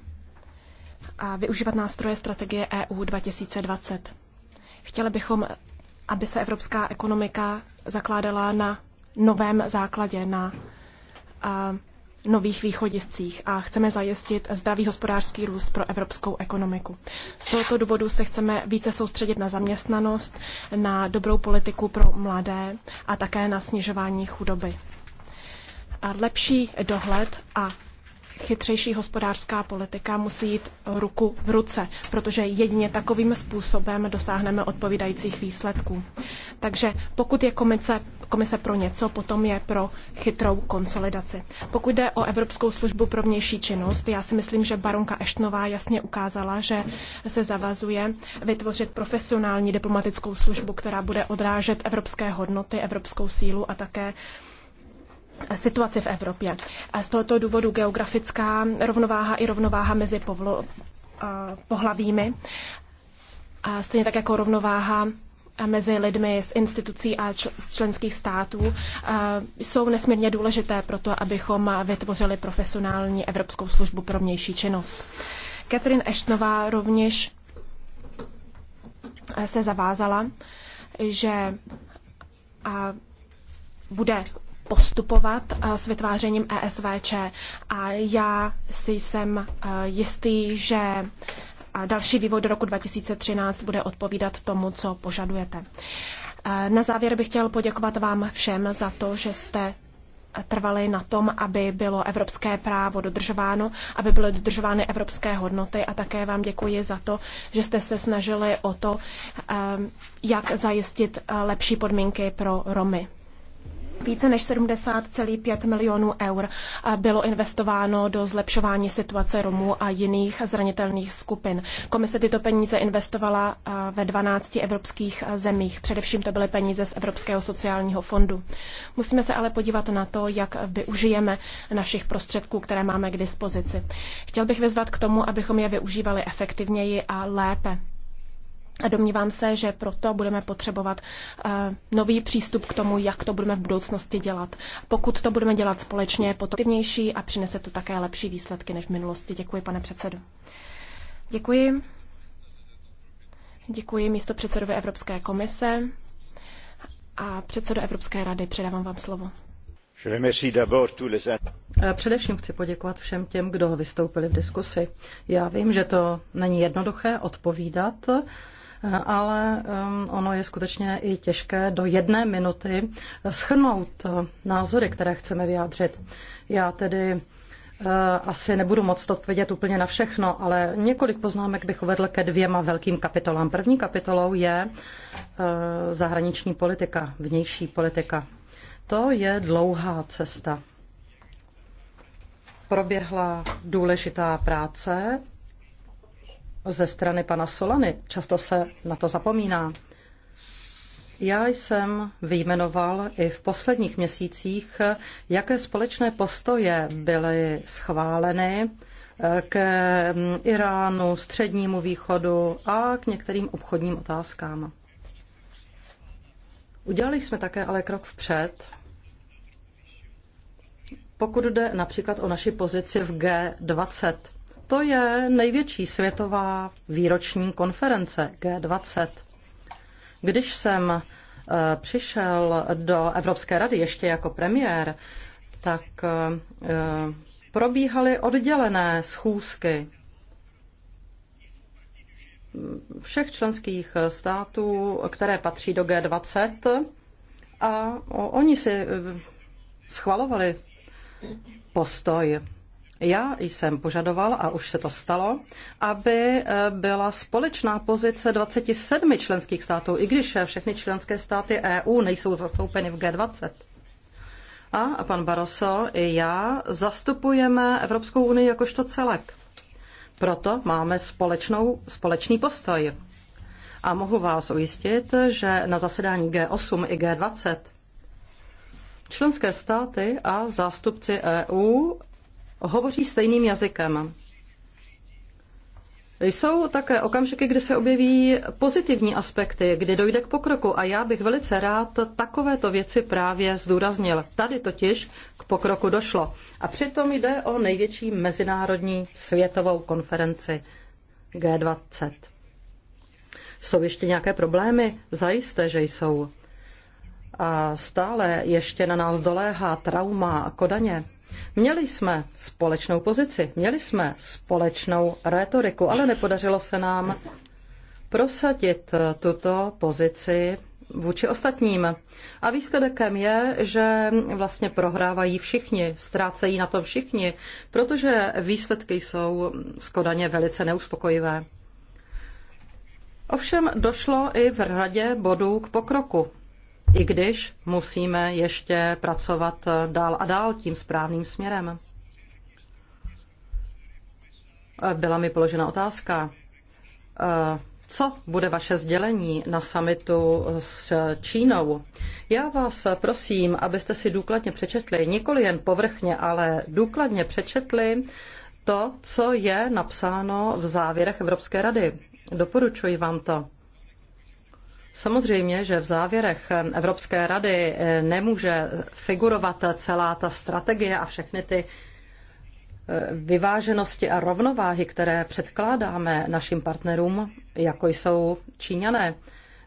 [SPEAKER 5] a využívat nástroje strategie EU 2020. Chtěli bychom aby se evropská ekonomika zakládala na novém základě, na a, nových východiscích a chceme zajistit zdravý hospodářský růst pro evropskou ekonomiku. Z tohoto důvodu se chceme více soustředit na zaměstnanost, na dobrou politiku pro mladé a také na snižování chudoby. A lepší dohled a chytřejší hospodářská politika musí jít ruku v ruce, protože jedině takovým způsobem dosáhneme odpovídajících výsledků. Takže pokud je komise, komise pro něco, potom je pro chytrou konsolidaci. Pokud jde o Evropskou službu pro vnější činnost, já si myslím, že baronka Eštnová jasně ukázala, že se zavazuje vytvořit profesionální diplomatickou službu, která bude odrážet evropské hodnoty, evropskou sílu a také situaci v Evropě. A z tohoto důvodu geografická rovnováha i rovnováha mezi povlo, eh, pohlavími, a stejně tak jako rovnováha mezi lidmi z institucí a čl- z členských států eh, jsou nesmírně důležité pro to, abychom vytvořili profesionální Evropskou službu pro vnější činnost. Katrin Eštnová rovněž eh, se zavázala, že bude postupovat eh, s vytvářením ESVČ a já si jsem eh, jistý, že eh, další vývoj do roku 2013 bude odpovídat tomu, co požadujete. Na závěr bych chtěl poděkovat vám všem za to, že jste trvali na tom, aby bylo evropské právo dodržováno, aby byly dodržovány evropské hodnoty a také vám děkuji za to, že jste se snažili o to, jak zajistit lepší podmínky pro Romy. Více než 70,5 milionů eur eh, bylo investováno do zlepšování situace Romů a jiných zranitelných skupin. Komise tyto peníze investovala eh, ve 12 evropských eh, zemích. Především to byly peníze z Evropského sociálního fondu. Musíme se ale podívat na to, jak využijeme našich prostředků, které máme k dispozici. Chtěl bych vyzvat k tomu, abychom je využívali efektivněji a lépe. A domnívám se, že proto budeme potřebovat eh, nový přístup k tomu, jak to budeme v budoucnosti dělat. Pokud to budeme dělat společně, je potivnější a přinese to také lepší výsledky než v minulosti. Děkuji, pane předsedo. Děkuji. Děkuji místo předsedovi Evropské komise a
[SPEAKER 2] předsedu Evropské rady. Předávám vám slovo. Eh, především chci poděkovat všem těm, kdo vystoupili v diskusi. Já vím, že to není jednoduché odpovídat ale um, ono je skutečně i těžké do jedné minuty schrnout uh, názory, které chceme vyjádřit. Já tedy uh, asi nebudu moc odpovědět úplně na všechno, ale několik poznámek bych uvedl ke dvěma velkým kapitolám. První kapitolou je uh, zahraniční politika, vnější politika. To je dlouhá cesta. Proběhla důležitá práce ze strany pana Solany. Často se na to zapomíná. Já jsem vyjmenoval i v posledních měsících, jaké společné postoje byly schváleny k mm, Iránu, Střednímu východu a k některým obchodním otázkám. Udělali jsme také ale krok vpřed, pokud jde například o naši pozici v G20 to je největší světová výroční konference G20. Když jsem eh, přišel do Evropské rady ještě jako premiér, tak eh, probíhaly oddělené schůzky všech členských států, které patří do G20, a oni si eh, schvalovali postoj já jsem požadoval, a už se to stalo, aby e, byla společná pozice 27 členských států, i když všechny členské státy EU nejsou zastoupeny v G20. A pan Barroso i já zastupujeme Evropskou unii jakožto celek. Proto máme společnou, společný postoj. A mohu vás ujistit, že na zasedání G8 i G20 členské státy a zástupci EU hovoří stejným jazykem. Jsou také okamžiky, kdy se objeví pozitivní aspekty, kdy dojde k pokroku a já bych velice rád takovéto věci právě zdůraznil. Tady totiž k pokroku došlo. A přitom jde o největší mezinárodní světovou konferenci G20. Jsou ještě nějaké problémy? Zajisté, že jsou. A stále ještě na nás doléhá trauma a kodaně. Měli jsme společnou pozici, měli jsme společnou rétoriku, ale nepodařilo se nám prosadit tuto pozici vůči ostatním. A výsledkem je, že vlastně prohrávají všichni, ztrácejí na to všichni, protože výsledky jsou skodaně velice neuspokojivé. Ovšem došlo i v radě bodů k pokroku i když musíme ještě pracovat dál a dál tím správným směrem. Byla mi položena otázka. Eh, co bude vaše sdělení na samitu s Čínou? Já vás prosím, abyste si důkladně přečetli, nikoli jen povrchně, ale důkladně přečetli to, co je napsáno v závěrech Evropské rady. Doporučuji vám to. Samozřejmě, že v závěrech Evropské rady eh, nemůže figurovat celá ta strategie a všechny ty eh, vyváženosti a rovnováhy, které předkládáme našim partnerům, jako jsou Číňané.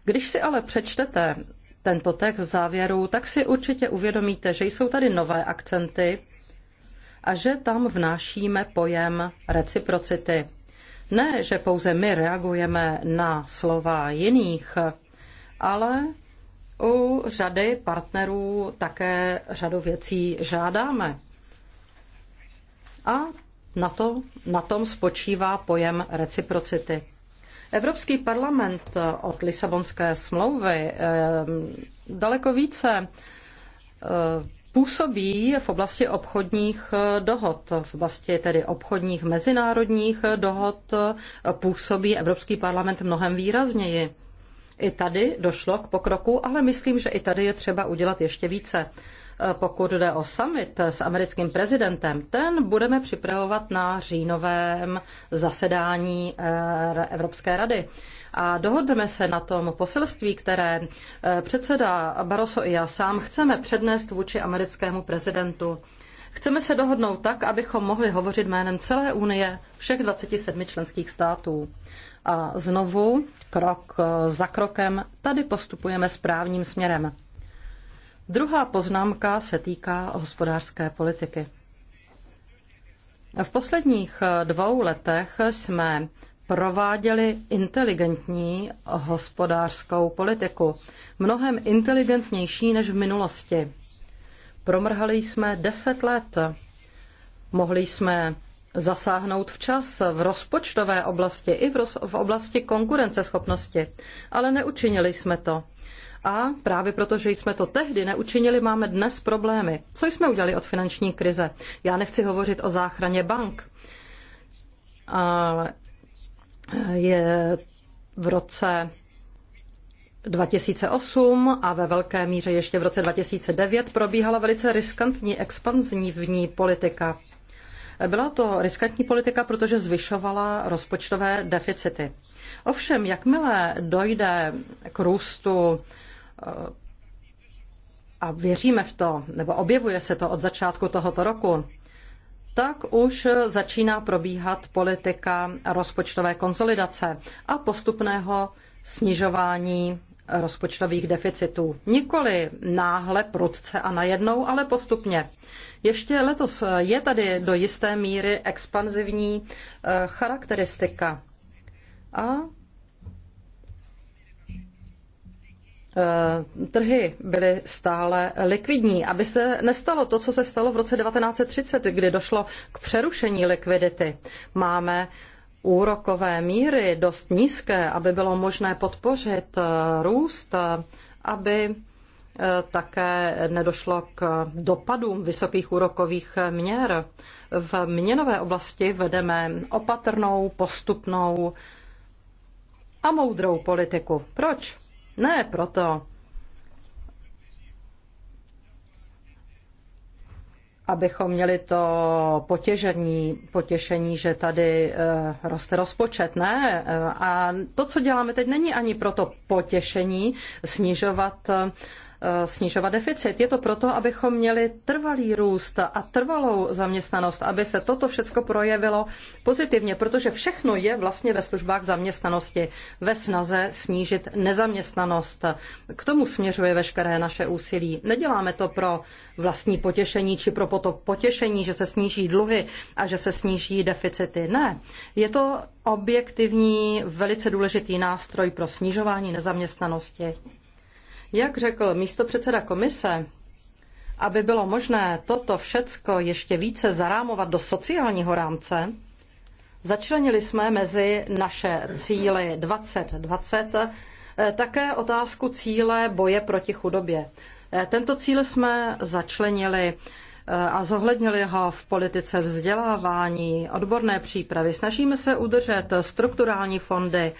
[SPEAKER 2] Když si ale přečtete tento text závěru, tak si určitě uvědomíte, že jsou tady nové akcenty a že tam vnášíme pojem reciprocity. Ne, že pouze my reagujeme na slova jiných, ale u řady partnerů také řadu věcí žádáme. A na, to, na tom spočívá pojem reciprocity. Evropský parlament od Lisabonské smlouvy eh, daleko více eh, působí v oblasti obchodních eh, dohod, v oblasti tedy obchodních mezinárodních dohod působí Evropský parlament mnohem výrazněji. I tady došlo k pokroku, ale myslím, že i tady je třeba udělat ještě více. E, pokud jde o summit s americkým prezidentem, ten budeme připravovat na říjnovém zasedání e, Evropské rady. A dohodneme se na tom poselství, které e, předseda Barroso i já sám chceme přednést vůči americkému prezidentu. Chceme se dohodnout tak, abychom mohli hovořit jménem celé Unie všech 27 členských států. A znovu, krok eh, za krokem, tady postupujeme správným směrem. Druhá poznámka se týká hospodářské politiky. V posledních eh, dvou letech jsme prováděli inteligentní hospodářskou politiku, mnohem inteligentnější než v minulosti. Promrhali jsme deset let. Mohli jsme zasáhnout včas v rozpočtové oblasti i v, roz, v oblasti konkurenceschopnosti. Ale neučinili jsme to. A právě proto, že jsme to tehdy neučinili, máme dnes problémy. Co jsme udělali od finanční krize? Já nechci hovořit o záchraně bank. A je v roce 2008 a ve velké míře ještě v roce 2009 probíhala velice riskantní expanzní expanzivní politika. Byla to riskantní politika, protože zvyšovala rozpočtové deficity. Ovšem, jakmile dojde k růstu eh, a věříme v to, nebo objevuje se to od začátku tohoto roku, tak už začíná probíhat politika rozpočtové konsolidace a postupného snižování rozpočtových deficitů. Nikoli náhle, prudce a najednou, ale postupně. Ještě letos je tady do jisté míry expanzivní eh, charakteristika. A eh, trhy byly stále likvidní, aby se nestalo to, co se stalo v roce 1930, kdy došlo k přerušení likvidity. Máme úrokové míry dost nízké, aby bylo možné podpořit eh, růst, eh, aby eh, také nedošlo k dopadům vysokých úrokových měr. V měnové oblasti vedeme opatrnou, postupnou a moudrou politiku. Proč? Ne proto, abychom měli to potěžení, potěšení, že tady eh, roste rozpočet, ne? Eh, a to, co děláme teď, není ani proto potěšení snižovat eh, Eh, snižovat deficit. Je to proto, abychom měli trvalý růst a trvalou zaměstnanost, aby se toto všechno projevilo pozitivně, protože všechno je vlastně ve službách zaměstnanosti, ve snaze snížit nezaměstnanost. K tomu směřuje veškeré naše úsilí. Neděláme to pro vlastní potěšení či pro potěšení, že se sníží dluhy a že se sníží deficity. Ne. Je to objektivní, velice důležitý nástroj pro snižování nezaměstnanosti. Jak řekl místopředseda komise, aby bylo možné toto všecko ještě více zarámovat do sociálního rámce, začlenili jsme mezi naše cíly 2020 eh, také otázku cíle boje proti chudobě. Eh, tento cíl jsme začlenili eh, a zohlednili ho v politice vzdělávání, odborné přípravy. Snažíme se udržet strukturální fondy,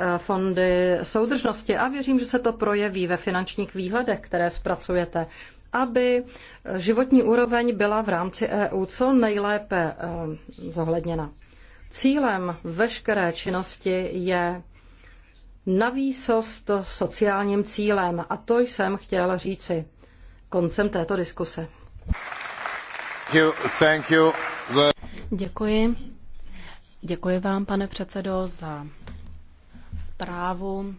[SPEAKER 2] Eh, fondy soudržnosti a věřím, že se to projeví ve finančních výhledech, které zpracujete, aby eh, životní úroveň byla v rámci EU co nejlépe eh, zohledněna. Cílem veškeré činnosti je navýsost sociálním cílem a to jsem chtěla říci koncem této diskuse. Děkuji. Děkuji vám, pane předsedo, za
[SPEAKER 5] zprávu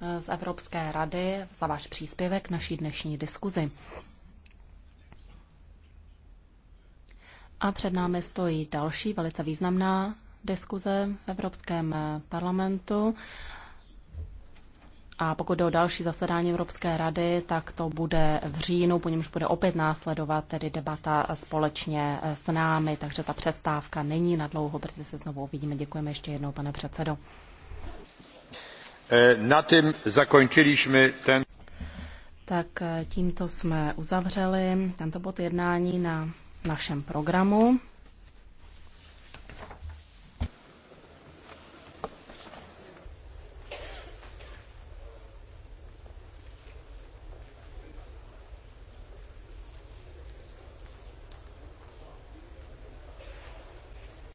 [SPEAKER 5] eh, z Evropské rady, za váš příspěvek naší dnešní
[SPEAKER 2] diskuzi. A před námi stojí další velice významná diskuze v Evropském parlamentu. A pokud jde o další zasedání Evropské rady, tak to bude v říjnu, po němž bude opět následovat tedy debata společně eh, s námi, takže ta přestávka není na dlouho, protože se znovu uvidíme. Děkujeme ještě jednou, pane předsedo.
[SPEAKER 4] E, na tím zakončiliśmy ten...
[SPEAKER 2] Tak e, tímto jsme uzavřeli tento bod jednání na našem programu.